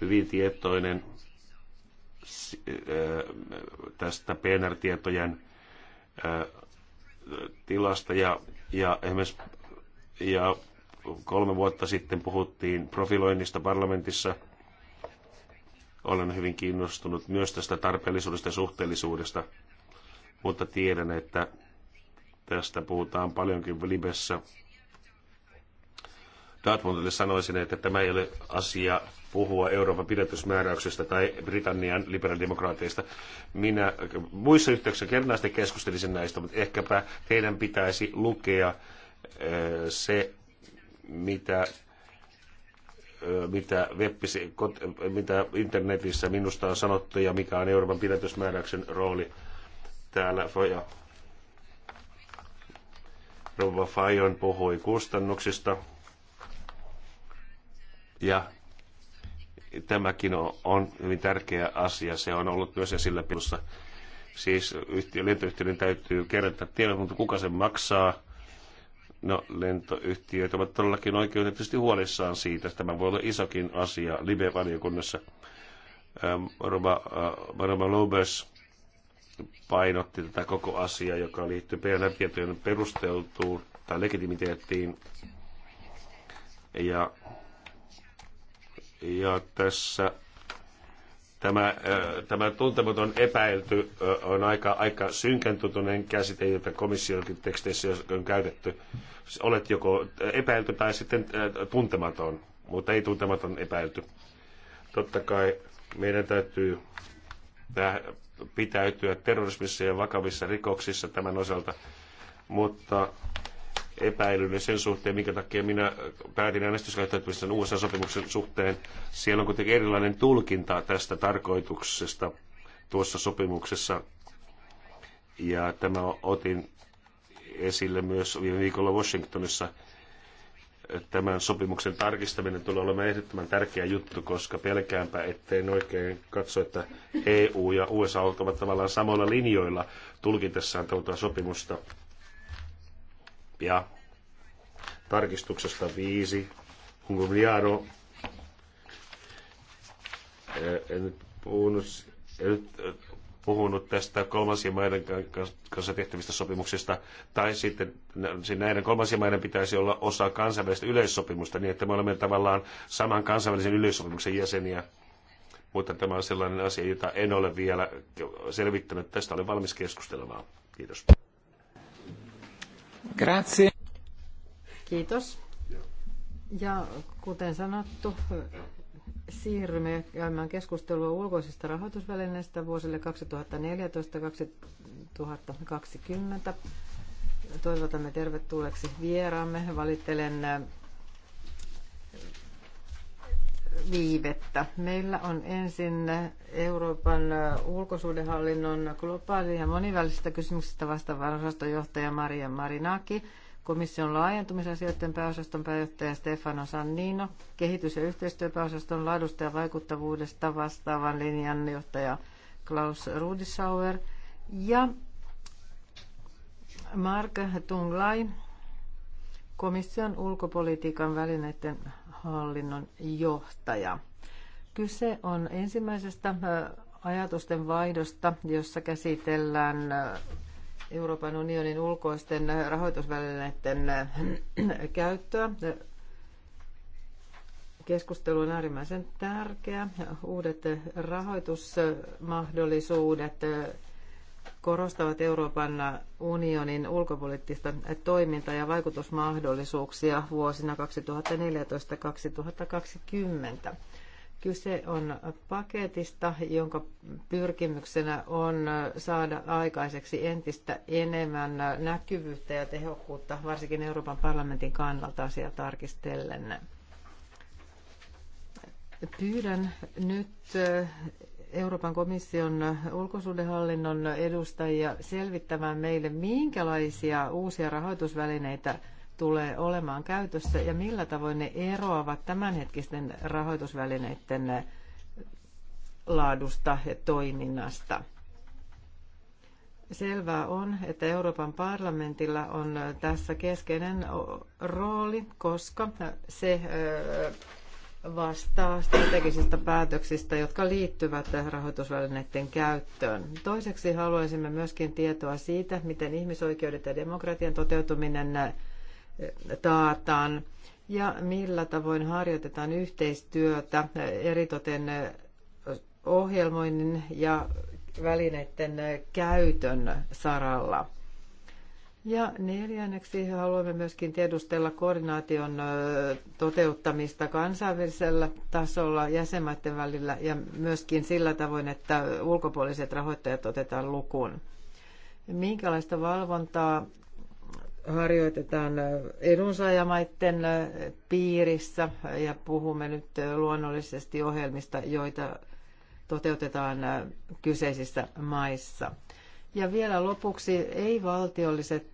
hyvin tietoinen tästä PNR-tietojen tilasta ja, ja esimerkiksi ja kolme vuotta sitten puhuttiin profiloinnista parlamentissa. Olen hyvin kiinnostunut myös tästä tarpeellisuudesta ja suhteellisuudesta, mutta tiedän, että tästä puhutaan paljonkin Libessä Dartmouthille sanoisin, että tämä ei ole asia puhua Euroopan pidätysmääräyksestä tai Britannian liberaalidemokraateista. Minä muissa yhteyksissä kernaasti keskustelisin näistä, mutta ehkäpä teidän pitäisi lukea eh, se, mitä eh, mitä, webbisi, mitä internetissä minusta on sanottu ja mikä on Euroopan pidätysmääräyksen rooli täällä. Ja Rova Fajon puhui kustannuksista ja tämäkin on, on hyvin tärkeä asia. Se on ollut myös esillä pilussa. Siis yhtiö, lentoyhtiöiden täytyy kerätä tiedot, mutta kuka sen maksaa? No, lentoyhtiöt ovat todellakin oikeutetusti huolissaan siitä. Tämä voi olla isokin asia live valiokunnassa ähm, Varma äh, Lobes painotti tätä koko asiaa, joka liittyy PNR-tietojen perusteltuun tai legitimiteettiin. Ja ja tässä tämä, äh, tämä tuntematon epäilty äh, on aika, aika synkäntutuneen käsite, jota komissionkin teksteissä on käytetty. Olet joko äh, epäilty tai sitten tuntematon, mutta ei tuntematon epäilty. Totta kai meidän täytyy pitäytyä terrorismissa ja vakavissa rikoksissa tämän osalta, mutta epäilyni sen suhteen, minkä takia minä päätin äänestyskäyttäytymisen USA-sopimuksen suhteen. Siellä on kuitenkin erilainen tulkinta tästä tarkoituksesta tuossa sopimuksessa. Ja tämä otin esille myös viime viikolla Washingtonissa. Tämän sopimuksen tarkistaminen tulee olemaan ehdottoman tärkeä juttu, koska pelkäänpä, ettei oikein katso, että EU ja USA ovat tavallaan samoilla linjoilla tulkintessaan tuota sopimusta ja tarkistuksesta viisi, Humiliano. En nyt puhunut, en nyt puhunut tästä kolmansien maiden kanssa tehtävistä sopimuksista, tai sitten näiden kolmansien maiden pitäisi olla osa kansainvälistä yleissopimusta, niin että me olemme tavallaan saman kansainvälisen yleissopimuksen jäseniä. Mutta tämä on sellainen asia, jota en ole vielä selvittänyt. Tästä olen valmis keskustelemaan. Kiitos. Kiitos. Ja kuten sanottu, siirrymme käymään keskustelua ulkoisista rahoitusvälineistä vuosille 2014-2020. Toivotamme tervetulleeksi vieraamme. Valittelen viivettä. Meillä on ensin Euroopan ulkosuudenhallinnon globaali- ja monivälistä kysymyksistä vastaava osastonjohtaja Maria Marinaki, komission laajentumisasioiden pääosaston pääjohtaja Stefano Sannino, kehitys- ja yhteistyöpääosaston laadusta ja vaikuttavuudesta vastaavan linjan johtaja Klaus Rudisauer ja Mark Tunglai, komission ulkopolitiikan välineiden hallinnon johtaja. Kyse on ensimmäisestä ajatusten vaihdosta, jossa käsitellään Euroopan unionin ulkoisten rahoitusvälineiden käyttöä. Keskustelu on äärimmäisen tärkeä. Uudet rahoitusmahdollisuudet korostavat Euroopan unionin ulkopoliittista toimintaa ja vaikutusmahdollisuuksia vuosina 2014-2020. Kyse on paketista, jonka pyrkimyksenä on saada aikaiseksi entistä enemmän näkyvyyttä ja tehokkuutta, varsinkin Euroopan parlamentin kannalta asiaa tarkistellen. Pyydän nyt Euroopan komission ulkosuhdehallinnon edustajia selvittämään meille, minkälaisia uusia rahoitusvälineitä tulee olemaan käytössä ja millä tavoin ne eroavat tämänhetkisten rahoitusvälineiden laadusta ja toiminnasta. Selvää on, että Euroopan parlamentilla on tässä keskeinen rooli, koska se vastaa strategisista päätöksistä, jotka liittyvät rahoitusvälineiden käyttöön. Toiseksi haluaisimme myöskin tietoa siitä, miten ihmisoikeudet ja demokratian toteutuminen eh, taataan ja millä tavoin harjoitetaan yhteistyötä eh, eritoten eh, ohjelmoinnin ja välineiden käytön saralla. Ja neljänneksi haluamme myöskin tiedustella koordinaation toteuttamista kansainvälisellä tasolla jäsenmaiden välillä ja myöskin sillä tavoin, että ulkopuoliset rahoittajat otetaan lukuun. Minkälaista valvontaa harjoitetaan edunsaajamaiden piirissä ja puhumme nyt luonnollisesti ohjelmista, joita toteutetaan kyseisissä maissa – ja vielä lopuksi ei-valtiolliset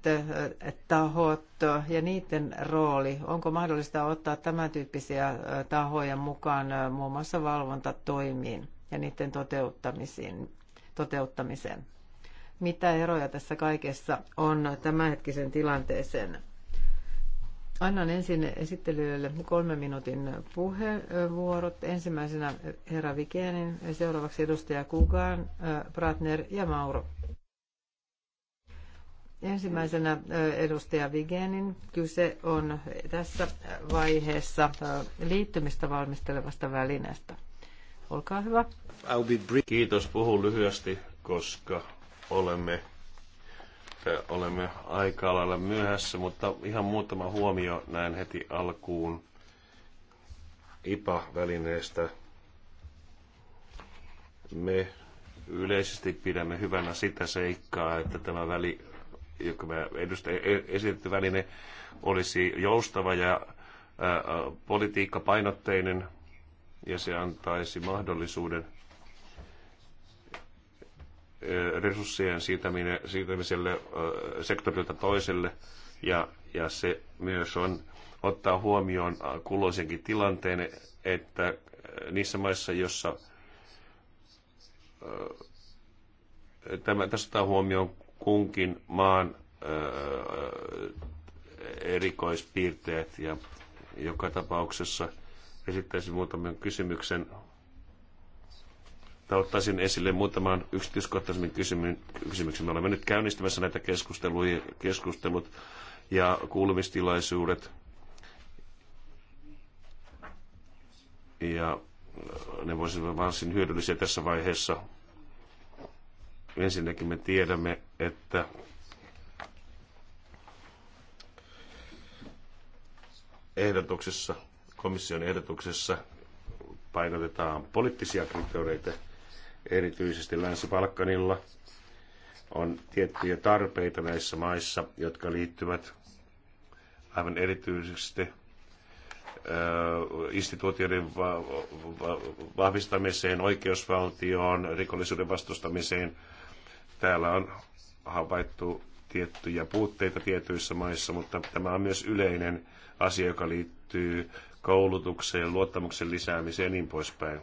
tahot ja niiden rooli. Onko mahdollista ottaa tämän tyyppisiä tahoja mukaan muun muassa valvontatoimiin ja niiden toteuttamisiin, toteuttamiseen? Mitä eroja tässä kaikessa on tämänhetkisen tilanteeseen? Annan ensin esittelijöille kolmen minuutin puheenvuorot. Ensimmäisenä herra Vikenin, seuraavaksi edustaja Kugan, Pratner ja Mauro. Ensimmäisenä edustaja Vigenin kyse on tässä vaiheessa liittymistä valmistelevasta välineestä. Olkaa hyvä. Kiitos, puhun lyhyesti, koska olemme, olemme aika lailla myöhässä, mutta ihan muutama huomio näin heti alkuun IPA-välineestä. Me yleisesti pidämme hyvänä sitä seikkaa, että tämä väli, joka me e-, esitetty väline, olisi joustava ja politiikkapainotteinen ja se antaisi mahdollisuuden resurssien siirtämiselle sektorilta toiselle ja, ja se myös on ottaa huomioon kulloisenkin tilanteen, että niissä maissa, jossa tämä, tässä ottaa huomioon kunkin maan erikoispiirteet ja joka tapauksessa esittäisin muutaman kysymyksen tai ottaisin esille muutaman yksityiskohtaisemmin kysymyksen. Me olemme nyt käynnistämässä näitä keskusteluja, keskustelut ja kuulumistilaisuudet Ja ne voisivat varsin hyödyllisiä tässä vaiheessa Ensinnäkin me tiedämme, että ehdotuksessa, komission ehdotuksessa painotetaan poliittisia kriteereitä, erityisesti Länsi-Balkanilla on tiettyjä tarpeita näissä maissa, jotka liittyvät aivan erityisesti instituutioiden vahvistamiseen, oikeusvaltioon, rikollisuuden vastustamiseen, täällä on havaittu tiettyjä puutteita tietyissä maissa, mutta tämä on myös yleinen asia, joka liittyy koulutukseen, luottamuksen lisäämiseen ja niin poispäin.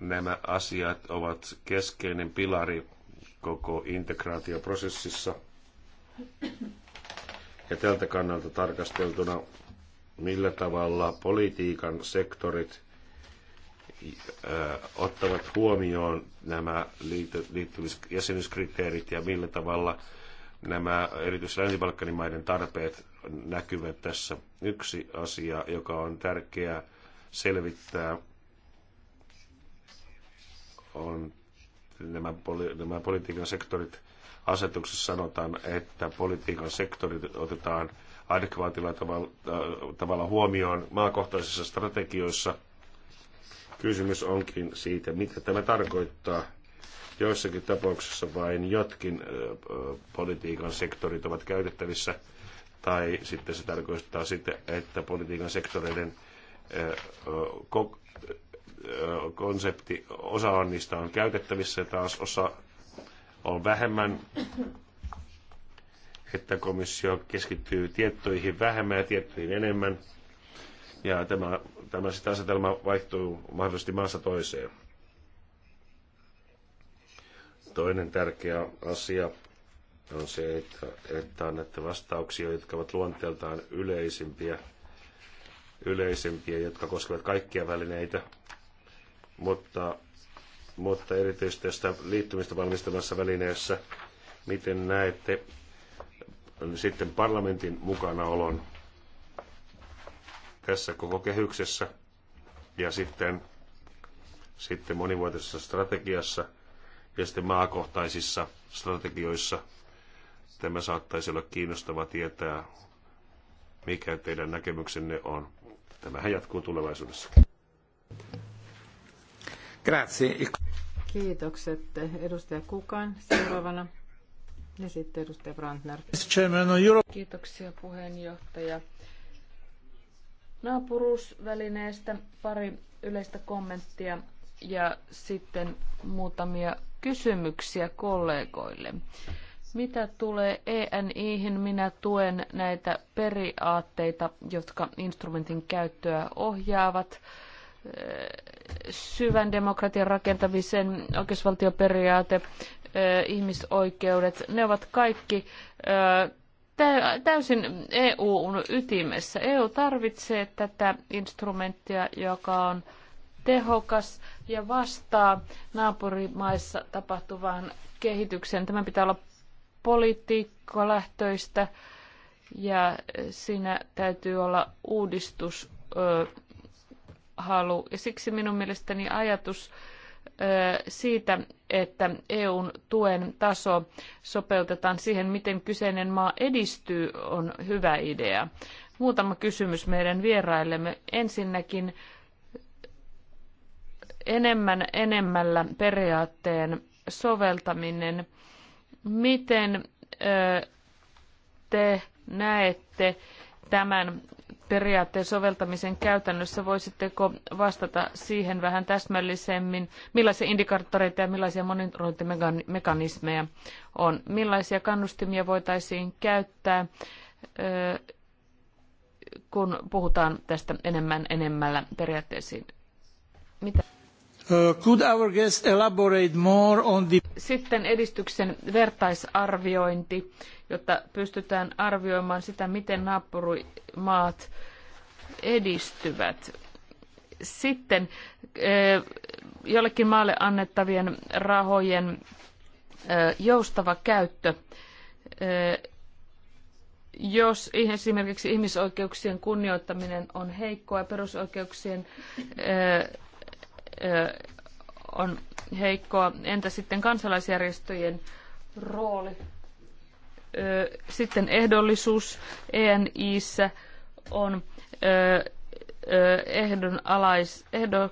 Nämä asiat ovat keskeinen pilari koko integraatioprosessissa. Ja tältä kannalta tarkasteltuna, millä tavalla politiikan sektorit ottavat huomioon nämä liittymis- jäsenyyskriteerit ja millä tavalla nämä erityisesti Länsi-Balkanin maiden tarpeet näkyvät tässä. Yksi asia, joka on tärkeää selvittää, on nämä, poli- nämä politiikan sektorit. Asetuksessa sanotaan, että politiikan sektorit otetaan adekvaatilla tavalla, tavalla huomioon maakohtaisissa strategioissa – Kysymys onkin siitä, mitä tämä tarkoittaa. Joissakin tapauksissa vain jotkin politiikan sektorit ovat käytettävissä, tai sitten se tarkoittaa sitä, että politiikan sektoreiden konsepti, osa niistä on käytettävissä ja taas osa on vähemmän, että komissio keskittyy tiettyihin vähemmän ja tiettyihin enemmän – ja tämä, tämä sitä asetelma vaihtuu mahdollisesti maassa toiseen. Toinen tärkeä asia on se, että, että annatte vastauksia, jotka ovat luonteeltaan yleisimpiä, yleisimpiä, jotka koskevat kaikkia välineitä, mutta, mutta erityisesti tästä liittymistä valmistelevassa välineessä, miten näette sitten parlamentin mukanaolon tässä koko kehyksessä ja sitten, sitten monivuotisessa strategiassa ja sitten maakohtaisissa strategioissa. Tämä saattaisi olla kiinnostava tietää, mikä teidän näkemyksenne on. Tämähän jatkuu tulevaisuudessa. Grazie. Kiitokset. Edustaja Kukan seuraavana ja sitten edustaja Brandner. Kiitoksia puheenjohtaja naapuruusvälineestä pari yleistä kommenttia ja sitten muutamia kysymyksiä kollegoille. Mitä tulee ENIhin, minä tuen näitä periaatteita, jotka instrumentin käyttöä ohjaavat äh, syvän demokratian rakentamisen oikeusvaltioperiaate, äh, ihmisoikeudet, ne ovat kaikki äh, täysin on e ytimessä. EU tarvitsee tätä instrumenttia, joka on tehokas ja vastaa naapurimaissa tapahtuvaan kehitykseen. Tämän pitää olla politiikkolähtöistä ja siinä täytyy olla uudistushalu. Ja siksi minun mielestäni ajatus siitä, että EUn tuen taso sopeutetaan siihen, miten kyseinen maa edistyy, on hyvä idea. Muutama kysymys meidän vieraillemme. Ensinnäkin enemmän enemmällä periaatteen soveltaminen. Miten te näette tämän periaatteen soveltamisen käytännössä. Voisitteko vastata siihen vähän täsmällisemmin, millaisia indikaattoreita ja millaisia monitorointimekanismeja on? Millaisia kannustimia voitaisiin käyttää, kun puhutaan tästä enemmän enemmällä periaatteisiin? Mitä? Uh, could our guest elaborate more on the... Sitten edistyksen vertaisarviointi, jotta pystytään arvioimaan sitä, miten naapurimaat edistyvät. Sitten uh, jollekin maalle annettavien rahojen uh, joustava käyttö. Jos esimerkiksi ihmisoikeuksien kunnioittaminen on heikkoa ja perusoikeuksien on heikkoa. Entä sitten kansalaisjärjestöjen rooli? Sitten ehdollisuus ENIssä on ehdonalais, ehdo,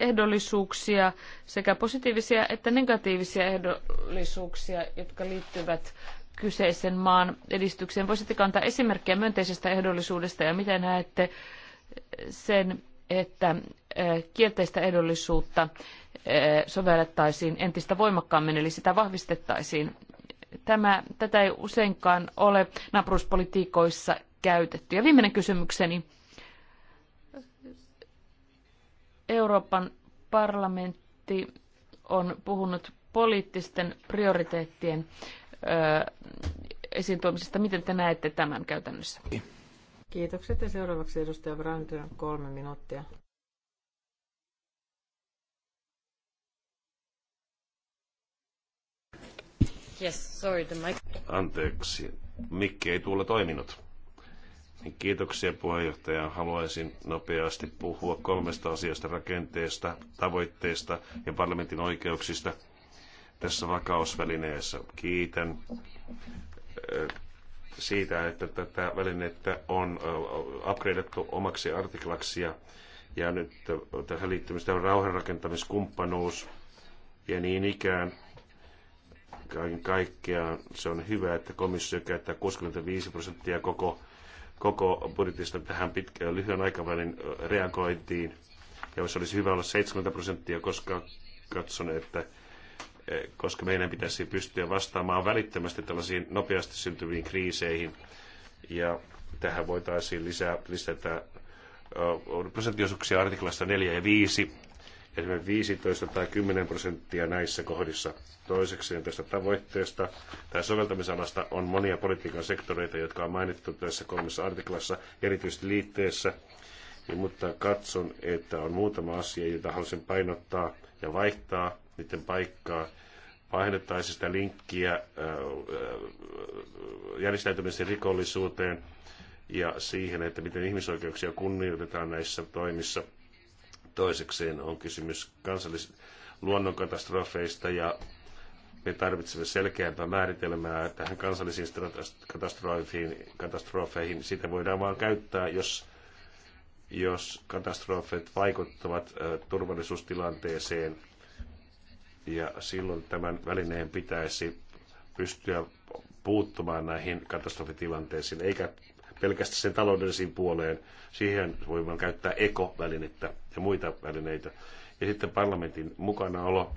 ehdollisuuksia sekä positiivisia että negatiivisia ehdollisuuksia, jotka liittyvät kyseisen maan edistykseen. Voisitteko antaa esimerkkejä myönteisestä ehdollisuudesta ja miten näette sen että kielteistä edullisuutta sovellettaisiin entistä voimakkaammin, eli sitä vahvistettaisiin. Tämä, tätä ei useinkaan ole naapuruuspolitiikoissa käytetty. Ja viimeinen kysymykseni. Euroopan parlamentti on puhunut poliittisten prioriteettien esiin Miten te näette tämän käytännössä? Kiitokset ja seuraavaksi edustaja Brandner kolme minuuttia. Yes, sorry, the mic. Anteeksi, mikki ei tuolla toiminut. Niin kiitoksia puheenjohtaja. Haluaisin nopeasti puhua kolmesta asiasta, rakenteesta, tavoitteista ja parlamentin oikeuksista tässä vakausvälineessä. Kiitän siitä, että tätä välinettä on upgradeattu omaksi artiklaksi ja, ja nyt tähän liittymistä on rauhanrakentamiskumppanuus ja niin ikään kaiken kaikkiaan se on hyvä, että komissio käyttää 65 prosenttia koko, koko budjetista tähän pitkään lyhyen aikavälin reagointiin. Ja se olisi hyvä olla 70 prosenttia, koska katson, että Eh, koska meidän pitäisi pystyä vastaamaan välittömästi tällaisiin nopeasti syntyviin kriiseihin. Ja tähän voitaisiin lisää, lisätä prosenttiosuuksia artiklasta 4 ja 5, esimerkiksi 15 tai 10 prosenttia näissä kohdissa. Toiseksi tästä tavoitteesta tai soveltamisalasta on monia politiikan sektoreita, jotka on mainittu tässä kolmessa artiklassa, erityisesti liitteessä, mutta katson, että on muutama asia, jota haluaisin painottaa ja vaihtaa niiden paikkaa, Vaihdettaisiin sitä linkkiä järjestäytymisen rikollisuuteen ja siihen, että miten ihmisoikeuksia kunnioitetaan näissä toimissa. Toisekseen on kysymys kansallis- luonnonkatastrofeista ja me tarvitsemme selkeämpää määritelmää tähän kansallisiin katastrofeihin. katastrofeihin. Sitä voidaan vain käyttää, jos, jos katastrofeet vaikuttavat turvallisuustilanteeseen – ja silloin tämän välineen pitäisi pystyä puuttumaan näihin katastrofitilanteisiin, eikä pelkästään sen taloudellisiin puoleen. Siihen voimme käyttää ekovälinettä ja muita välineitä. Ja sitten parlamentin mukanaolo.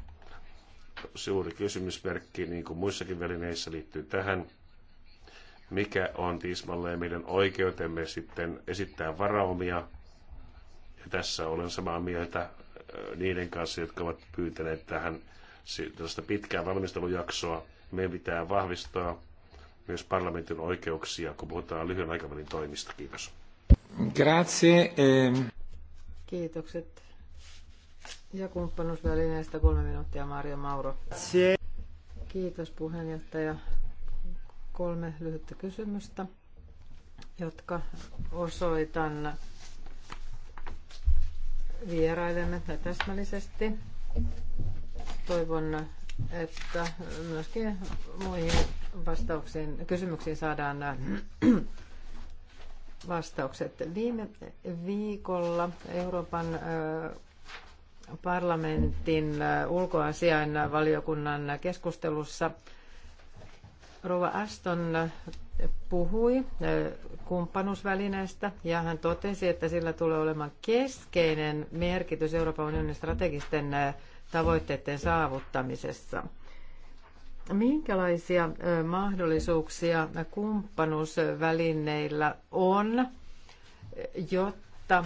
Suuri kysymysmerkki, niin kuin muissakin välineissä, liittyy tähän. Mikä on tismalleen meidän oikeutemme sitten esittää varaumia? Ja tässä olen samaa mieltä niiden kanssa, jotka ovat pyytäneet tähän tällaista pitkää valmistelujaksoa. Meidän pitää vahvistaa myös parlamentin oikeuksia, kun puhutaan lyhyen aikavälin toimista. Kiitos. Grazie. Ehm. Kiitokset. Ja kumppanuusvälineestä kolme minuuttia, Maria Mauro. Kiitos puheenjohtaja. Kolme lyhyttä kysymystä, jotka osoitan vierailemme täsmällisesti toivon, että myöskin muihin vastauksiin, kysymyksiin saadaan äh, vastaukset. Viime viikolla Euroopan äh, parlamentin äh, ulkoasian valiokunnan keskustelussa Rova Aston puhui kumppanuusvälineestä ja hän totesi, että sillä tulee olemaan keskeinen merkitys Euroopan unionin strategisten tavoitteiden saavuttamisessa. Minkälaisia mahdollisuuksia kumppanuusvälineillä on, jotta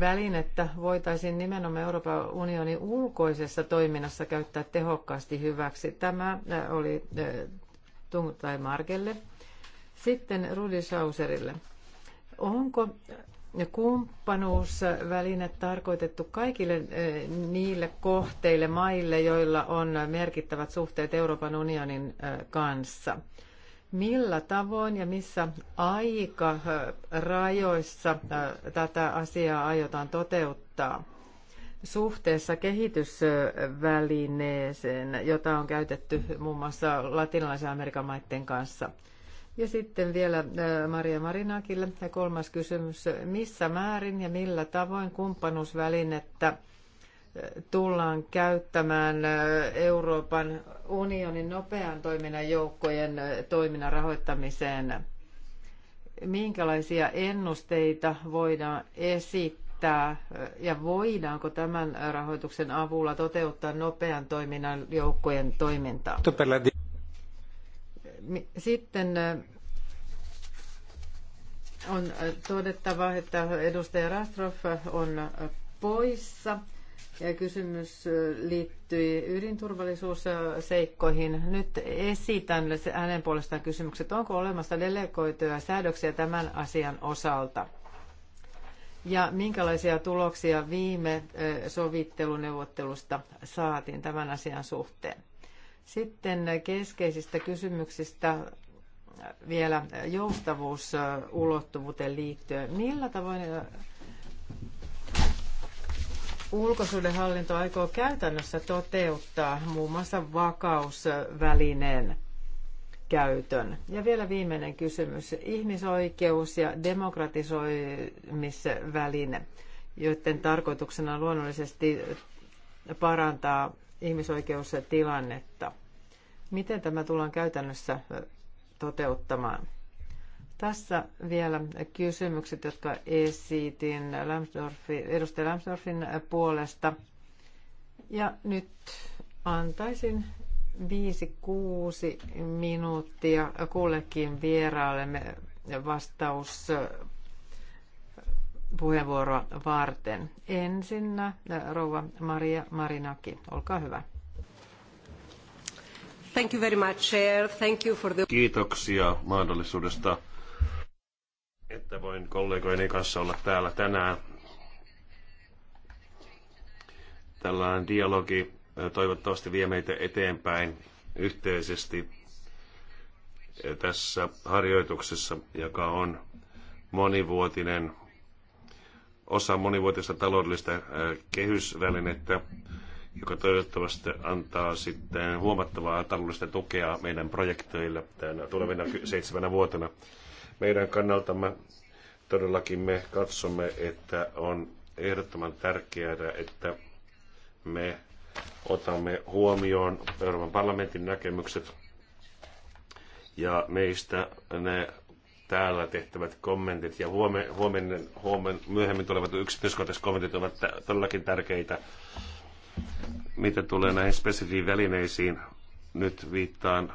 välinettä voitaisiin nimenomaan Euroopan unionin ulkoisessa toiminnassa käyttää tehokkaasti hyväksi. Tämä oli tai Margelle. Sitten Rudi Schauserille. Onko kumppanuusväline tarkoitettu kaikille eh, niille kohteille, maille, joilla on merkittävät suhteet Euroopan unionin eh, kanssa. Millä tavoin ja missä aika rajoissa eh, tätä asiaa aiotaan toteuttaa suhteessa kehitysvälineeseen, jota on käytetty muun muassa latinalaisen Amerikan maiden kanssa – ja sitten vielä äh, Maria Marinakille kolmas kysymys. Missä määrin ja millä tavoin kumppanuusvälinettä äh, tullaan käyttämään äh, Euroopan unionin nopean toiminnan joukkojen toiminnan rahoittamiseen? Minkälaisia ennusteita voidaan esittää ja voidaanko tämän rahoituksen avulla toteuttaa nopean toiminnan joukkojen toimintaa? Sitten on todettava, että edustaja Rastroff on poissa. Ja kysymys liittyi ydinturvallisuusseikkoihin. Nyt esitän hänen puolestaan kysymykset. Onko olemassa delegoituja säädöksiä tämän asian osalta? Ja minkälaisia tuloksia viime sovitteluneuvottelusta saatiin tämän asian suhteen? Sitten keskeisistä kysymyksistä vielä joustavuusulottuvuuteen liittyen. Millä tavoin äh, ulkosuudenhallinto aikoo käytännössä toteuttaa muun muassa vakausvälineen käytön? Ja vielä viimeinen kysymys. Ihmisoikeus- ja demokratisoimisväline, joiden tarkoituksena on luonnollisesti parantaa ihmisoikeustilannetta. Miten tämä tullaan käytännössä toteuttamaan? Tässä vielä kysymykset, jotka esitin edustaja Lamsdorfin puolesta. Ja nyt antaisin 5-6 minuuttia kullekin vieraallemme vastaus puheenvuoroa varten. Ensinnä rouva Maria Marinaki, olkaa hyvä. Thank you very much, Chair. Thank you for the... Kiitoksia mahdollisuudesta, että voin kollegojeni kanssa olla täällä tänään. Tällainen dialogi toivottavasti vie meitä eteenpäin yhteisesti tässä harjoituksessa, joka on monivuotinen osa monivuotista taloudellista äh, kehysvälinettä, joka toivottavasti antaa sitten huomattavaa taloudellista tukea meidän projekteille tänä tulevina seitsemänä vuotena. Meidän kannaltamme todellakin me katsomme, että on ehdottoman tärkeää, että me otamme huomioon Euroopan parlamentin näkemykset ja meistä ne täällä tehtävät kommentit ja huomenna huomen myöhemmin tulevat yksityiskohtaiset kommentit ovat todellakin tärkeitä. Mitä tulee näihin spesifiin välineisiin, nyt viittaan,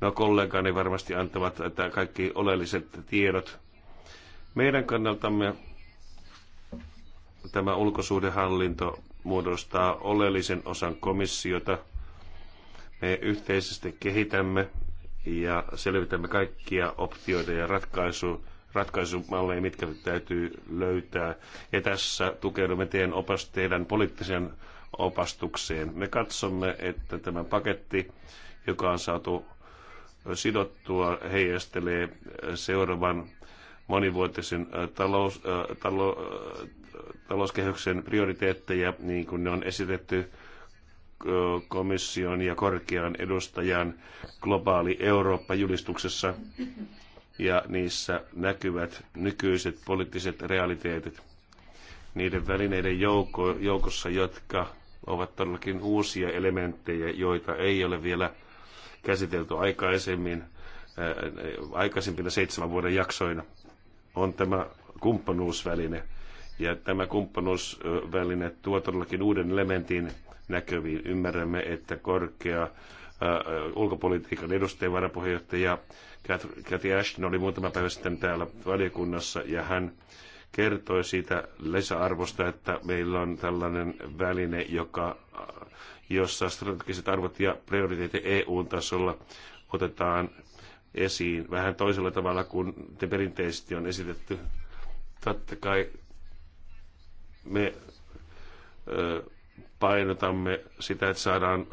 no kollegani varmasti antavat että kaikki oleelliset tiedot. Meidän kannaltamme tämä ulkosuhdehallinto muodostaa oleellisen osan komissiota. Me yhteisesti kehitämme ja selvitämme kaikkia optioita ja ratkaisu, ratkaisumalleja, mitkä täytyy löytää. Ja tässä tukeudumme teidän, opas, teidän poliittisen opastukseen. Me katsomme, että tämä paketti, joka on saatu sidottua, heijastelee seuraavan monivuotisen äh, talous, äh, talo, äh, talouskehyksen prioriteetteja, niin kuin ne on esitetty komission ja korkean edustajan globaali Eurooppa-julistuksessa ja niissä näkyvät nykyiset poliittiset realiteetit niiden välineiden joukossa, jotka ovat todellakin uusia elementtejä, joita ei ole vielä käsitelty aikaisemmin, aikaisempina seitsemän vuoden jaksoina, on tämä kumppanuusväline. Ja tämä kumppanuusväline tuo todellakin uuden elementin näkyviin. Ymmärrämme, että korkea äh, ulkopolitiikan edustajan varapuheenjohtaja Kathy Ashton oli muutama päivä sitten täällä valiokunnassa ja hän kertoi siitä lisäarvosta, että meillä on tällainen väline, joka, äh, jossa strategiset arvot ja prioriteetit EU-tasolla otetaan esiin vähän toisella tavalla kuin te perinteisesti on esitetty. Totta kai me ö, äh, painotamme sitä, että saadaan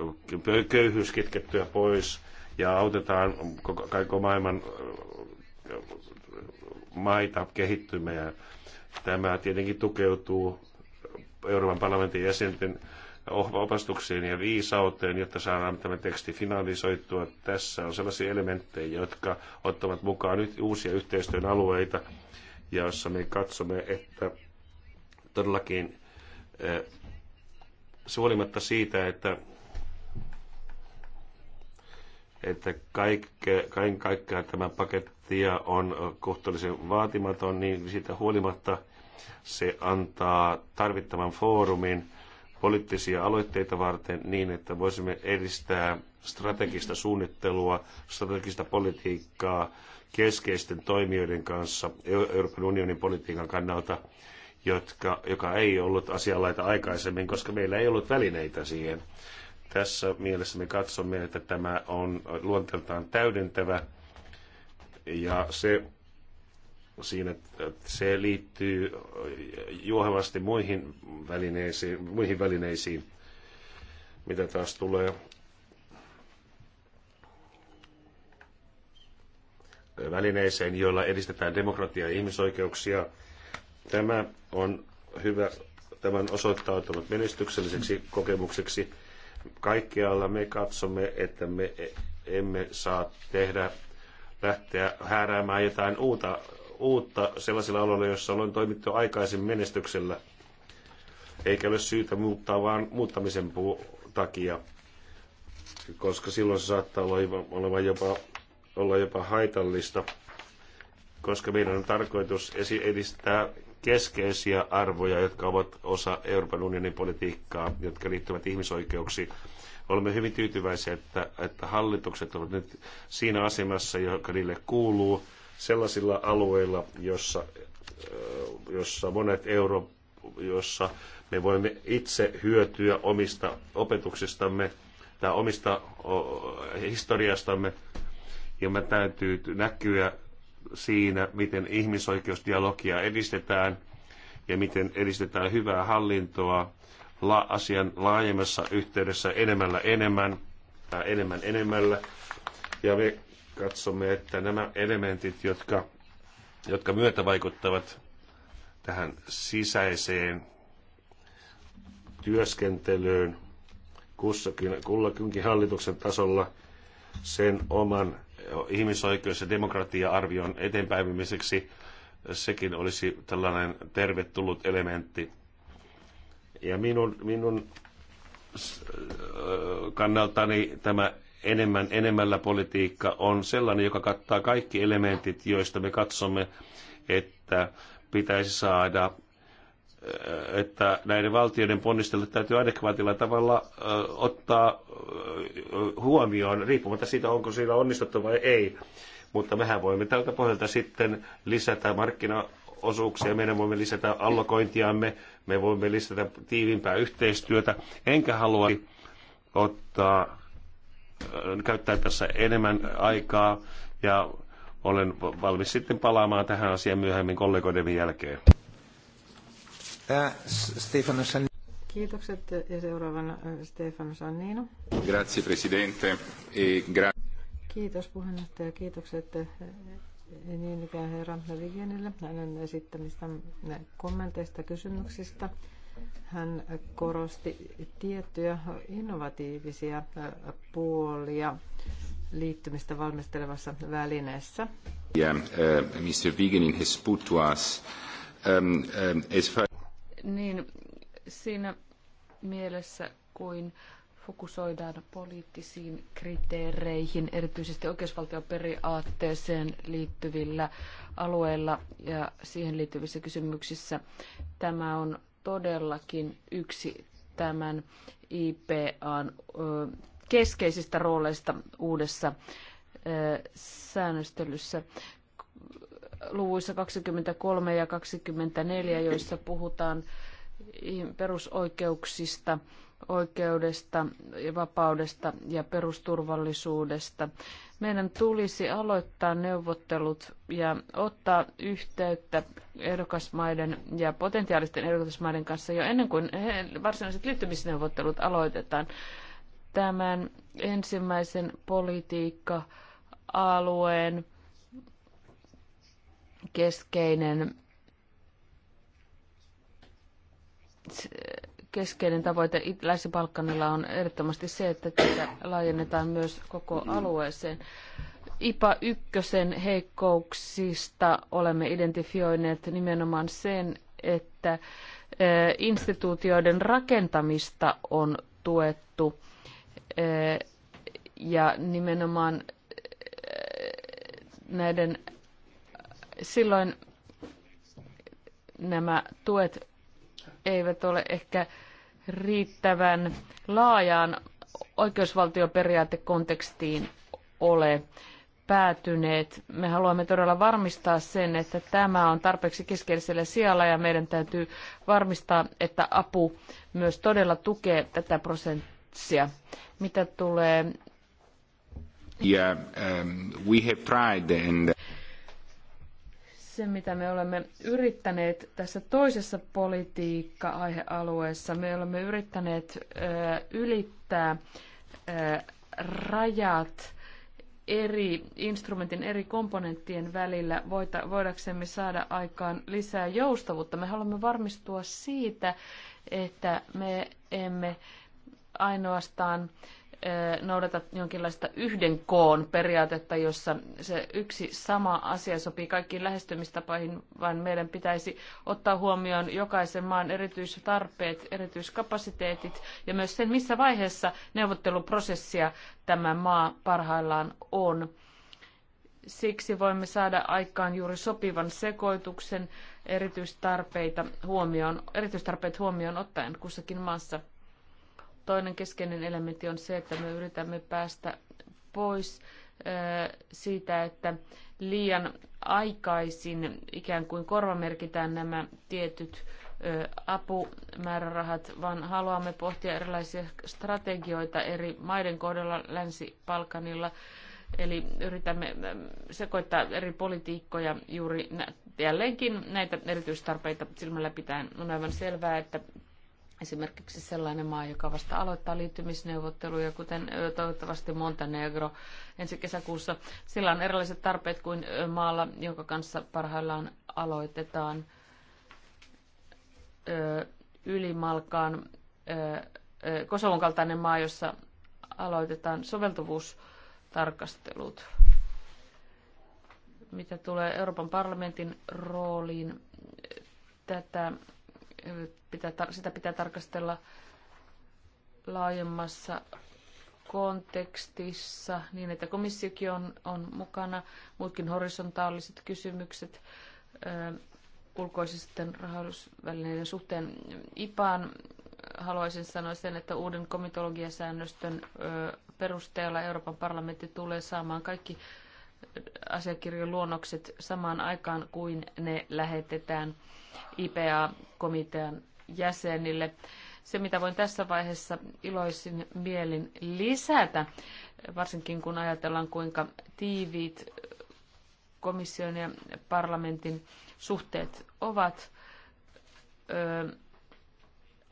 köyhyys kitkettyä pois ja autetaan koko maailman maita kehittymään. Tämä tietenkin tukeutuu Euroopan parlamentin jäsenten opastuksiin ja viisauteen, jotta saadaan tämä teksti finalisoitua. Tässä on sellaisia elementtejä, jotka ottavat mukaan nyt uusia yhteistyön alueita, joissa me katsomme, että todellakin eh, se huolimatta siitä, että, että kaiken kaikkiaan tämä paketti on kohtuullisen vaatimaton, niin siitä huolimatta se antaa tarvittavan foorumin poliittisia aloitteita varten niin, että voisimme edistää strategista suunnittelua, strategista politiikkaa keskeisten toimijoiden kanssa Euroopan unionin politiikan kannalta – jotka, joka ei ollut asianlaita aikaisemmin, koska meillä ei ollut välineitä siihen. Tässä mielessä me katsomme, että tämä on luonteeltaan täydentävä ja se, siinä, se liittyy juohevasti muihin välineisiin, muihin välineisiin, mitä taas tulee välineeseen, joilla edistetään demokratiaa ja ihmisoikeuksia – Tämä on hyvä, tämän osoittautunut menestykselliseksi kokemukseksi. Kaikkialla me katsomme, että me emme saa tehdä, lähteä hääräämään jotain uutta, uutta sellaisilla aloilla, joissa on toimittu aikaisemmin menestyksellä, eikä ole syytä muuttaa vaan muuttamisen takia, koska silloin se saattaa olla, olla, jopa, olla jopa haitallista, koska meidän on tarkoitus edistää keskeisiä arvoja, jotka ovat osa Euroopan unionin politiikkaa, jotka liittyvät ihmisoikeuksiin. Olemme hyvin tyytyväisiä, että, että hallitukset ovat nyt siinä asemassa, joka niille kuuluu, sellaisilla alueilla, jossa, jossa monet euro, jossa me voimme itse hyötyä omista opetuksistamme tai omista historiastamme, ja me täytyy näkyä siinä, miten ihmisoikeusdialogia edistetään ja miten edistetään hyvää hallintoa la- asian laajemmassa yhteydessä enemmällä enemmän tai äh, enemmän enemmällä. Ja me katsomme, että nämä elementit, jotka, jotka myötävaikuttavat tähän sisäiseen työskentelyyn kussakin, kullakin hallituksen tasolla sen oman ihmisoikeus- ja demokratia-arvion eteenpäivimiseksi, sekin olisi tällainen tervetullut elementti. Ja minun, minun äh, kannaltani tämä enemmän enemmällä politiikka on sellainen, joka kattaa kaikki elementit, joista me katsomme, että pitäisi saada että näiden valtioiden ponnistelut täytyy adekvaatilla tavalla ottaa huomioon, riippumatta siitä, onko siinä onnistuttu vai ei. Mutta mehän voimme tältä pohjalta sitten lisätä markkinaosuuksia, meidän voimme lisätä allokointiamme, me voimme lisätä tiivimpää yhteistyötä. Enkä halua ottaa, käyttää tässä enemmän aikaa ja olen valmis sitten palaamaan tähän asiaan myöhemmin kollegoideni jälkeen. Stefano San... Kiitokset ja seuraavana Stefano Sannino. Grazie Presidente. E gra... Kiitos puheenjohtaja. Kiitokset niin ikään herra Vigenille hänen esittämistä kommenteista kysymyksistä. Hän korosti tiettyjä innovatiivisia puolia liittymistä valmistelevassa välineessä. Yeah, uh, Mr. Vigenin has put to us um, ähm, um, ähm, as far niin siinä mielessä kuin fokusoidaan poliittisiin kriteereihin, erityisesti oikeusvaltioperiaatteeseen liittyvillä alueilla ja siihen liittyvissä kysymyksissä. Tämä on todellakin yksi tämän IPAn keskeisistä rooleista uudessa säännöstelyssä luvuissa 23 ja 24, joissa puhutaan perusoikeuksista, oikeudesta, vapaudesta ja perusturvallisuudesta. Meidän tulisi aloittaa neuvottelut ja ottaa yhteyttä ehdokasmaiden ja potentiaalisten ehdokasmaiden kanssa jo ennen kuin varsinaiset liittymisneuvottelut aloitetaan. Tämän ensimmäisen politiikka-alueen keskeinen, keskeinen tavoite Länsi-Balkanilla on ehdottomasti se, että tätä laajennetaan myös koko alueeseen. IPA 1 heikkouksista olemme identifioineet nimenomaan sen, että e, instituutioiden rakentamista on tuettu e, ja nimenomaan e, näiden silloin nämä tuet eivät ole ehkä riittävän laajaan oikeusvaltioperiaatekontekstiin ole päätyneet. Me haluamme todella varmistaa sen, että tämä on tarpeeksi keskeisellä sijalla ja meidän täytyy varmistaa, että apu myös todella tukee tätä prosenttia. Mitä tulee... Yeah, um, we have tried and se, mitä me olemme yrittäneet tässä toisessa politiikka-aihealueessa, me olemme yrittäneet ylittää rajat eri instrumentin eri komponenttien välillä voita, voidaksemme saada aikaan lisää joustavuutta. Me haluamme varmistua siitä, että me emme ainoastaan ö, Eh, noudata jonkinlaista yhden koon periaatetta, jossa se yksi sama asia sopii kaikkiin lähestymistapoihin, vaan meidän pitäisi ottaa huomioon jokaisen maan erityistarpeet, erityiskapasiteetit ja myös sen, missä vaiheessa neuvotteluprosessia tämä maa parhaillaan on. Siksi voimme saada aikaan juuri sopivan sekoituksen erityistarpeita huomioon, erityistarpeet huomioon ottaen kussakin maassa – Toinen keskeinen elementti on se, että me yritämme päästä pois siitä, että liian aikaisin ikään kuin korvamerkitään nämä tietyt apumäärärahat, vaan haluamme pohtia erilaisia strategioita eri maiden kohdalla Länsi-Palkanilla. Eli yritämme sekoittaa eri politiikkoja juuri jälleenkin näitä erityistarpeita silmällä pitäen. On aivan selvää, että esimerkiksi sellainen maa, joka vasta aloittaa liittymisneuvotteluja, kuten toivottavasti Montenegro ensi kesäkuussa. Sillä on erilaiset tarpeet kuin maalla, jonka kanssa parhaillaan aloitetaan ylimalkaan. Kosovon kaltainen maa, jossa aloitetaan soveltuvuustarkastelut. Mitä tulee Euroopan parlamentin rooliin, tätä pitää, sitä pitää tarkastella laajemmassa kontekstissa, niin että komissiokin on, on mukana, muutkin horisontaaliset kysymykset ulkoisisten rahoitusvälineiden suhteen. IPAan haluaisin sanoa sen, että uuden komitologiasäännöstön perusteella Euroopan parlamentti tulee saamaan kaikki asiakirjan luonnokset samaan aikaan kuin ne lähetetään IPA-komitean jäsenille. Se, mitä voin tässä vaiheessa iloisin mielin lisätä, varsinkin kun ajatellaan, kuinka tiiviit komission ja parlamentin suhteet ovat,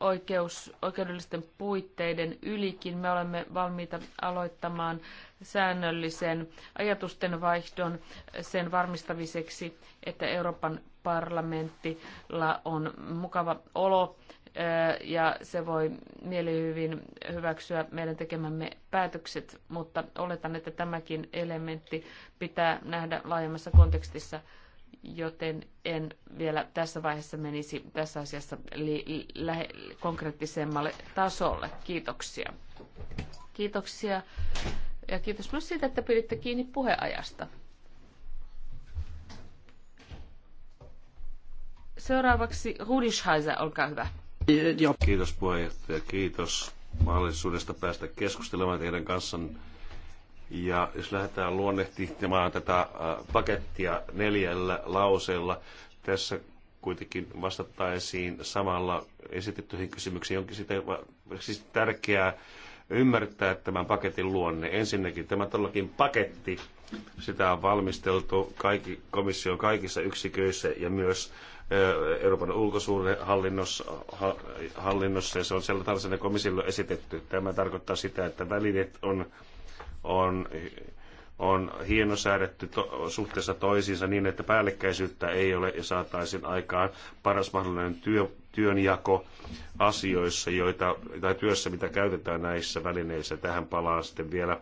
oikeus, oikeudellisten puitteiden ylikin. Me olemme valmiita aloittamaan säännöllisen ajatusten vaihdon sen varmistamiseksi, että Euroopan parlamenttilla on mukava olo eh, ja se voi mielihyvin hyväksyä meidän tekemämme päätökset, mutta oletan, että tämäkin elementti pitää nähdä laajemmassa kontekstissa, joten en vielä tässä vaiheessa menisi tässä asiassa li- lähe- konkreettisemmalle tasolle. Kiitoksia. Kiitoksia ja kiitos myös siitä, että piditte kiinni puheajasta. Seuraavaksi Rudishaiser, olkaa hyvä. Kiitos puheenjohtaja, kiitos mahdollisuudesta päästä keskustelemaan teidän kanssa. Ja jos lähdetään luonnehtimaan tätä äh, pakettia neljällä lauseella, tässä kuitenkin vastattaisiin samalla esitettyihin kysymyksiin. Onkin sitä siis tärkeää ymmärtää tämän paketin luonne. Ensinnäkin tämä todellakin paketti, sitä on valmisteltu kaikki, komission kaikissa yksiköissä ja myös Euroopan ulkosuudenhallinnossa hallinnossa, ja se on sellainen komissiolle esitetty. Tämä tarkoittaa sitä, että välineet on, on on hienosäädetty to- suhteessa toisiinsa niin, että päällekkäisyyttä ei ole ja saataisiin aikaan paras mahdollinen työ, työnjako asioissa joita, tai työssä, mitä käytetään näissä välineissä. Tähän palaan sitten vielä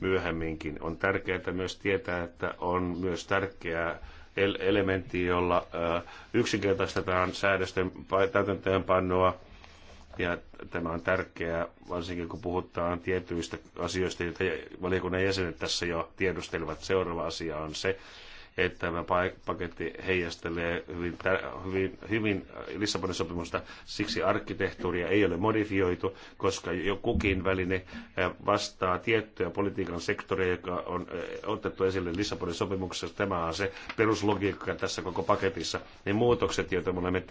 myöhemminkin. On tärkeää myös tietää, että on myös tärkeää elementti, jolla yksinkertaistetaan säädösten täytäntöönpannoa ja tämä on tärkeää, varsinkin kun puhutaan tietyistä asioista, joita valiokunnan jäsenet tässä jo tiedustelivat. Seuraava asia on se, että tämä paketti heijastelee hyvin, hyvin, hyvin äh, Lissabonin sopimusta. Siksi arkkitehtuuria ei ole modifioitu, koska jo kukin väline äh, vastaa tiettyä politiikan sektoria, joka on äh, otettu esille Lissabonin sopimuksessa. Tämä on se peruslogiikka tässä koko paketissa. Ne muutokset, joita me olemme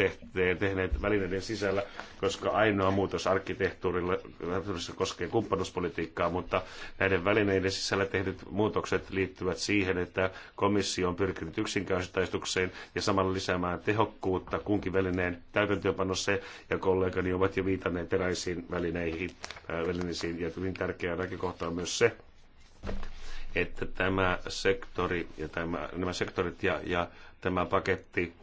tehneet välineiden sisällä, koska ainoa muutos arkkitehtuurilla koskee kumppanuuspolitiikkaa, mutta näiden välineiden sisällä tehdyt muutokset liittyvät siihen, että komissio on pyrkinyt yksinkertaistukseen ja samalla lisäämään tehokkuutta kunkin välineen täytäntöönpanossa ja kollegani ovat jo viitanneet eräisiin välineihin, äh, välineisiin ja hyvin tärkeä näkökohta on myös se, että tämä sektori ja tämä, nämä sektorit ja, ja tämä paketti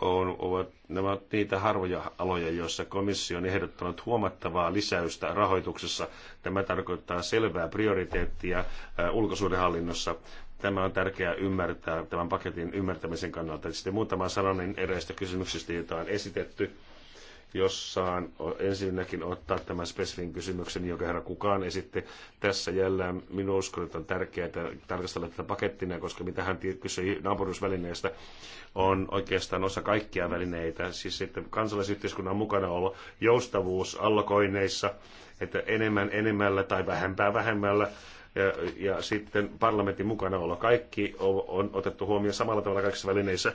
on, ovat, nämä ovat niitä harvoja aloja, joissa komissio on ehdottanut huomattavaa lisäystä rahoituksessa. Tämä tarkoittaa selvää prioriteettia äh, ulkosuudenhallinnossa. Tämä on tärkeää ymmärtää tämän paketin ymmärtämisen kannalta. Sitten muutama sananen niin eräistä kysymyksistä, joita on esitetty jossaan ensinnäkin ottaa tämän spesifin kysymyksen, jonka herra kukaan esitti. Tässä jälleen minun uskon, että on tärkeää että tarkastella tätä pakettina, koska mitä hän kysyi naapurusvälineestä, on oikeastaan osa kaikkia välineitä. Siis sitten kansalaisyhteiskunnan mukana olo, joustavuus allokoineissa, että enemmän enemmällä tai vähempää vähemmällä ja, ja sitten parlamentin mukanaolo. Kaikki on, on otettu huomioon samalla tavalla kaikissa välineissä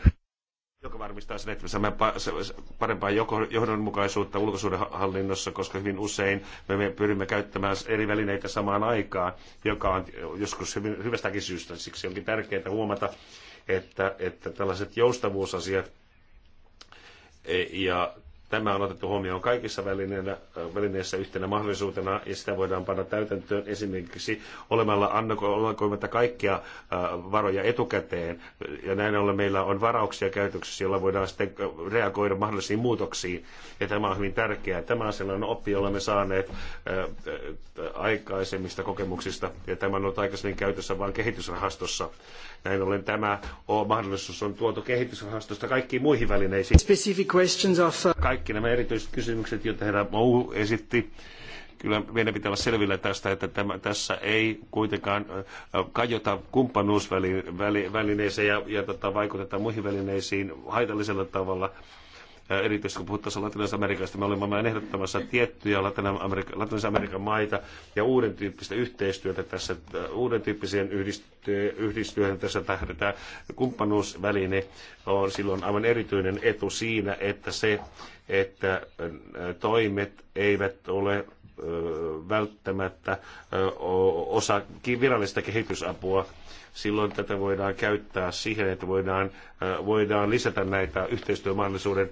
joka varmistaa sen, että me saamme parempaa johdonmukaisuutta ulkosuudenhallinnossa, koska hyvin usein me pyrimme käyttämään eri välineitä samaan aikaan, joka on joskus hyvin, hyvästäkin syystä. Siksi onkin tärkeää huomata, että, että tällaiset joustavuusasiat e, ja Tämä on otettu huomioon kaikissa äh, välineissä yhtenä mahdollisuutena ja sitä voidaan panna täytäntöön esimerkiksi olemalla annakoimatta kaikkia äh, varoja etukäteen. Ja näin ollen meillä on varauksia käytöksessä, joilla voidaan sitten äh, reagoida mahdollisiin muutoksiin. Ja tämä on hyvin tärkeää. Tämä on sellainen oppi, jolla me saaneet aikaisemmista kokemuksista. Ja tämä on ollut aikaisemmin käytössä vain kehitysrahastossa. Näin ollen tämä on, mahdollisuus on tuotu kehitysrahastosta kaikkiin muihin välineisiin. Specific questions of... Kaikki nämä erityiset kysymykset, joita herra Mou esitti, kyllä meidän pitää olla selvillä tästä, että tämä, tässä ei kuitenkaan kajota kumppanuusvälineeseen ja, ja tota, vaikuteta muihin välineisiin haitallisella tavalla erityisesti kun puhuttaisiin Latinalaisesta Amerikasta, me olemme ehdottamassa tiettyjä Latinalaisen Amerikan maita ja uuden tyyppistä yhteistyötä tässä, uuden tyyppiseen yhdistyöhön tässä tähdetään. Kumppanuusväline on silloin aivan erityinen etu siinä, että se, että toimet eivät ole välttämättä osa virallista kehitysapua, silloin tätä voidaan käyttää siihen, että voidaan, voidaan lisätä näitä yhteistyömahdollisuuden,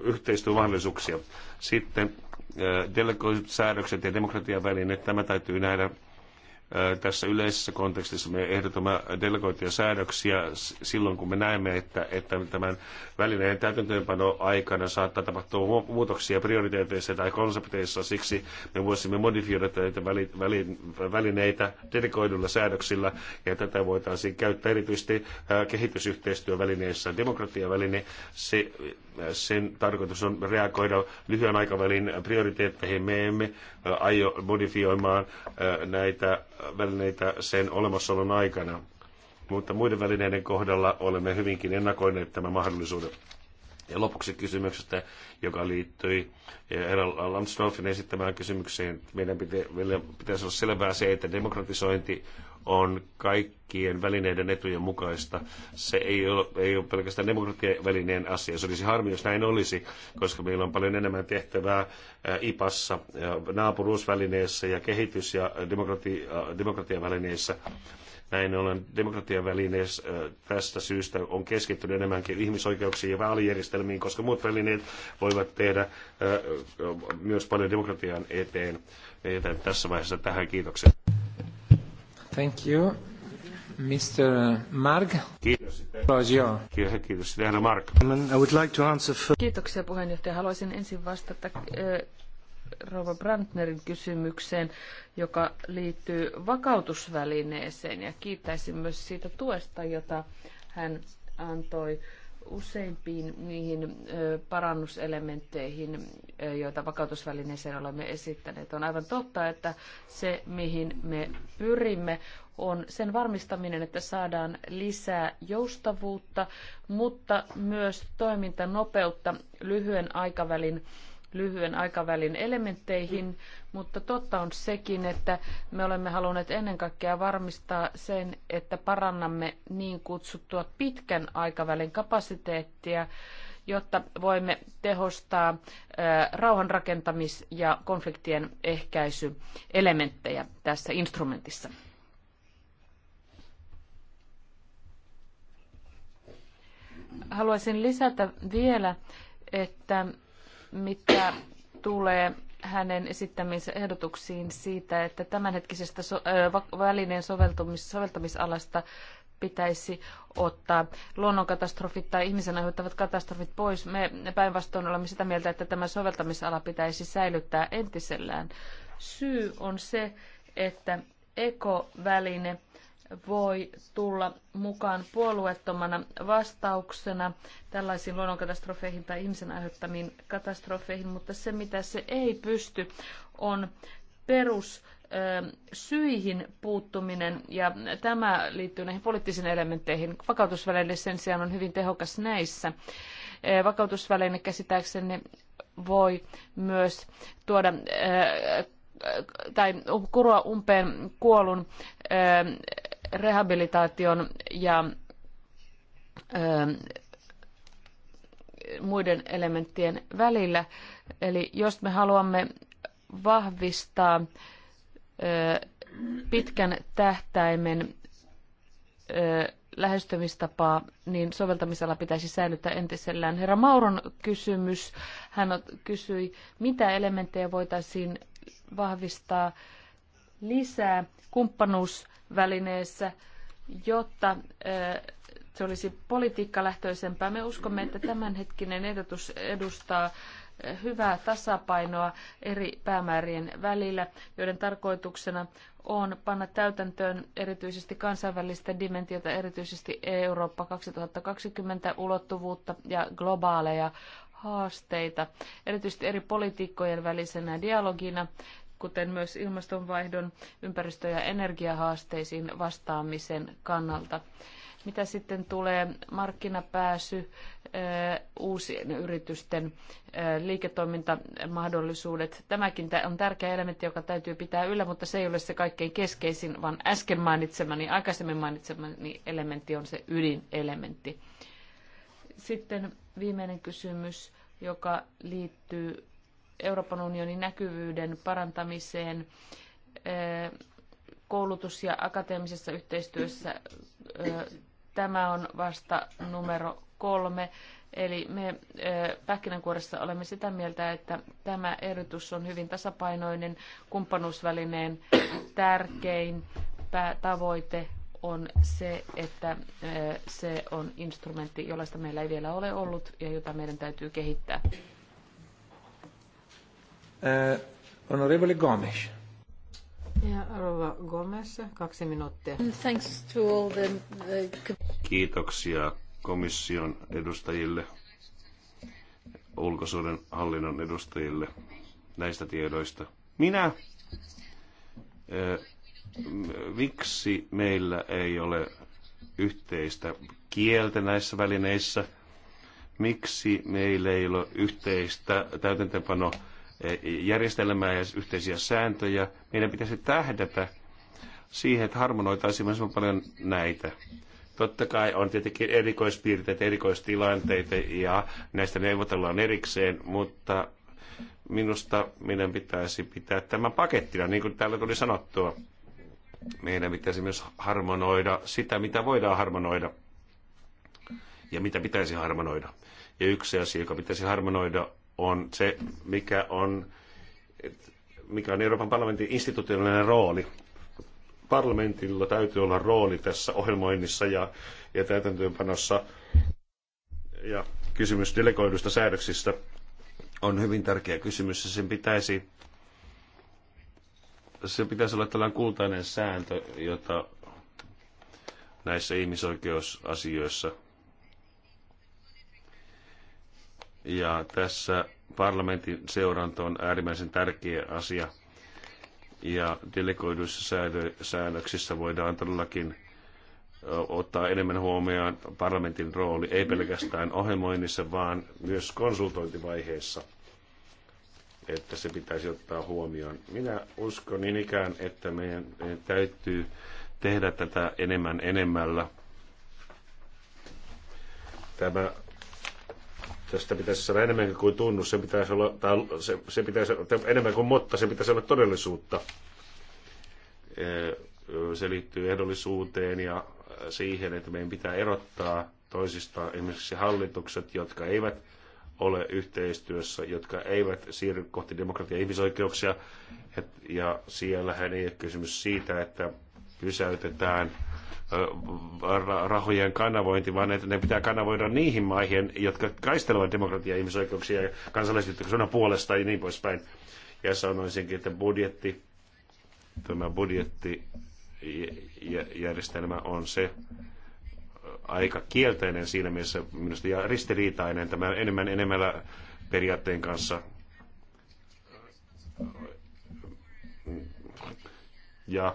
yhteistyömahdollisuuksia. Sitten delegoidut säädökset ja demokratian väline, tämä täytyy nähdä tässä yleisessä kontekstissa me ehdotamme delegoituja säädöksiä silloin, kun me näemme, että, että tämän välineen täytäntöönpano aikana saattaa tapahtua muutoksia prioriteeteissa tai konsepteissa. Siksi me voisimme modifioida näitä välineitä delegoidulla säädöksillä ja tätä voitaisiin käyttää erityisesti kehitysyhteistyövälineissä. Demokratiaväline, se sen tarkoitus on reagoida lyhyen aikavälin prioriteetteihin. Me emme aio modifioimaan näitä välineitä sen olemassaolon aikana. Mutta muiden välineiden kohdalla olemme hyvinkin ennakoineet tämän mahdollisuuden. Ja lopuksi kysymyksestä, joka liittyi Errol Lansdorfin esittämään kysymykseen. Meidän pitäisi olla selvää se, että demokratisointi on kaikkien välineiden etujen mukaista. Se ei ole, ei ole pelkästään demokratiavälineen asia. Se olisi harmi, jos näin olisi, koska meillä on paljon enemmän tehtävää IPassa, naapuruusvälineessä ja kehitys- ja demokrati, demokratiavälineissä näin ollen demokratian tästä syystä on keskittynyt enemmänkin ihmisoikeuksiin ja vaalijärjestelmiin, koska muut välineet voivat tehdä myös paljon demokratian eteen. tässä vaiheessa tähän kiitokset. Thank you. Mr. Marg. Kiitos. Marg. I would like to answer for... Kiitoksia puheenjohtaja. Haluaisin ensin vastata äh, Rova Brandnerin kysymykseen, joka liittyy vakautusvälineeseen. Ja kiittäisin myös siitä tuesta, jota hän antoi äh, useimpiin niihin parannuselementteihin, joita vakautusvälineeseen olemme esittäneet. On aivan totta, että se, mihin me pyrimme, on sen varmistaminen, että saadaan lisää joustavuutta, mutta myös toimintanopeutta lyhyen aikavälin lyhyen aikavälin elementteihin, mutta totta on sekin, että me olemme halunneet ennen kaikkea varmistaa sen, että parannamme niin kutsuttua pitkän aikavälin kapasiteettia, jotta voimme tehostaa rauhanrakentamis- ja konfliktien ehkäisyelementtejä tässä instrumentissa. Haluaisin lisätä vielä, että mitä tulee hänen esittämiinsä ehdotuksiin siitä, että tämänhetkisestä so- välineen soveltamis- soveltamisalasta pitäisi ottaa luonnonkatastrofit tai ihmisen aiheuttavat katastrofit pois. Me päinvastoin olemme sitä mieltä, että tämä soveltamisala pitäisi säilyttää entisellään. Syy on se, että ekoväline – voi tulla mukaan puolueettomana vastauksena tällaisiin luonnonkatastrofeihin tai ihmisen aiheuttamiin katastrofeihin, mutta se mitä se ei pysty on perus ähm, syihin puuttuminen, ja tämä liittyy näihin poliittisiin elementteihin. Vakautusväline sen sijaan on hyvin tehokas näissä. Äh, Vakautusväline käsittääkseni voi myös tuoda äh, äh, tai kuroa umpeen kuolun ähm, rehabilitaation ja muiden elementtien välillä. Eli jos me haluamme vahvistaa pitkän tähtäimen lähestymistapaa, niin soveltamisella pitäisi säilyttää entisellään. Herra Mauron kysymys, hän kysyi, mitä elementtejä voitaisiin vahvistaa lisää kumppanuusvälineessä, jotta se olisi politiikkalähtöisempää. Me uskomme, että tämänhetkinen ehdotus edustaa hyvää tasapainoa eri päämäärien välillä, joiden tarkoituksena on panna täytäntöön erityisesti kansainvälistä dimensiota, erityisesti Eurooppa 2020 ulottuvuutta ja globaaleja haasteita, erityisesti eri politiikkojen välisenä dialogina kuten myös ilmastonvaihdon, ympäristö- ja energiahaasteisiin vastaamisen kannalta. Mitä sitten tulee markkinapääsy, eh, uusien yritysten eh, liiketoimintamahdollisuudet. Tämäkin on tärkeä elementti, joka täytyy pitää yllä, mutta se ei ole se kaikkein keskeisin, vaan äsken mainitsemani, aikaisemmin mainitsemani elementti on se ydinelementti. Sitten viimeinen kysymys, joka liittyy Euroopan unionin näkyvyyden parantamiseen eh, koulutus- ja akateemisessa yhteistyössä. Eh, tämä on vasta numero kolme. Eli me eh, pähkinänkuoressa olemme sitä mieltä, että tämä ehdotus on hyvin tasapainoinen. Kumppanuusvälineen tärkein tavoite on se, että se on instrumentti, jollaista meillä ei vielä ole ollut ja jota meidän täytyy kehittää. Eh, Gomes. Rova Gomes, kaksi minuuttia. Thanks to all the, the... Kiitoksia komission edustajille, ulkosuuden hallinnon edustajille näistä tiedoista. Minä, eh, miksi meillä ei ole yhteistä kieltä näissä välineissä? Miksi meillä ei ole yhteistä täytäntöpano järjestelmää ja yhteisiä sääntöjä. Meidän pitäisi tähdätä siihen, että harmonoitaisiin mahdollisimman paljon näitä. Totta kai on tietenkin erikoispiirteitä, erikoistilanteita ja näistä neuvotellaan erikseen, mutta minusta meidän pitäisi pitää tämä pakettina, niin kuin täällä tuli sanottua. Meidän pitäisi myös harmonoida sitä, mitä voidaan harmonoida ja mitä pitäisi harmonoida. Ja yksi asia, joka pitäisi harmonoida, on se, mikä on, mikä on Euroopan parlamentin institutionaalinen rooli. Parlamentilla täytyy olla rooli tässä ohjelmoinnissa ja, ja täytäntöönpanossa. Ja kysymys delegoidusta säädöksistä on hyvin tärkeä kysymys ja sen pitäisi, se pitäisi olla tällainen kultainen sääntö, jota näissä ihmisoikeusasioissa – Ja tässä parlamentin seuranta on äärimmäisen tärkeä asia. Ja delegoiduissa säännöksissä voidaan todellakin ottaa enemmän huomioon parlamentin rooli, ei pelkästään ohjelmoinnissa, vaan myös konsultointivaiheessa, että se pitäisi ottaa huomioon. Minä uskon niin ikään, että meidän täytyy tehdä tätä enemmän enemmällä. Tämä Tästä pitäisi saada enemmän kuin tunnus, se pitäisi olla, tai se, se pitäisi, enemmän kuin motta, se pitäisi olla todellisuutta. Se liittyy ehdollisuuteen ja siihen, että meidän pitää erottaa toisistaan esimerkiksi hallitukset, jotka eivät ole yhteistyössä, jotka eivät siirry kohti demokratia- ja ihmisoikeuksia. Ja siellähän ei ole kysymys siitä, että pysäytetään rahojen kanavointi, vaan että ne pitää kanavoida niihin maihin, jotka kaistelevat demokratiaa, ihmisoikeuksia ja kansalaisyhteiskunnan puolesta ja niin poispäin. Ja sanoisinkin, että budjetti, tämä budjettijärjestelmä on se aika kielteinen siinä mielessä minusta ja ristiriitainen tämä enemmän enemmällä periaatteen kanssa. Ja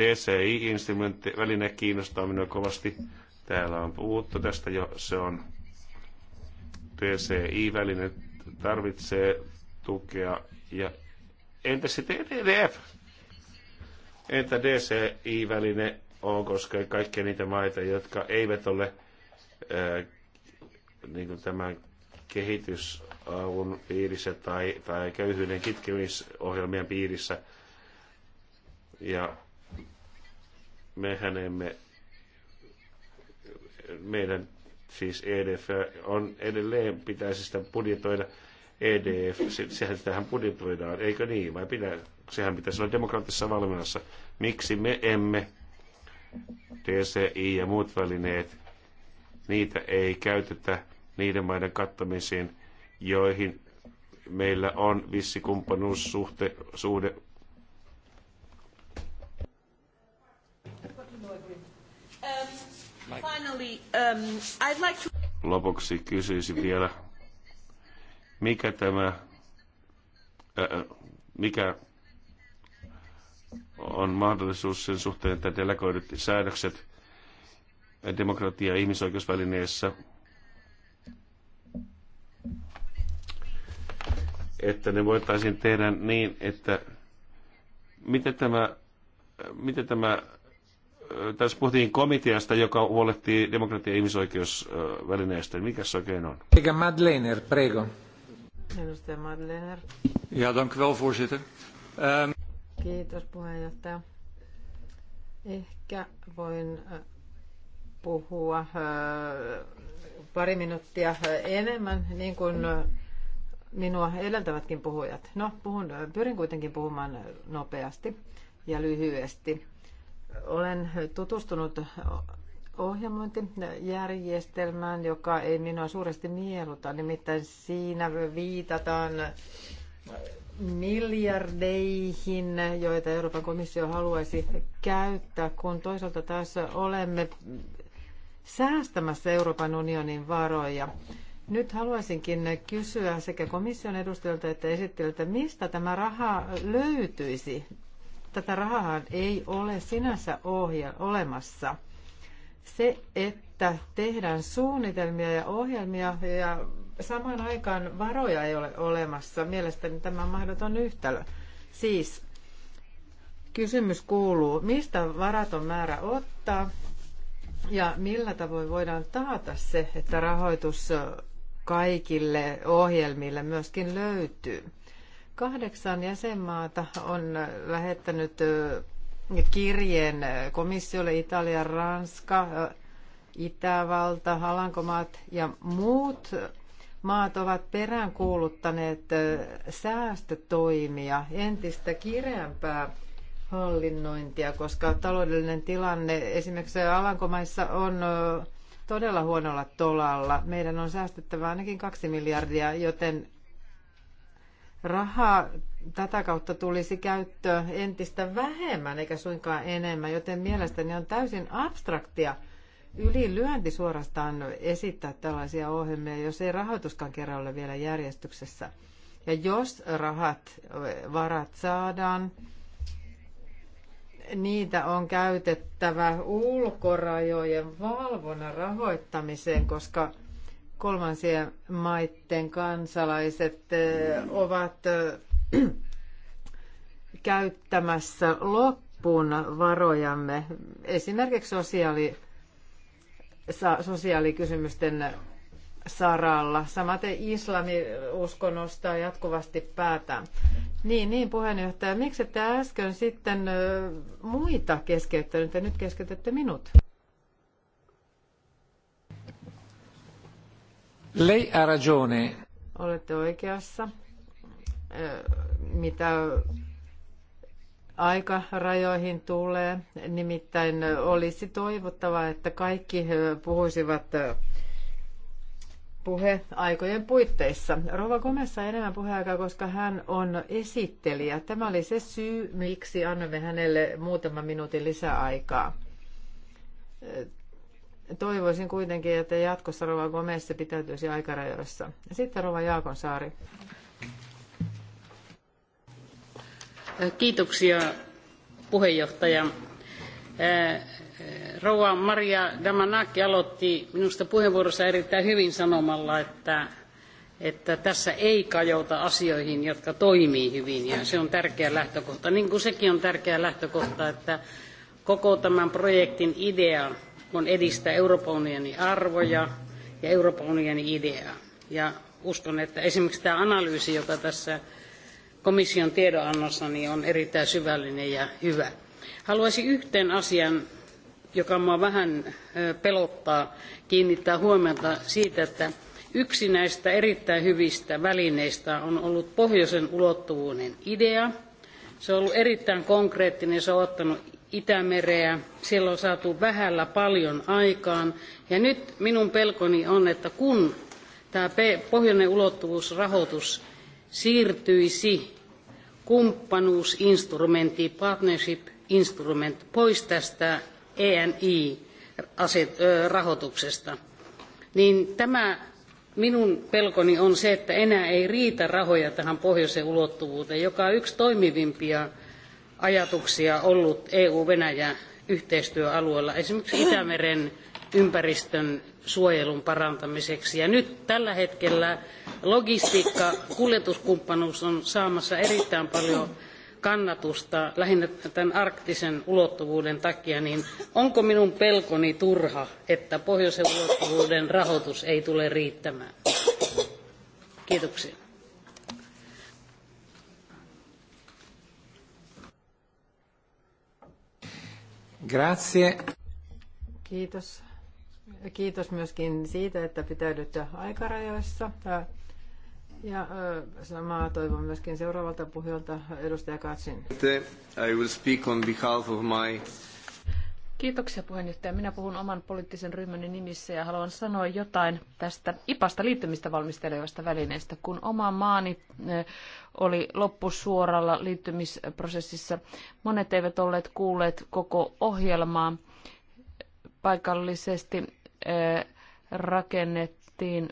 DCI-instrumentti, väline kiinnostaa minua kovasti. Täällä on puhuttu tästä jo, se on DCI-väline, tarvitsee tukea. Ja entä sitten EDF? Entä DCI-väline on koska kaikkia niitä maita, jotka eivät ole ää, niin kuin tämän kehitysavun piirissä tai, tai köyhyyden kitkemisohjelmien piirissä. Ja mehän emme, meidän siis EDF on edelleen, pitäisi sitä budjetoida, EDF, se, sehän tähän budjetoidaan, eikö niin, vai pitää, sehän pitäisi olla demokraattisessa valmennassa. Miksi me emme, TCI ja muut välineet, niitä ei käytetä niiden maiden kattamisiin, joihin meillä on vissi kumppanuussuhde suhde Um, Lopuksi kysyisin vielä, mikä tämä, ää, mikä on mahdollisuus sen suhteen, että delegoidut säädökset demokratia- ja ihmisoikeusvälineessä, että ne voitaisiin tehdä niin, että miten tämä, miten tämä tässä puhuttiin komiteasta, joka huolehtii demokratia- ja ihmisoikeusvälineistä. Mikä se oikein on? Eikä Madlener, prego. Edustaja Madlener. Ja, dank wel, voorzitter. Ehm, Kiitos, puheenjohtaja. Ehkä voin puhua pari minuuttia enemmän, niin kuin minua edeltävätkin puhujat. No, puhun, pyrin kuitenkin puhumaan nopeasti ja lyhyesti. Olen tutustunut ohjelmointijärjestelmään, joka ei minua suuresti mieluta. Nimittäin siinä viitataan miljardeihin, joita Euroopan komissio haluaisi käyttää, kun toisaalta taas olemme säästämässä Euroopan unionin varoja. Nyt haluaisinkin kysyä sekä komission edustajalta että esittelijältä, mistä tämä raha löytyisi tätä rahaa ei ole sinänsä ohja, olemassa. Se, että tehdään suunnitelmia ja ohjelmia ja samaan aikaan varoja ei ole olemassa, mielestäni tämä on mahdoton yhtälö. Siis kysymys kuuluu, mistä varaton määrä ottaa ja millä tavoin voidaan taata se, että rahoitus kaikille ohjelmille myöskin löytyy. Kahdeksan jäsenmaata on lähettänyt kirjeen komissiolle Italia, Ranska, Itävalta, Alankomaat ja muut maat ovat peräänkuuluttaneet säästötoimia, entistä kireämpää hallinnointia, koska taloudellinen tilanne esimerkiksi Alankomaissa on todella huonolla tolalla. Meidän on säästettävä ainakin kaksi miljardia, joten Rahaa tätä kautta tulisi käyttöä entistä vähemmän eikä suinkaan enemmän, joten mielestäni on täysin abstraktia ylilyönti suorastaan esittää tällaisia ohjelmia, jos ei rahoituskaan kerran ole vielä järjestyksessä. Ja jos rahat, varat saadaan, niitä on käytettävä ulkorajojen valvonnan rahoittamiseen, koska – kolmansien maiden kansalaiset eh, ovat eh, käyttämässä loppuun varojamme esimerkiksi sosiaali, sosiaalikysymysten saralla. Samaten islamiuskonnosta jatkuvasti päätään. Niin, niin puheenjohtaja. Miksi te äsken sitten eh, muita keskeyttänyt ja nyt keskeytätte minut? Lei ha ragione. Olette oikeassa. Mitä aikarajoihin tulee, nimittäin olisi toivottavaa, että kaikki puhuisivat puheaikojen puitteissa. Rova Komessa enemmän puheaikaa, koska hän on esittelijä. Tämä oli se syy, miksi annamme hänelle muutaman minuutin lisäaikaa. Toivoisin kuitenkin, että jatkossa Rova Gomez pitäytyisi aikarajoissa. Sitten Rova Jaakonsaari. Kiitoksia puheenjohtaja. Rouva Maria Damanaki aloitti minusta puheenvuorossa erittäin hyvin sanomalla, että, että tässä ei kajota asioihin, jotka toimii hyvin, ja se on tärkeä lähtökohta. Niin kuin sekin on tärkeä lähtökohta, että koko tämän projektin idea on edistää Euroopan unionin arvoja ja Euroopan unionin ideaa. Ja uskon, että esimerkiksi tämä analyysi, joka tässä komission tiedonannossa niin on erittäin syvällinen ja hyvä. Haluaisin yhteen asian, joka minua vähän pelottaa, kiinnittää huomiota siitä, että yksi näistä erittäin hyvistä välineistä on ollut pohjoisen ulottuvuuden idea. Se on ollut erittäin konkreettinen, se on ottanut Itämereä. Siellä on saatu vähällä paljon aikaan. Ja nyt minun pelkoni on, että kun tämä pohjoinen ulottuvuusrahoitus siirtyisi kumppanuusinstrumentti, partnership-instrument pois tästä ENI-rahoituksesta, niin tämä minun pelkoni on se, että enää ei riitä rahoja tähän pohjoisen ulottuvuuteen, joka on yksi toimivimpia ajatuksia ollut EU-Venäjä yhteistyöalueella, esimerkiksi Itämeren ympäristön suojelun parantamiseksi. Ja nyt tällä hetkellä logistiikka, kuljetuskumppanuus on saamassa erittäin paljon kannatusta lähinnä tämän arktisen ulottuvuuden takia, niin onko minun pelkoni turha, että pohjoisen ulottuvuuden rahoitus ei tule riittämään? Kiitoksia. Grazie. Kiitos. Kiitos myöskin siitä, että pitäydytte aikarajoissa. Ja samaa toivon myöskin seuraavalta puhujalta edustaja Katsin. I will speak on behalf of my... Kiitoksia puheenjohtaja. Minä puhun oman poliittisen ryhmäni nimissä ja haluan sanoa jotain tästä IPAsta liittymistä valmistelevasta välineestä. Kun oma maani oli loppusuoralla liittymisprosessissa. Monet eivät olleet kuulleet koko ohjelmaa. Paikallisesti rakennettiin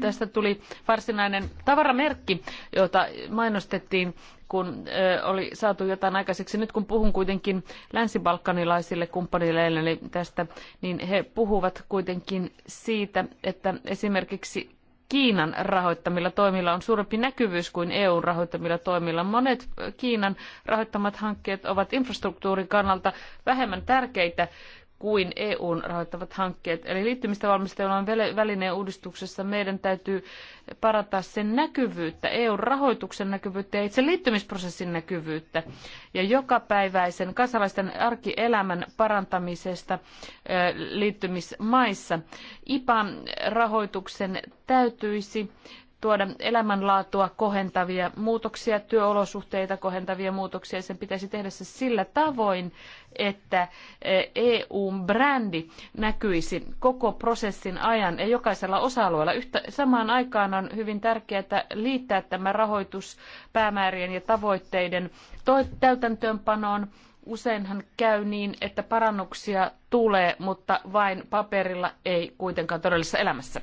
tästä tuli varsinainen tavaramerkki, jota mainostettiin, kun oli saatu jotain aikaiseksi. Nyt kun puhun kuitenkin länsibalkanilaisille kumppaneille tästä, niin he puhuvat kuitenkin siitä, että esimerkiksi Kiinan rahoittamilla toimilla on suurempi näkyvyys kuin EUn rahoittamilla toimilla. Monet eh, Kiinan rahoittamat hankkeet ovat infrastruktuurin kannalta vähemmän tärkeitä kuin EUn rahoittavat hankkeet. Eli liittymistä valmistellaan välineen uudistuksessa. Meidän täytyy parata sen näkyvyyttä, EUn rahoituksen näkyvyyttä ja itse liittymisprosessin näkyvyyttä. Ja jokapäiväisen kansalaisten arkielämän parantamisesta liittymismaissa. IPAn rahoituksen täytyisi tuoda elämänlaatua kohentavia muutoksia, työolosuhteita kohentavia muutoksia. Sen pitäisi tehdä se sillä tavoin, että EU-brändi eh, e näkyisi koko prosessin ajan ja jokaisella osa-alueella. Yhtä, samaan aikaan on hyvin tärkeää liittää tämä rahoitus päämäärien ja tavoitteiden täytäntöönpanoon Useinhan käy niin, että parannuksia tulee, mutta vain paperilla, ei kuitenkaan todellisessa elämässä.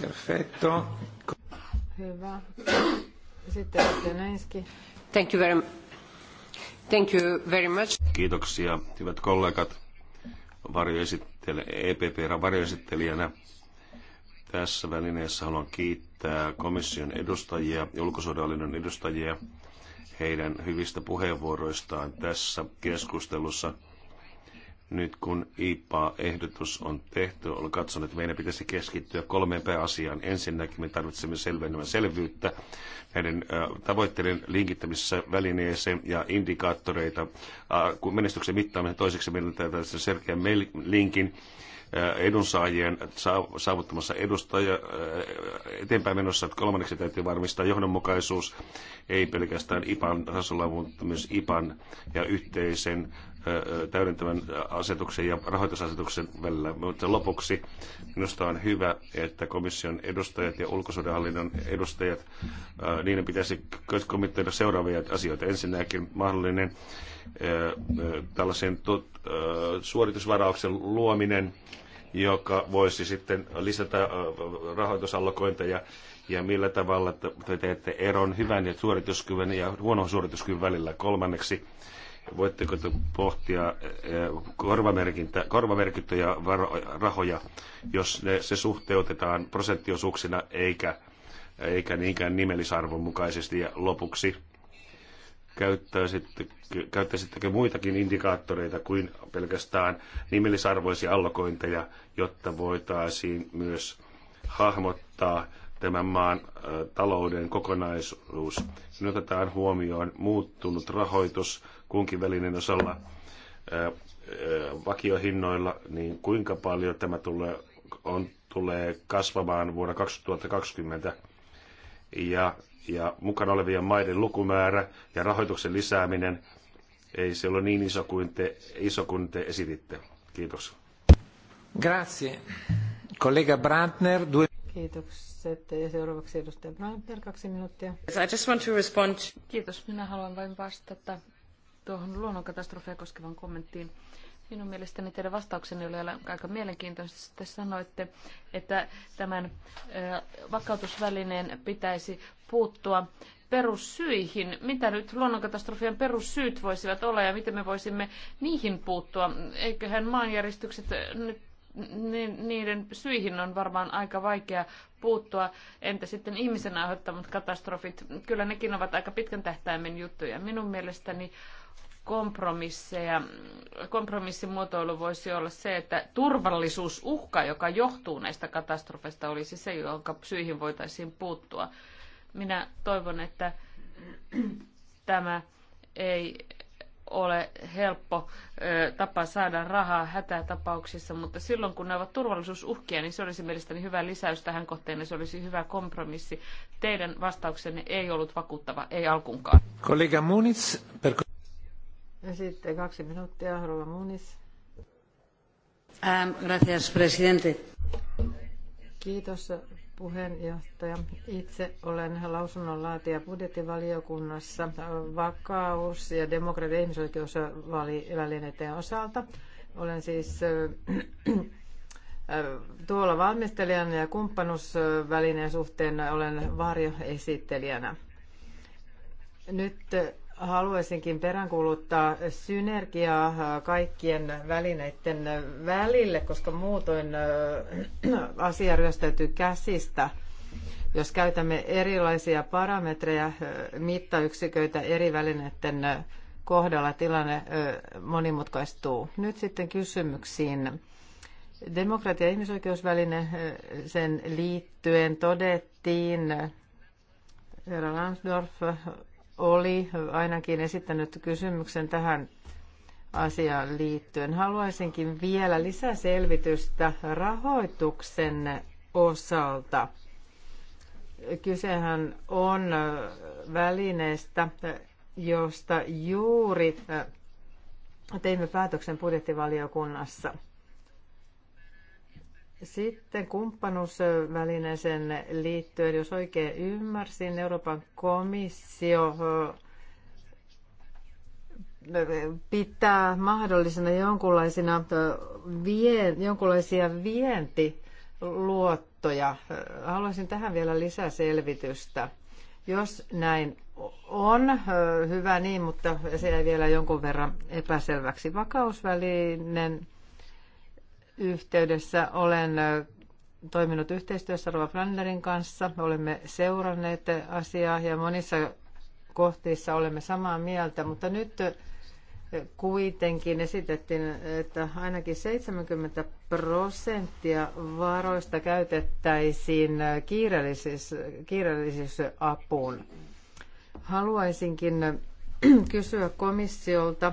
Perfetto. Hyvä. Sitten Thank you very, thank you very much. Kiitoksia, hyvät kollegat. Varjoesittele, EPP-varjoesittelijänä tässä välineessä haluan kiittää komission edustajia, ulkosuhdehallinnon edustajia heidän hyvistä puheenvuoroistaan tässä keskustelussa nyt kun IPA-ehdotus on tehty, olen katsonut, että meidän pitäisi keskittyä kolmeen pääasiaan. Ensinnäkin me tarvitsemme selvennämään selvyyttä näiden tavoitteiden linkittämisessä välineeseen ja indikaattoreita. Kun menestyksen mittaamisen toiseksi on tällaisen selkeän linkin edunsaajien saavuttamassa edustaja eteenpäin menossa. Kolmanneksi täytyy varmistaa johdonmukaisuus, ei pelkästään IPAN tasolla, mutta myös IPAN ja yhteisen täydentävän asetuksen ja rahoitusasetuksen välillä. Mutta lopuksi minusta on hyvä, että komission edustajat ja ulkosuhdehallinnon edustajat, niiden pitäisi kommentoida seuraavia asioita. Ensinnäkin mahdollinen tällaisen suoritusvarauksen luominen, joka voisi sitten lisätä rahoitusallokointeja ja millä tavalla te teette eron hyvän ja suorituskyvyn ja huonon suorituskyvyn välillä. Kolmanneksi voitteko te pohtia eh, korvamerkintä, korvamerkittyjä rahoja, jos ne, se suhteutetaan prosenttiosuuksina eikä, eikä niinkään nimellisarvon mukaisesti. Ja lopuksi, käyttäisittekö, käyttäisittekö muitakin indikaattoreita kuin pelkästään nimellisarvoisia allokointeja, jotta voitaisiin myös hahmottaa tämän maan talouden kokonaisuus. Siinä otetaan huomioon muuttunut rahoitus, kunkin välinen osalla vakiohinnoilla, niin kuinka paljon tämä tulee, on, tulee kasvamaan vuonna 2020 ja, ja mukana olevien maiden lukumäärä ja rahoituksen lisääminen ei se ole niin iso kuin te, iso kuin te esititte. Kiitos. Grazie. Kollega Brandner, due... Kiitokset. Ja seuraavaksi edustaja Brandner, kaksi minuuttia. I just want to respond. Kiitos. Minä haluan vain vastata tuohon luonnonkatastrofeja koskevan kommenttiin. Minun mielestäni teidän vastauksenne oli aika mielenkiintoista. Te sanoitte, että tämän vakautusvälineen pitäisi puuttua perussyihin. Mitä nyt luonnonkatastrofien perussyyt voisivat olla ja miten me voisimme niihin puuttua? Eiköhän maanjäristykset nyt niiden syihin on varmaan aika vaikea puuttua. Entä sitten ihmisen aiheuttamat katastrofit? Kyllä nekin ovat aika pitkän tähtäimen juttuja. Minun mielestäni kompromisseja, kompromissimuotoilu voisi olla se, että turvallisuusuhka, joka johtuu näistä katastrofeista, olisi se, jonka syihin voitaisiin puuttua. Minä toivon, että tämä ei ole helppo tapa saada rahaa hätätapauksissa, mutta silloin kun ne ovat turvallisuusuhkia, niin se olisi mielestäni hyvä lisäys tähän kohteen ja se olisi hyvä kompromissi. Teidän vastauksenne ei ollut vakuuttava, ei alkunkaan. Kollega Munitz. per... Sitten kaksi minuuttia, Rova Munis. Ähm, gracias, presidente. Kiitos puheenjohtaja. Itse olen lausunnonlaatija budjettivaliokunnassa vakaus- ja demokratia- ja ihmisoikeusvälineiden osalta. Olen siis äh, äh, tuolla valmistelijana ja kumppanuusvälineen suhteen olen varjoesittelijänä. Nyt haluaisinkin peräänkuuluttaa synergiaa äh, kaikkien välineiden välille, koska muutoin äh, asia ryöstäytyy käsistä. Jos käytämme erilaisia parametreja, äh, mittayksiköitä eri välineiden kohdalla, tilanne monimutkaistuu. Nyt sitten kysymyksiin. Demokratia- ja ihmisoikeusväline sen liittyen todettiin, herra Lansdorf oli ainakin esittänyt kysymyksen tähän asiaan liittyen. Haluaisinkin vielä lisäselvitystä rahoituksen osalta. Kysehän on välineestä, josta juuri teimme päätöksen budjettivaliokunnassa – sitten kumppanuusvälineeseen liittyen, jos oikein ymmärsin, Euroopan komissio pitää mahdollisena jonkunlaisina vien, jonkunlaisia vientiluottoja. Haluaisin tähän vielä lisää selvitystä. Jos näin on, hyvä niin, mutta se jäi vielä jonkun verran epäselväksi. Vakausvälinen yhteydessä olen toiminut yhteistyössä Rova Flanderin kanssa. Olemme seuranneet asiaa ja monissa kohteissa olemme samaa mieltä, mutta nyt kuitenkin esitettiin, että ainakin 70 prosenttia varoista käytettäisiin kiireellisyysapuun. Haluaisinkin kysyä komissiolta,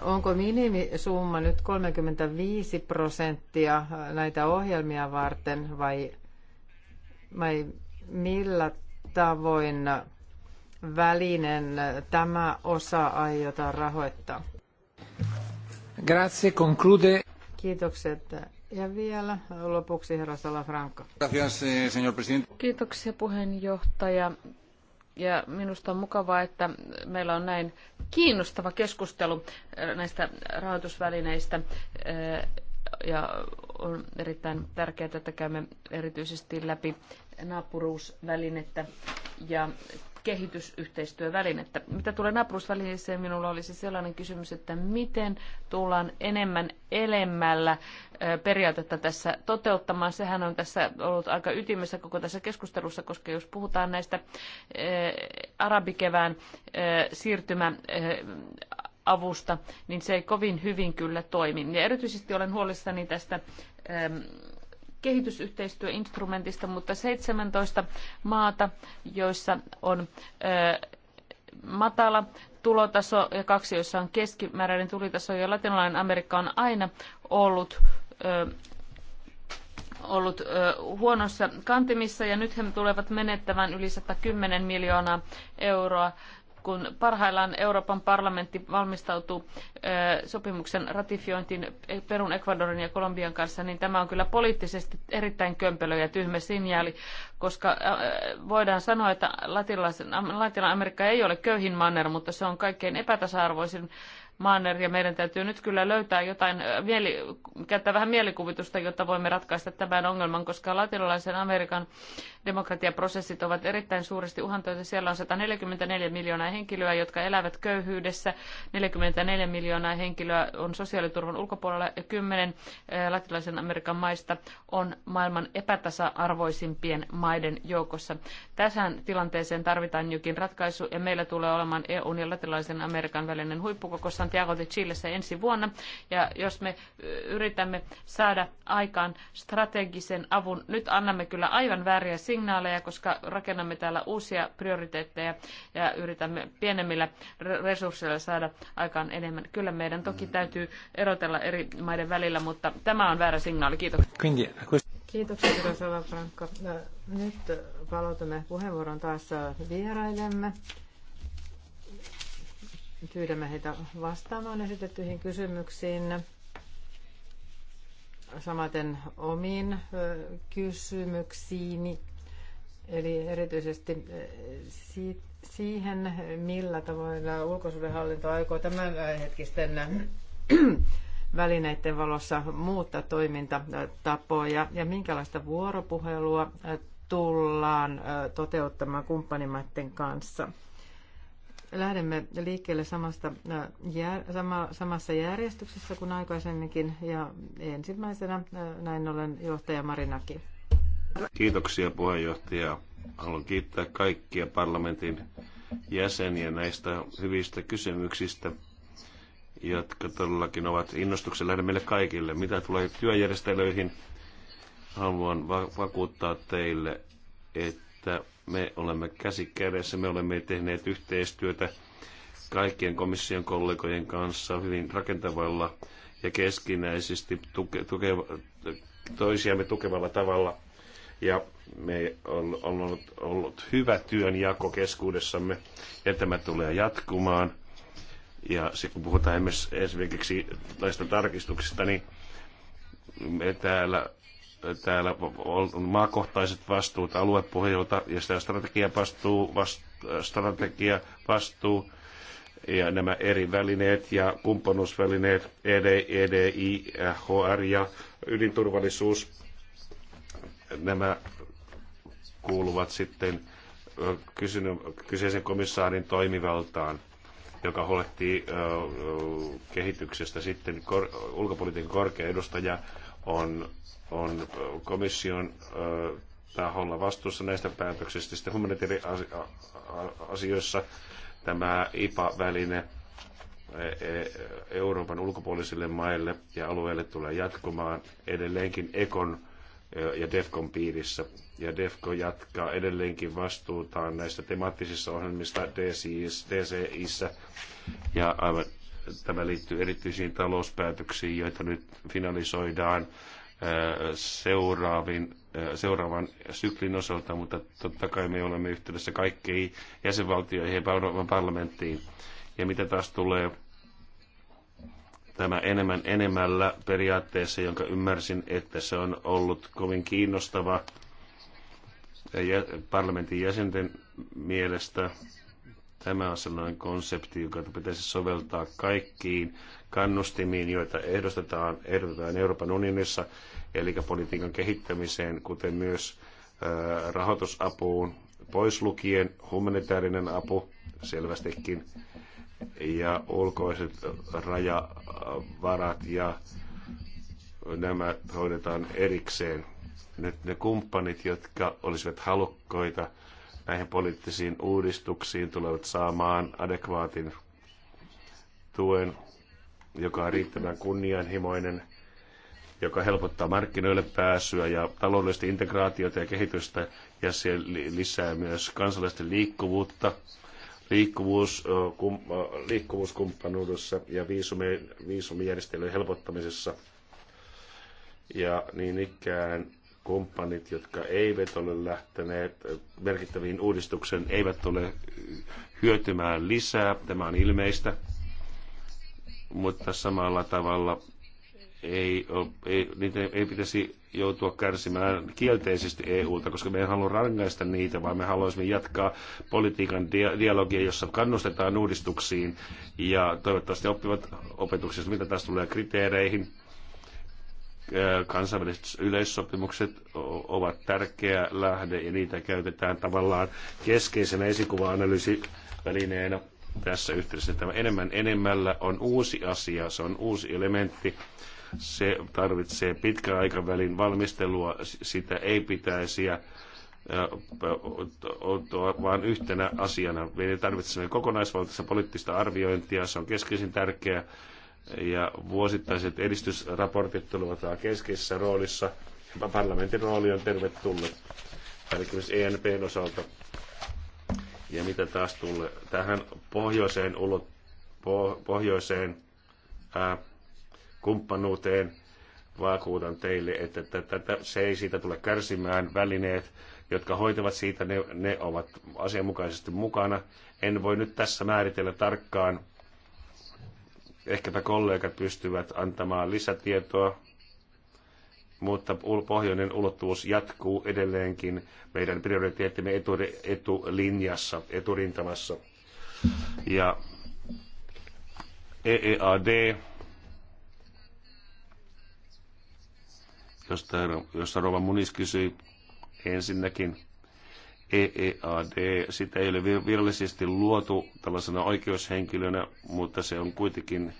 Onko minimisumma nyt 35 prosenttia näitä ohjelmia varten vai, vai millä tavoin välinen tämä osa aiotaan rahoittaa? Grazie, conclude. Kiitokset. Ja vielä lopuksi herra Salafranco. Eh, Kiitoksia puheenjohtaja. Ja minusta on mukavaa, että meillä on näin kiinnostava keskustelu äh, näistä rahoitusvälineistä. Äh, ja on erittäin tärkeää, että käymme erityisesti läpi naapuruusvälinettä ja kehitysyhteistyövälinettä. Mitä tulee naapurusvälineeseen, minulla olisi sellainen kysymys, että miten tullaan enemmän elemällä periaatetta tässä toteuttamaan. Sehän on tässä ollut aika ytimessä koko tässä keskustelussa, koska jos puhutaan näistä arabikevään siirtymä avusta, niin se ei kovin hyvin kyllä toimi. Ja erityisesti olen huolissani tästä kehitysyhteistyöinstrumentista, mutta 17 maata, joissa on matala tulotaso ja kaksi, joissa on keskimääräinen tulitaso ja latinalainen Amerikka on aina ollut ollut huonossa kantimissa ja nyt he tulevat menettämään yli 110 miljoonaa euroa kun parhaillaan Euroopan parlamentti valmistautuu sopimuksen ratifiointiin Perun, Ecuadorin ja Kolumbian kanssa, niin tämä on kyllä poliittisesti erittäin kömpelö ja tyhmä signaali, koska voidaan sanoa, että Latinalainen Amerikka ei ole köyhin manner, mutta se on kaikkein epätasa-arvoisin manner ja meidän täytyy nyt kyllä löytää jotain, äh, mieli, käyttää vähän mielikuvitusta, jotta voimme ratkaista tämän ongelman, koska latinalaisen Amerikan demokratiaprosessit ovat erittäin suuresti uhantoita. Siellä on 144 miljoonaa henkilöä, jotka elävät köyhyydessä, 44 miljoonaa henkilöä on sosiaaliturvan ulkopuolella ja 10 äh, latinalaisen Amerikan maista on maailman epätasa-arvoisimpien maiden joukossa. Tähän tilanteeseen tarvitaan jokin ratkaisu ja meillä tulee olemaan EUn ja latinalaisen Amerikan välinen huippukokous Santiago de Chilessä ensi vuonna. Ja jos me yritämme saada aikaan strategisen avun, nyt annamme kyllä aivan vääriä signaaleja, koska rakennamme täällä uusia prioriteetteja ja yritämme pienemmillä resursseilla saada aikaan enemmän. Kyllä meidän toki mm. täytyy erotella eri maiden välillä, mutta tämä on väärä signaali. Kiitoksia. Kiitoksia, Rosala Franco. Nyt palautamme puheenvuoron taas vieraillemme. Pyydämme heitä vastaamaan esitettyihin kysymyksiin. Samaten omiin kysymyksiini, eli erityisesti siihen, millä tavoin ulkosuudenhallinto aikoo hetkisten välineiden valossa muuttaa toimintatapoja ja minkälaista vuoropuhelua tullaan toteuttamaan kumppanimaiden kanssa lähdemme liikkeelle samasta, jär, sama, samassa järjestyksessä kuin aikaisemminkin. Ja ensimmäisenä näin ollen johtaja Marinaki. Kiitoksia puheenjohtaja. Haluan kiittää kaikkia parlamentin jäseniä näistä hyvistä kysymyksistä, jotka todellakin ovat innostuksen lähde meille kaikille. Mitä tulee työjärjestelyihin, haluan vakuuttaa teille, että me olemme käsi kädessä, me olemme tehneet yhteistyötä kaikkien komission kollegojen kanssa hyvin rakentavalla ja keskinäisesti tuke, tuke, toisiamme tukevalla tavalla. Ja me on, on ollut, ollut hyvä työnjako keskuudessamme ja tämä tulee jatkumaan. Ja sitten kun puhutaan esimerkiksi näistä tarkistuksista, niin me täällä täällä maakohtaiset vastuut aluepohjalta ja sitä strategia vastuu, vastu, strategia vastuu ja nämä eri välineet ja kumppanuusvälineet, ED, EDI, HR ja ydinturvallisuus, nämä kuuluvat sitten kyseisen komissaarin toimivaltaan joka huolehtii kehityksestä sitten kor- ulkopolitiikan korkea edustaja on, on komission taholla vastuussa näistä päätöksistä. Sitten humanitaariasioissa tämä IPA-väline e, e, Euroopan ulkopuolisille maille ja alueille tulee jatkumaan edelleenkin Ekon ja DEFCON piirissä. Ja DEFCO jatkaa edelleenkin vastuutaan näistä temaattisissa ohjelmista DCIssä. Ja aivan Tämä liittyy erityisiin talouspäätöksiin, joita nyt finalisoidaan äh, seuraavin, äh, seuraavan syklin osalta, mutta totta kai me olemme yhteydessä kaikkiin jäsenvaltioihin ja parlamenttiin. Ja mitä taas tulee tämä enemmän enemmällä periaatteessa, jonka ymmärsin, että se on ollut kovin kiinnostava äh, parlamentin jäsenten mielestä Tämä on sellainen konsepti, joka pitäisi soveltaa kaikkiin kannustimiin, joita ehdostetaan, ehdotetaan Euroopan unionissa, eli politiikan kehittämiseen, kuten myös rahoitusapuun, pois lukien humanitaarinen apu selvästikin, ja ulkoiset rajavarat ja nämä hoidetaan erikseen. Nyt ne kumppanit, jotka olisivat halukkoita näihin poliittisiin uudistuksiin tulevat saamaan adekvaatin tuen, joka on riittävän kunnianhimoinen, joka helpottaa markkinoille pääsyä ja taloudellista integraatiota ja kehitystä, ja se lisää myös kansalaisten liikkuvuutta, liikkuvuus, kum, liikkuvuuskumppanuudessa ja viisumien, viisumijärjestelyjen helpottamisessa. Ja niin ikään kumppanit, jotka eivät ole lähteneet merkittäviin uudistuksen eivät tule hyötymään lisää. Tämä on ilmeistä, mutta samalla tavalla ei, ei, niitä ei pitäisi joutua kärsimään kielteisesti EUlta, koska me ei halua rangaista niitä, vaan me haluaisimme jatkaa politiikan dialogia, jossa kannustetaan uudistuksiin ja toivottavasti oppivat opetuksessa, mitä taas tulee kriteereihin – kansainväliset yleissopimukset ovat tärkeä lähde ja niitä käytetään tavallaan keskeisenä esikuva-analyysivälineenä tässä yhteydessä. Tämä enemmän enemmällä on uusi asia, se on uusi elementti. Se tarvitsee pitkän aikavälin valmistelua, sitä ei pitäisi vaan yhtenä asiana. Me tarvitsemme kokonaisvaltaista poliittista arviointia, se on keskeisin tärkeä ja vuosittaiset edistysraportit tulevat keskeisessä roolissa. Parlamentin rooli on tervetullut, ainakin myös ENPn osalta. Ja mitä taas tulee tähän pohjoiseen, ulot, po, pohjoiseen ää, kumppanuuteen, vakuutan teille, että tätä, se ei siitä tule kärsimään. Välineet, jotka hoitavat siitä, ne, ne ovat asianmukaisesti mukana. En voi nyt tässä määritellä tarkkaan Ehkäpä kollegat pystyvät antamaan lisätietoa, mutta pohjoinen ulottuvuus jatkuu edelleenkin meidän prioriteettimme etulinjassa, eturintamassa. Ja EEAD, josta, josta Rova Munis kysyi ensinnäkin EEAD, sitä ei ole virallisesti luotu tällaisena oikeushenkilönä, mutta se on kuitenkin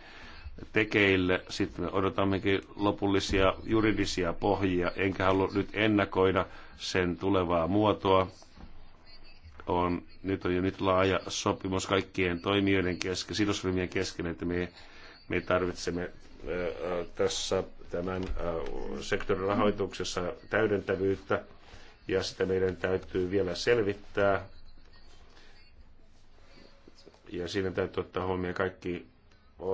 tekeillä. Sitten odotammekin lopullisia juridisia pohjia, enkä halua nyt ennakoida sen tulevaa muotoa. On, nyt on jo nyt laaja sopimus kaikkien toimijoiden kesken, sidosryhmien kesken, että me, me tarvitsemme ää, tässä tämän ää, sektorin rahoituksessa täydentävyyttä – ja sitä meidän täytyy vielä selvittää. Ja siinä täytyy ottaa huomioon kaikki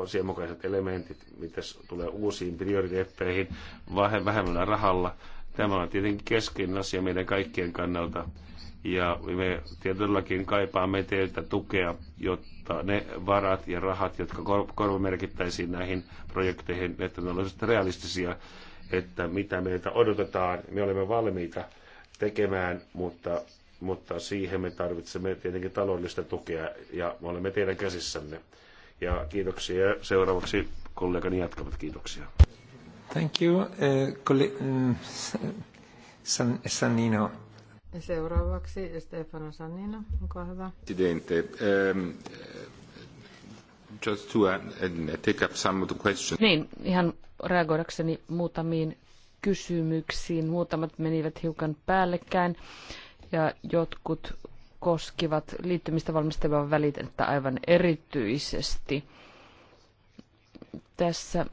asianmukaiset elementit, mitä tulee uusiin prioriteetteihin vähemmällä rahalla. Tämä on tietenkin keskeinen asia meidän kaikkien kannalta. Ja me tietylläkin kaipaamme teiltä tukea, jotta ne varat ja rahat, jotka korvamerkittäisiin näihin projekteihin, että ne olisivat realistisia, että mitä meiltä odotetaan. Me olemme valmiita tekemään, mutta, mutta siihen me tarvitsemme tietenkin taloudellista tukea ja me olemme teidän käsissänne. Ja kiitoksia ja seuraavaksi kollegani jatkavat kiitoksia. Thank you. Uh, San, Sanino. Seuraavaksi Stefano Sannino, onko hyvä. Presidente, um, just to uh, take up some of the questions. Niin, ihan reagoidakseni muutamiin kysymyksiin. Muutamat menivät hiukan päällekkäin ja jotkut koskivat liittymistä valmistavaa välitettä aivan erityisesti. Tässä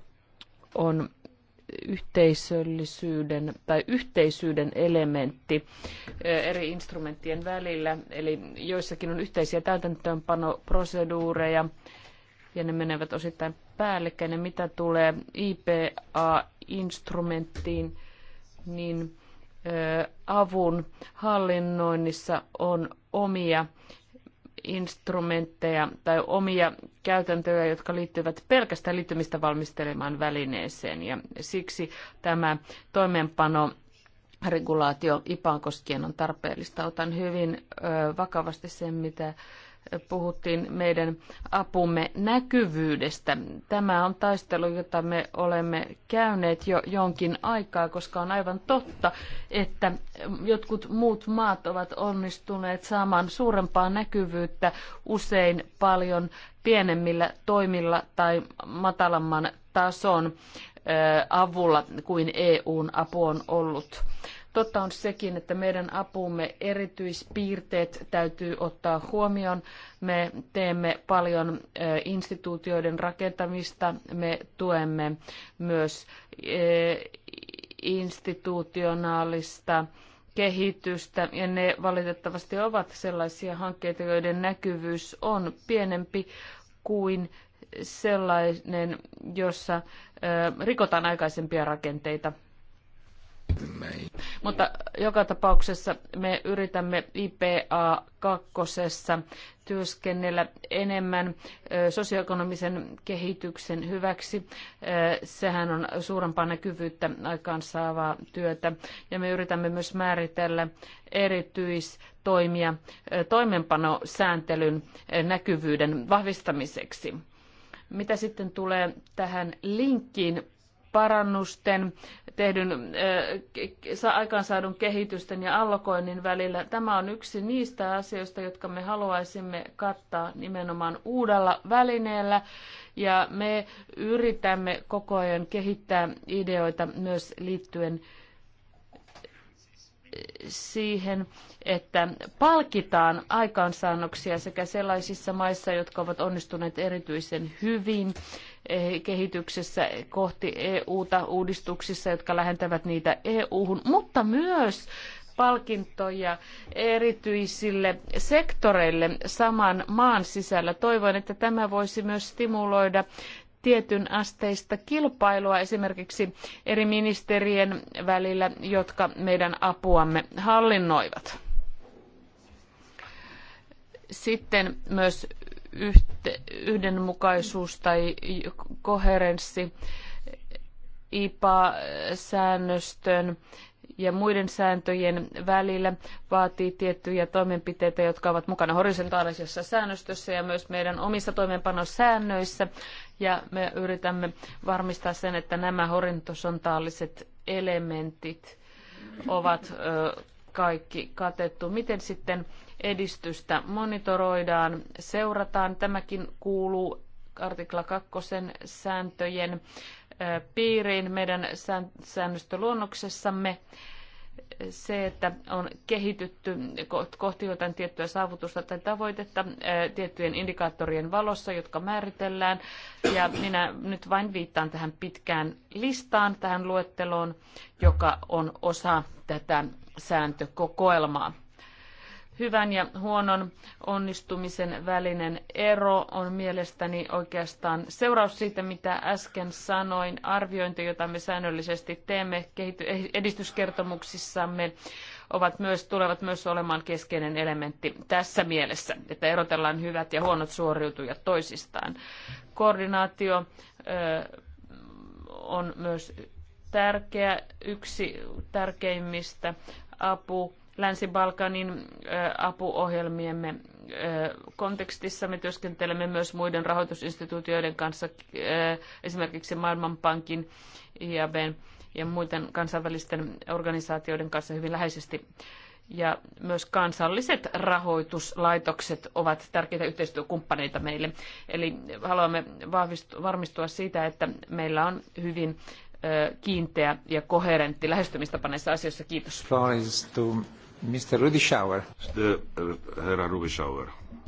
on yhteisöllisyyden tai yhteisyyden elementti eh, eri instrumenttien välillä. Eli joissakin on yhteisiä täytäntöönpanoproseduureja, ja ne menevät osittain päällekkäin. Ja mitä tulee IPA-instrumenttiin, niin avun hallinnoinnissa on omia instrumentteja tai omia käytäntöjä, jotka liittyvät pelkästään liittymistä valmistelemaan välineeseen. Ja siksi tämä toimeenpano regulaatio IPAan koskien on tarpeellista. Otan hyvin vakavasti sen, mitä puhuttiin meidän apumme näkyvyydestä. Tämä on taistelu, jota me olemme käyneet jo jonkin aikaa, koska on aivan totta, että jotkut muut maat ovat onnistuneet saamaan suurempaa näkyvyyttä usein paljon pienemmillä toimilla tai matalamman tason avulla kuin EUn apu on ollut. Totta on sekin, että meidän apumme erityispiirteet täytyy ottaa huomioon. Me teemme paljon instituutioiden rakentamista, me tuemme myös institutionaalista kehitystä ja ne valitettavasti ovat sellaisia hankkeita, joiden näkyvyys on pienempi kuin sellainen, jossa rikotaan aikaisempia rakenteita mutta joka tapauksessa me yritämme IPA kakkosessa työskennellä enemmän sosioekonomisen kehityksen hyväksi. Sehän on suurempaa näkyvyyttä aikaansaavaa työtä. Ja me yritämme myös määritellä erityistoimia toimenpanosääntelyn näkyvyyden vahvistamiseksi. Mitä sitten tulee tähän linkkiin parannusten, tehdyn aikaansaadun kehitysten ja allokoinnin välillä. Tämä on yksi niistä asioista, jotka me haluaisimme kattaa nimenomaan uudella välineellä. Ja me yritämme koko ajan kehittää ideoita myös liittyen siihen, että palkitaan aikaansaannoksia sekä sellaisissa maissa, jotka ovat onnistuneet erityisen hyvin kehityksessä kohti EUta uudistuksissa, jotka lähentävät niitä EUhun, mutta myös palkintoja erityisille sektoreille saman maan sisällä. Toivon, että tämä voisi myös stimuloida tietyn asteista kilpailua esimerkiksi eri ministerien välillä, jotka meidän apuamme hallinnoivat. Sitten myös yhte, yhdenmukaisuus tai koherenssi IPA-säännöstön ja muiden sääntöjen välillä vaatii tiettyjä toimenpiteitä, jotka ovat mukana horisontaalisessa säännöstössä ja myös meidän omissa toimeenpanosäännöissä. Ja me yritämme varmistaa sen, että nämä horisontaaliset elementit ovat kaikki katettu. Miten sitten edistystä monitoroidaan, seurataan. Tämäkin kuuluu artikla 2 sääntöjen piiriin meidän säännöstöluonnoksessamme se, että on kehitytty kohti jotain tiettyä saavutusta tai tavoitetta tiettyjen indikaattorien valossa, jotka määritellään. Ja minä nyt vain viittaan tähän pitkään listaan, tähän luetteloon, joka on osa tätä sääntökokoelmaa hyvän ja huonon onnistumisen välinen ero on mielestäni oikeastaan seuraus siitä, mitä äsken sanoin. Arviointi, jota me säännöllisesti teemme edistyskertomuksissamme, ovat myös, tulevat myös olemaan keskeinen elementti tässä mielessä, että erotellaan hyvät ja huonot suoriutujat toisistaan. Koordinaatio on myös tärkeä, yksi tärkeimmistä apu Länsi-Balkanin apuohjelmiemme kontekstissa me työskentelemme myös muiden rahoitusinstituutioiden kanssa, esimerkiksi Maailmanpankin, IAB ja muiden kansainvälisten organisaatioiden kanssa hyvin läheisesti. Ja myös kansalliset rahoituslaitokset ovat tärkeitä yhteistyökumppaneita meille. Eli haluamme varmistua siitä, että meillä on hyvin kiinteä ja koherentti lähestymistapa näissä asioissa. Kiitos. Mr. Rudy eh, Herra Rudy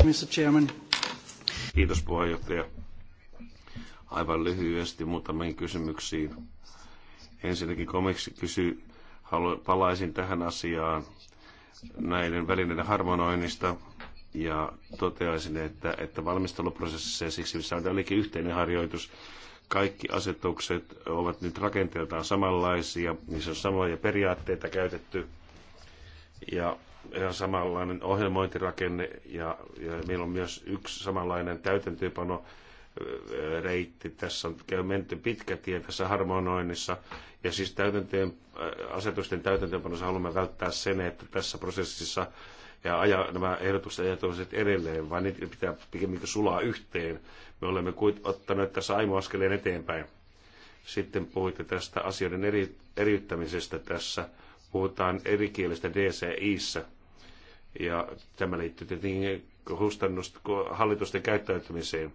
Mr. Chairman. Kiitos puheenjohtaja. Aivan lyhyesti muutamiin kysymyksiin. Ensinnäkin komiksi kysy, palaisin tähän asiaan näiden välineiden harmonoinnista ja toteaisin, että, että valmisteluprosessissa ja siksi missä on olikin yhteinen harjoitus, kaikki asetukset ovat nyt rakenteeltaan samanlaisia, niissä on samoja periaatteita käytetty – ja, ihan samanlainen ohjelmointirakenne ja, ja meillä on myös yksi samanlainen täytäntöpano reitti. Tässä on menty pitkä tie tässä harmonoinnissa. Ja siis täytäntöön, asetusten täytäntöönpanossa haluamme välttää sen, että tässä prosessissa ja aja, nämä ehdotukset ajatuiset edelleen, vaan niitä pitää pikemminkin sulaa yhteen. Me olemme kuitenkin ottaneet tässä aimo askeleen eteenpäin. Sitten puhuitte tästä asioiden eri, eriyttämisestä tässä puhutaan eri kielistä DCIssä. Ja tämä liittyy tietenkin hallitusten käyttäytymiseen.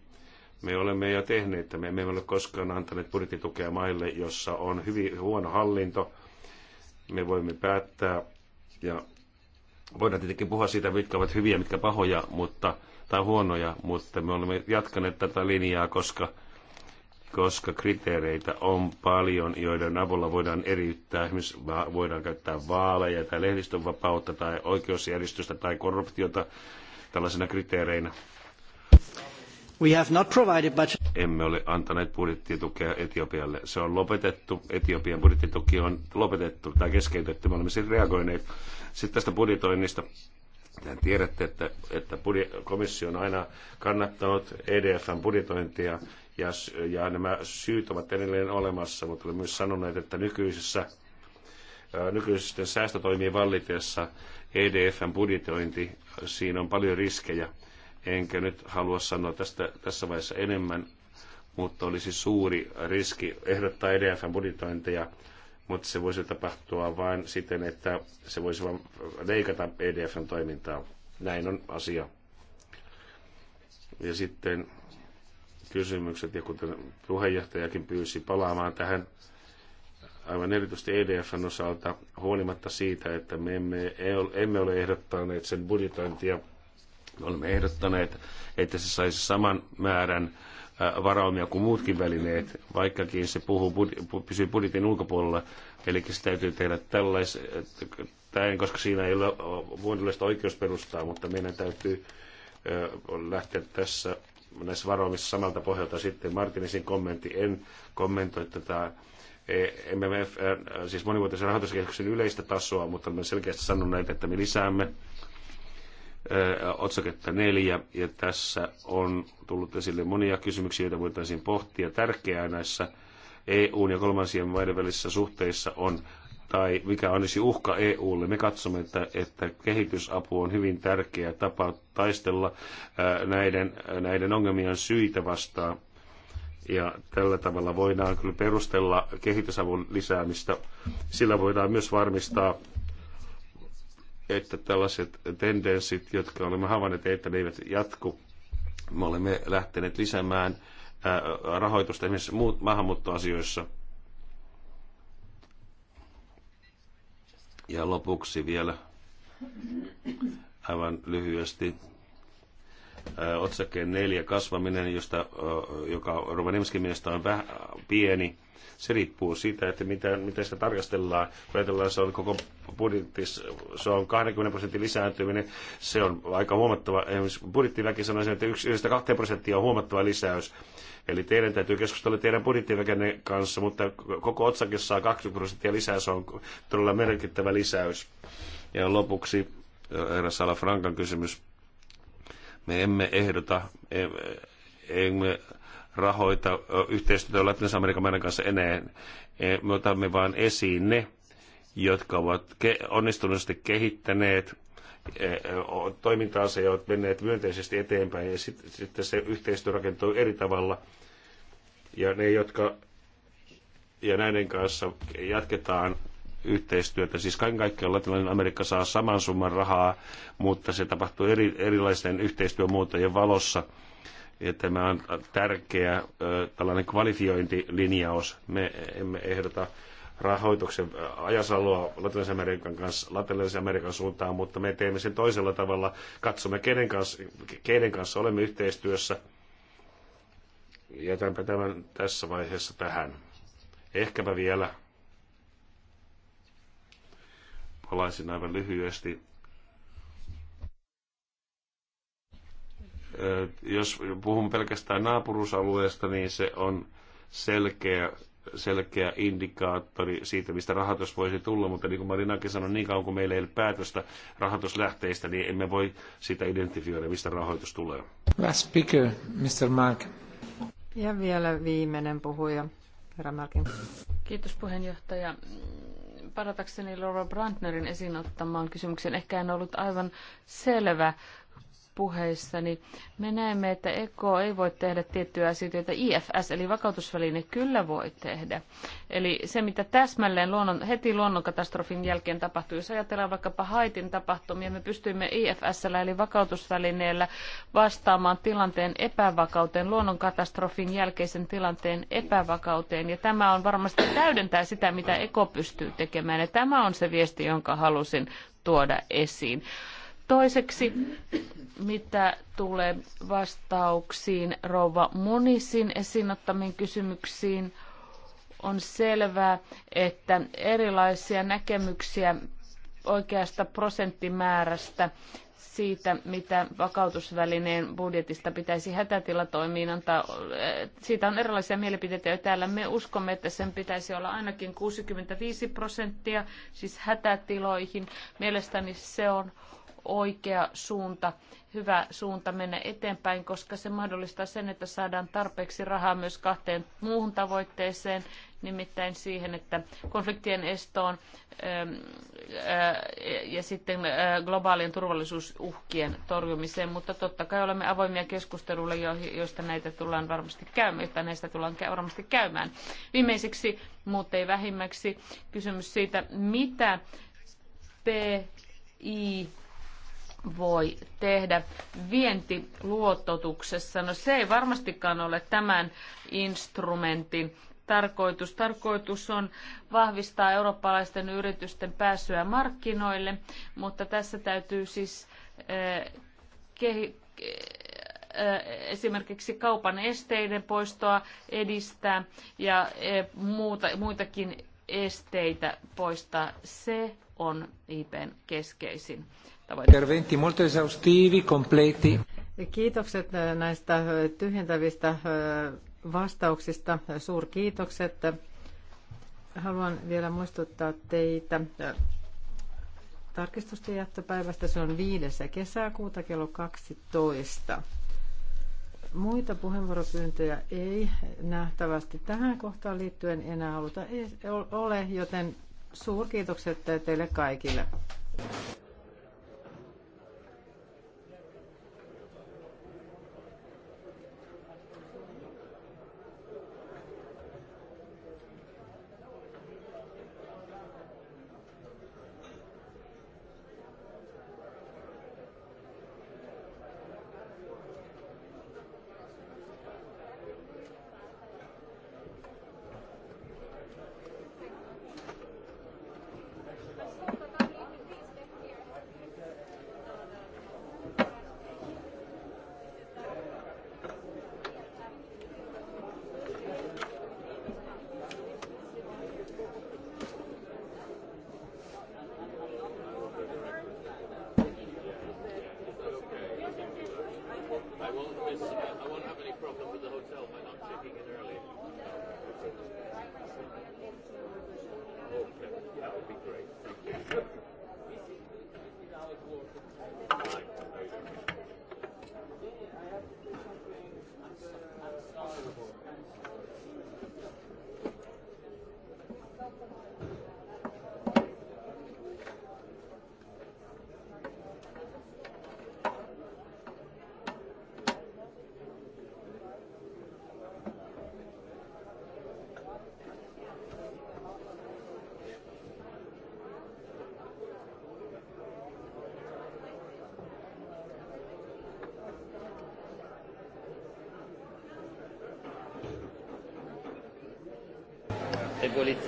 Me olemme jo tehneet, että me emme ole koskaan antaneet budjettitukea maille, jossa on hyvin huono hallinto. Me voimme päättää ja voidaan tietenkin puhua siitä, mitkä ovat hyviä, mitkä pahoja, mutta, tai huonoja, mutta me olemme jatkaneet tätä linjaa, koska koska kriteereitä on paljon, joiden avulla voidaan eriyttää, esimerkiksi voidaan käyttää vaaleja tai lehdistönvapautta tai oikeusjärjestystä tai korruptiota tällaisena kriteereinä. We have not provided much. Emme ole antaneet budjettitukea Etiopialle. Se on lopetettu. Etiopian budjettituki on lopetettu tai keskeytetty. Me olemme siihen reagoineet. Sitten tästä budjetoinnista. Tehän tiedätte, että, että komissio on aina kannattanut EDFn budjetointia ja, ja nämä syyt ovat edelleen olemassa, mutta olen myös sanonut, että nykyisessä, nykyisten säästötoimien vallitessa EDFn budjetointi, siinä on paljon riskejä. Enkä nyt halua sanoa tästä, tässä vaiheessa enemmän, mutta olisi suuri riski ehdottaa EDFn budjetointeja, mutta se voisi tapahtua vain siten, että se voisi vain leikata EDFn toimintaa. Näin on asia. Ja sitten kysymykset, ja kuten puheenjohtajakin pyysi palaamaan tähän aivan erityisesti EDFn osalta, huolimatta siitä, että me emme, emme ole ehdottaneet sen budjetointia, me olemme ehdottaneet, että se saisi saman määrän varaumia kuin muutkin välineet, vaikkakin se puhuu, pysyy budjetin ulkopuolella. Eli se täytyy tehdä tällaiset koska siinä ei ole vuodellista oikeusperustaa, mutta meidän täytyy lähteä tässä näissä varoimissa samalta pohjalta sitten Martinisin kommentti. En kommentoi tätä e- MMF, äh, siis monivuotisen rahoituskehyksen yleistä tasoa, mutta olen selkeästi sanonut että me lisäämme äh, otsaketta neljä, ja tässä on tullut esille monia kysymyksiä, joita voitaisiin pohtia. Tärkeää näissä EUn ja kolmansien maiden välisissä suhteissa on tai mikä olisi uhka EUlle. Me katsomme, että, että kehitysapu on hyvin tärkeä tapa taistella näiden, näiden ongelmien syitä vastaan. Ja tällä tavalla voidaan kyllä perustella kehitysavun lisäämistä. Sillä voidaan myös varmistaa, että tällaiset tendenssit, jotka olemme havainneet, että ne eivät jatku. Me olemme lähteneet lisäämään rahoitusta esimerkiksi maahanmuuttoasioissa – Ja lopuksi vielä aivan lyhyesti otsakkeen neljä kasvaminen, josta, joka rovaniemiskin mielestä on vähän pieni, se riippuu siitä, että mitä, miten sitä tarkastellaan. Kun ajatellaan, se on koko budjettis, se on 20 prosentin lisääntyminen, se on aika huomattava, esimerkiksi budjettiväki sanoisi, että 1-2 prosenttia on huomattava lisäys. Eli teidän täytyy keskustella teidän budjettiväkenne kanssa, mutta koko otsake saa 20 prosenttia lisää, se on todella merkittävä lisäys. Ja lopuksi herra Salafrankan kysymys me emme ehdota, e, emme rahoita yhteistyötä Latinalaisen maiden kanssa enää. E, me otamme vain esiin ne, jotka ovat onnistuneesti kehittäneet e, toimintaansa ja ovat menneet myönteisesti eteenpäin ja sitten se yhteistyö rakentuu eri tavalla. Ja ne, jotka ja näiden kanssa jatketaan yhteistyötä. Siis kaiken kaikkiaan Latinalainen Amerikka saa saman summan rahaa, mutta se tapahtuu eri, erilaisten yhteistyömuotojen valossa. Ja tämä on tärkeä tällainen kvalifiointilinjaus. Me emme ehdota rahoituksen ajasaloa Latinalaisen Amerikan, kanssa, Latinalaisen Amerikan suuntaan, mutta me teemme sen toisella tavalla. Katsomme, kenen kanssa, kenen kanssa olemme yhteistyössä. Jätänpä tämän tässä vaiheessa tähän. Ehkäpä vielä palaisin aivan lyhyesti. Jos puhun pelkästään naapurusalueesta, niin se on selkeä, selkeä indikaattori siitä, mistä rahoitus voisi tulla, mutta niin kuin Marinakin sanoi, niin kauan kuin meillä ei ole päätöstä rahoituslähteistä, niin emme voi sitä identifioida, mistä rahoitus tulee. Last speaker, Mr. Mark. Ja vielä viimeinen puhuja, herra Markin. Kiitos puheenjohtaja palatakseni Laura Brandnerin esiin ottamaan kysymykseen. Ehkä en ollut aivan selvä niin Me näemme, että EK ei voi tehdä tiettyjä asioita, joita IFS eli vakautusväline kyllä voi tehdä. Eli se, mitä täsmälleen luonnon, heti luonnonkatastrofin jälkeen tapahtuu, jos ajatellaan vaikkapa Haitin tapahtumia, me pystyimme IFS eli vakautusvälineellä vastaamaan tilanteen epävakauteen, luonnonkatastrofin jälkeisen tilanteen epävakauteen. Ja tämä on varmasti täydentää sitä, mitä EK pystyy tekemään. Ja tämä on se viesti, jonka halusin tuoda esiin. Toiseksi, mitä tulee vastauksiin rouva Monisin esiin ottamiin kysymyksiin, on selvää, että erilaisia näkemyksiä oikeasta prosenttimäärästä siitä, mitä vakautusvälineen budjetista pitäisi hätätilatoimiin antaa. Eh, siitä on erilaisia mielipiteitä jo täällä. Me uskomme, että sen pitäisi olla ainakin 65 prosenttia, siis hätätiloihin. Mielestäni se on oikea suunta, hyvä suunta mennä eteenpäin, koska se mahdollistaa sen, että saadaan tarpeeksi rahaa myös kahteen muuhun tavoitteeseen, nimittäin siihen, että konfliktien estoon ähm, äh, ja sitten äh, globaalien turvallisuusuhkien torjumiseen, mutta totta kai olemme avoimia keskusteluille joista näitä tullaan varmasti käymään, näistä tullaan varmasti käymään. Viimeiseksi, mutta ei vähimmäksi, kysymys siitä, mitä PI voi tehdä vientiluototuksessa. No se ei varmastikaan ole tämän instrumentin tarkoitus. Tarkoitus on vahvistaa eurooppalaisten yritysten pääsyä markkinoille, mutta tässä täytyy siis eh, eh, eh, esimerkiksi kaupan esteiden poistoa edistää ja muuta, muitakin esteitä poistaa. Se on IPn keskeisin Interventi molto esaustivi, completi. Kiitokset äh, näistä äh, tyhjentävistä äh, vastauksista. Suurkiitokset. Haluan vielä muistuttaa teitä tarkistusten jättöpäivästä. Se on 5. kesäkuuta kello 12. Muita puheenvuoropyyntöjä ei nähtävästi tähän kohtaan liittyen enää ole, joten suurkiitokset teille kaikille.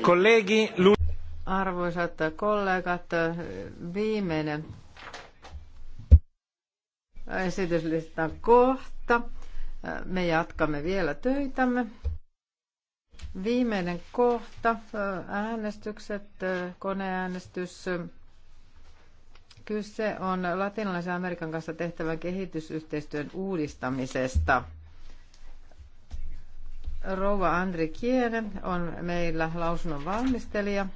Kollegi, Arvoisat kollegat, viimeinen esityslistan kohta. Me jatkamme vielä töitämme. Viimeinen kohta, äänestykset, koneäänestys. Kyse on latinalaisen Amerikan kanssa tehtävän kehitysyhteistyön uudistamisesta. Rouva Andri Kiene on meillä lausunnon valmistelija.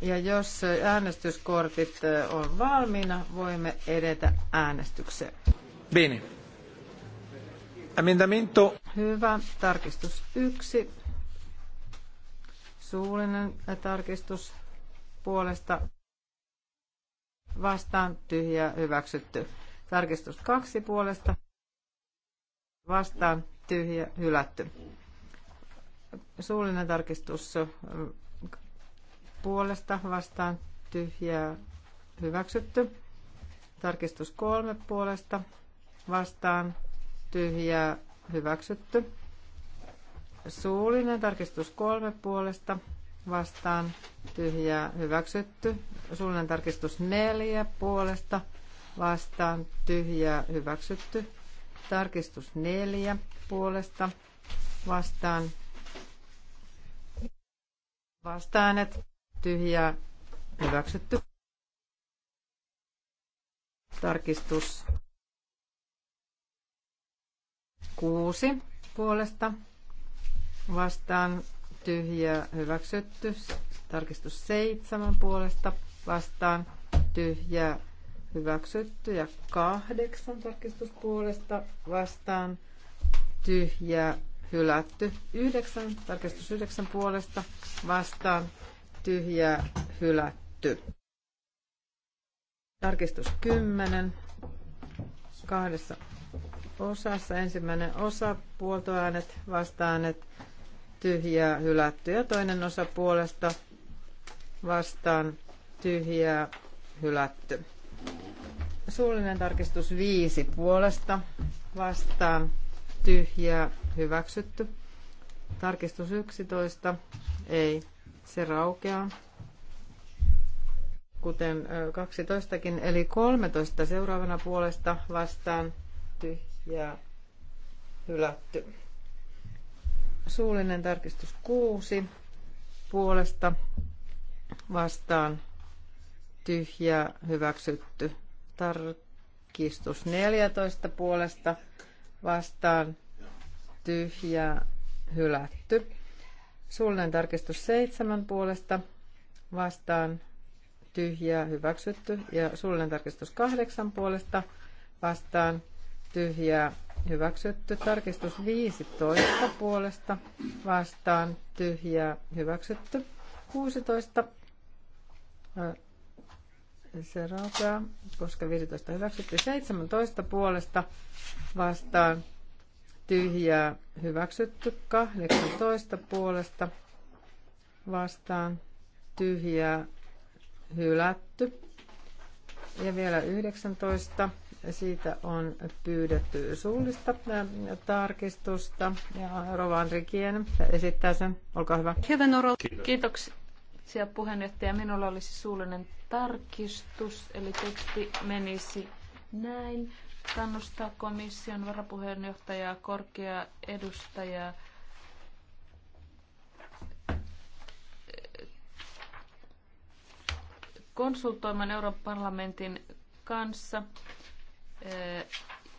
Ja jos äänestyskortit on valmiina, voimme edetä äänestykseen. Bene. Amendamento. Hyvä. Tarkistus yksi. Suullinen tarkistus puolesta vastaan tyhjä hyväksytty. Tarkistus kaksi puolesta vastaan tyhjä, hylätty. Suullinen tarkistus puolesta vastaan tyhjää hyväksytty. Tarkistus kolme puolesta vastaan tyhjää hyväksytty. Suullinen tarkistus kolme puolesta vastaan tyhjää hyväksytty. Suullinen tarkistus neljä puolesta vastaan tyhjää hyväksytty. Tarkistus neljä puolesta vastaan. että tyhjää hyväksytty. Tarkistus kuusi puolesta vastaan tyhjää hyväksytty. Tarkistus seitsemän puolesta vastaan tyhjää hyväksytty ja kahdeksan tarkistuspuolesta vastaan tyhjä hylätty. Yhdeksän, tarkistus yhdeksän puolesta vastaan tyhjä hylätty. Tarkistus kymmenen kahdessa osassa. Ensimmäinen osa puoltoäänet, vastaanet, tyhjä hylätty ja toinen osa puolesta vastaan tyhjä hylätty. Suullinen tarkistus viisi puolesta vastaan tyhjää hyväksytty. Tarkistus 11 ei, se raukeaa. Kuten 12kin, eli 13 seuraavana puolesta vastaan tyhjää hylätty. Suullinen tarkistus 6 puolesta vastaan tyhjää hyväksytty. Tarkistus 14 puolesta vastaan tyhjä hylätty. Suullinen tarkistus 7 puolesta vastaan tyhjä hyväksytty ja suullinen tarkistus 8 puolesta vastaan tyhjä hyväksytty. Tarkistus 15 puolesta vastaan tyhjä hyväksytty. 16 se raukeaa, koska 15 hyväksytty. 17 puolesta vastaan tyhjää hyväksytty. 18 puolesta vastaan tyhjää hylätty. Ja vielä 19. Siitä on pyydetty suullista äh, tarkistusta. Ja Rovan Rikien esittää sen. Olkaa hyvä. Kiitoksia. Kiitoksia puheenjohtaja. Minulla olisi suullinen tarkistus, eli teksti menisi näin. Kannustaa komission varapuheenjohtajaa, korkea edustajaa konsultoimaan Euroopan parlamentin kanssa eh,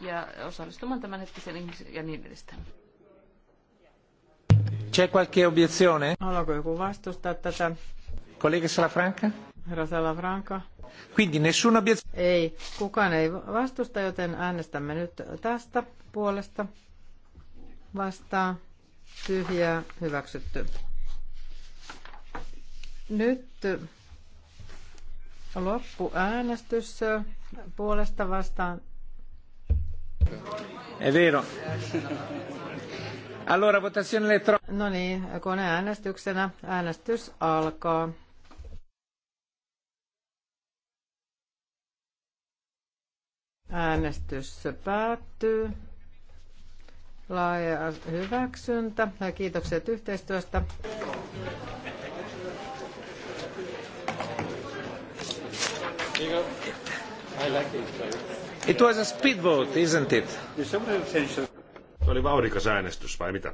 ja osallistumaan hetkisen ihmisen ja niin edestä. C'è qualche obiezione? Haluaako joku vastustaa tätä? Collega Salafranca? Quindi nessuna obiezione? Ei, kukaan ei vastusta, joten äänestämme nyt tästä puolesta. Vastaan. Tyhjää. Hyväksytty. Nyt loppuäänestys puolesta vastaan. vero. Allora, votazione elettronica. No niin, äänestyksenä. äänestys alkaa. Äänestys päättyy. Laaja hyväksyntä. ja Kiitokset yhteistyöstä. It was a speed vote, isn't it? oli vauhdikas äänestys vai mitä?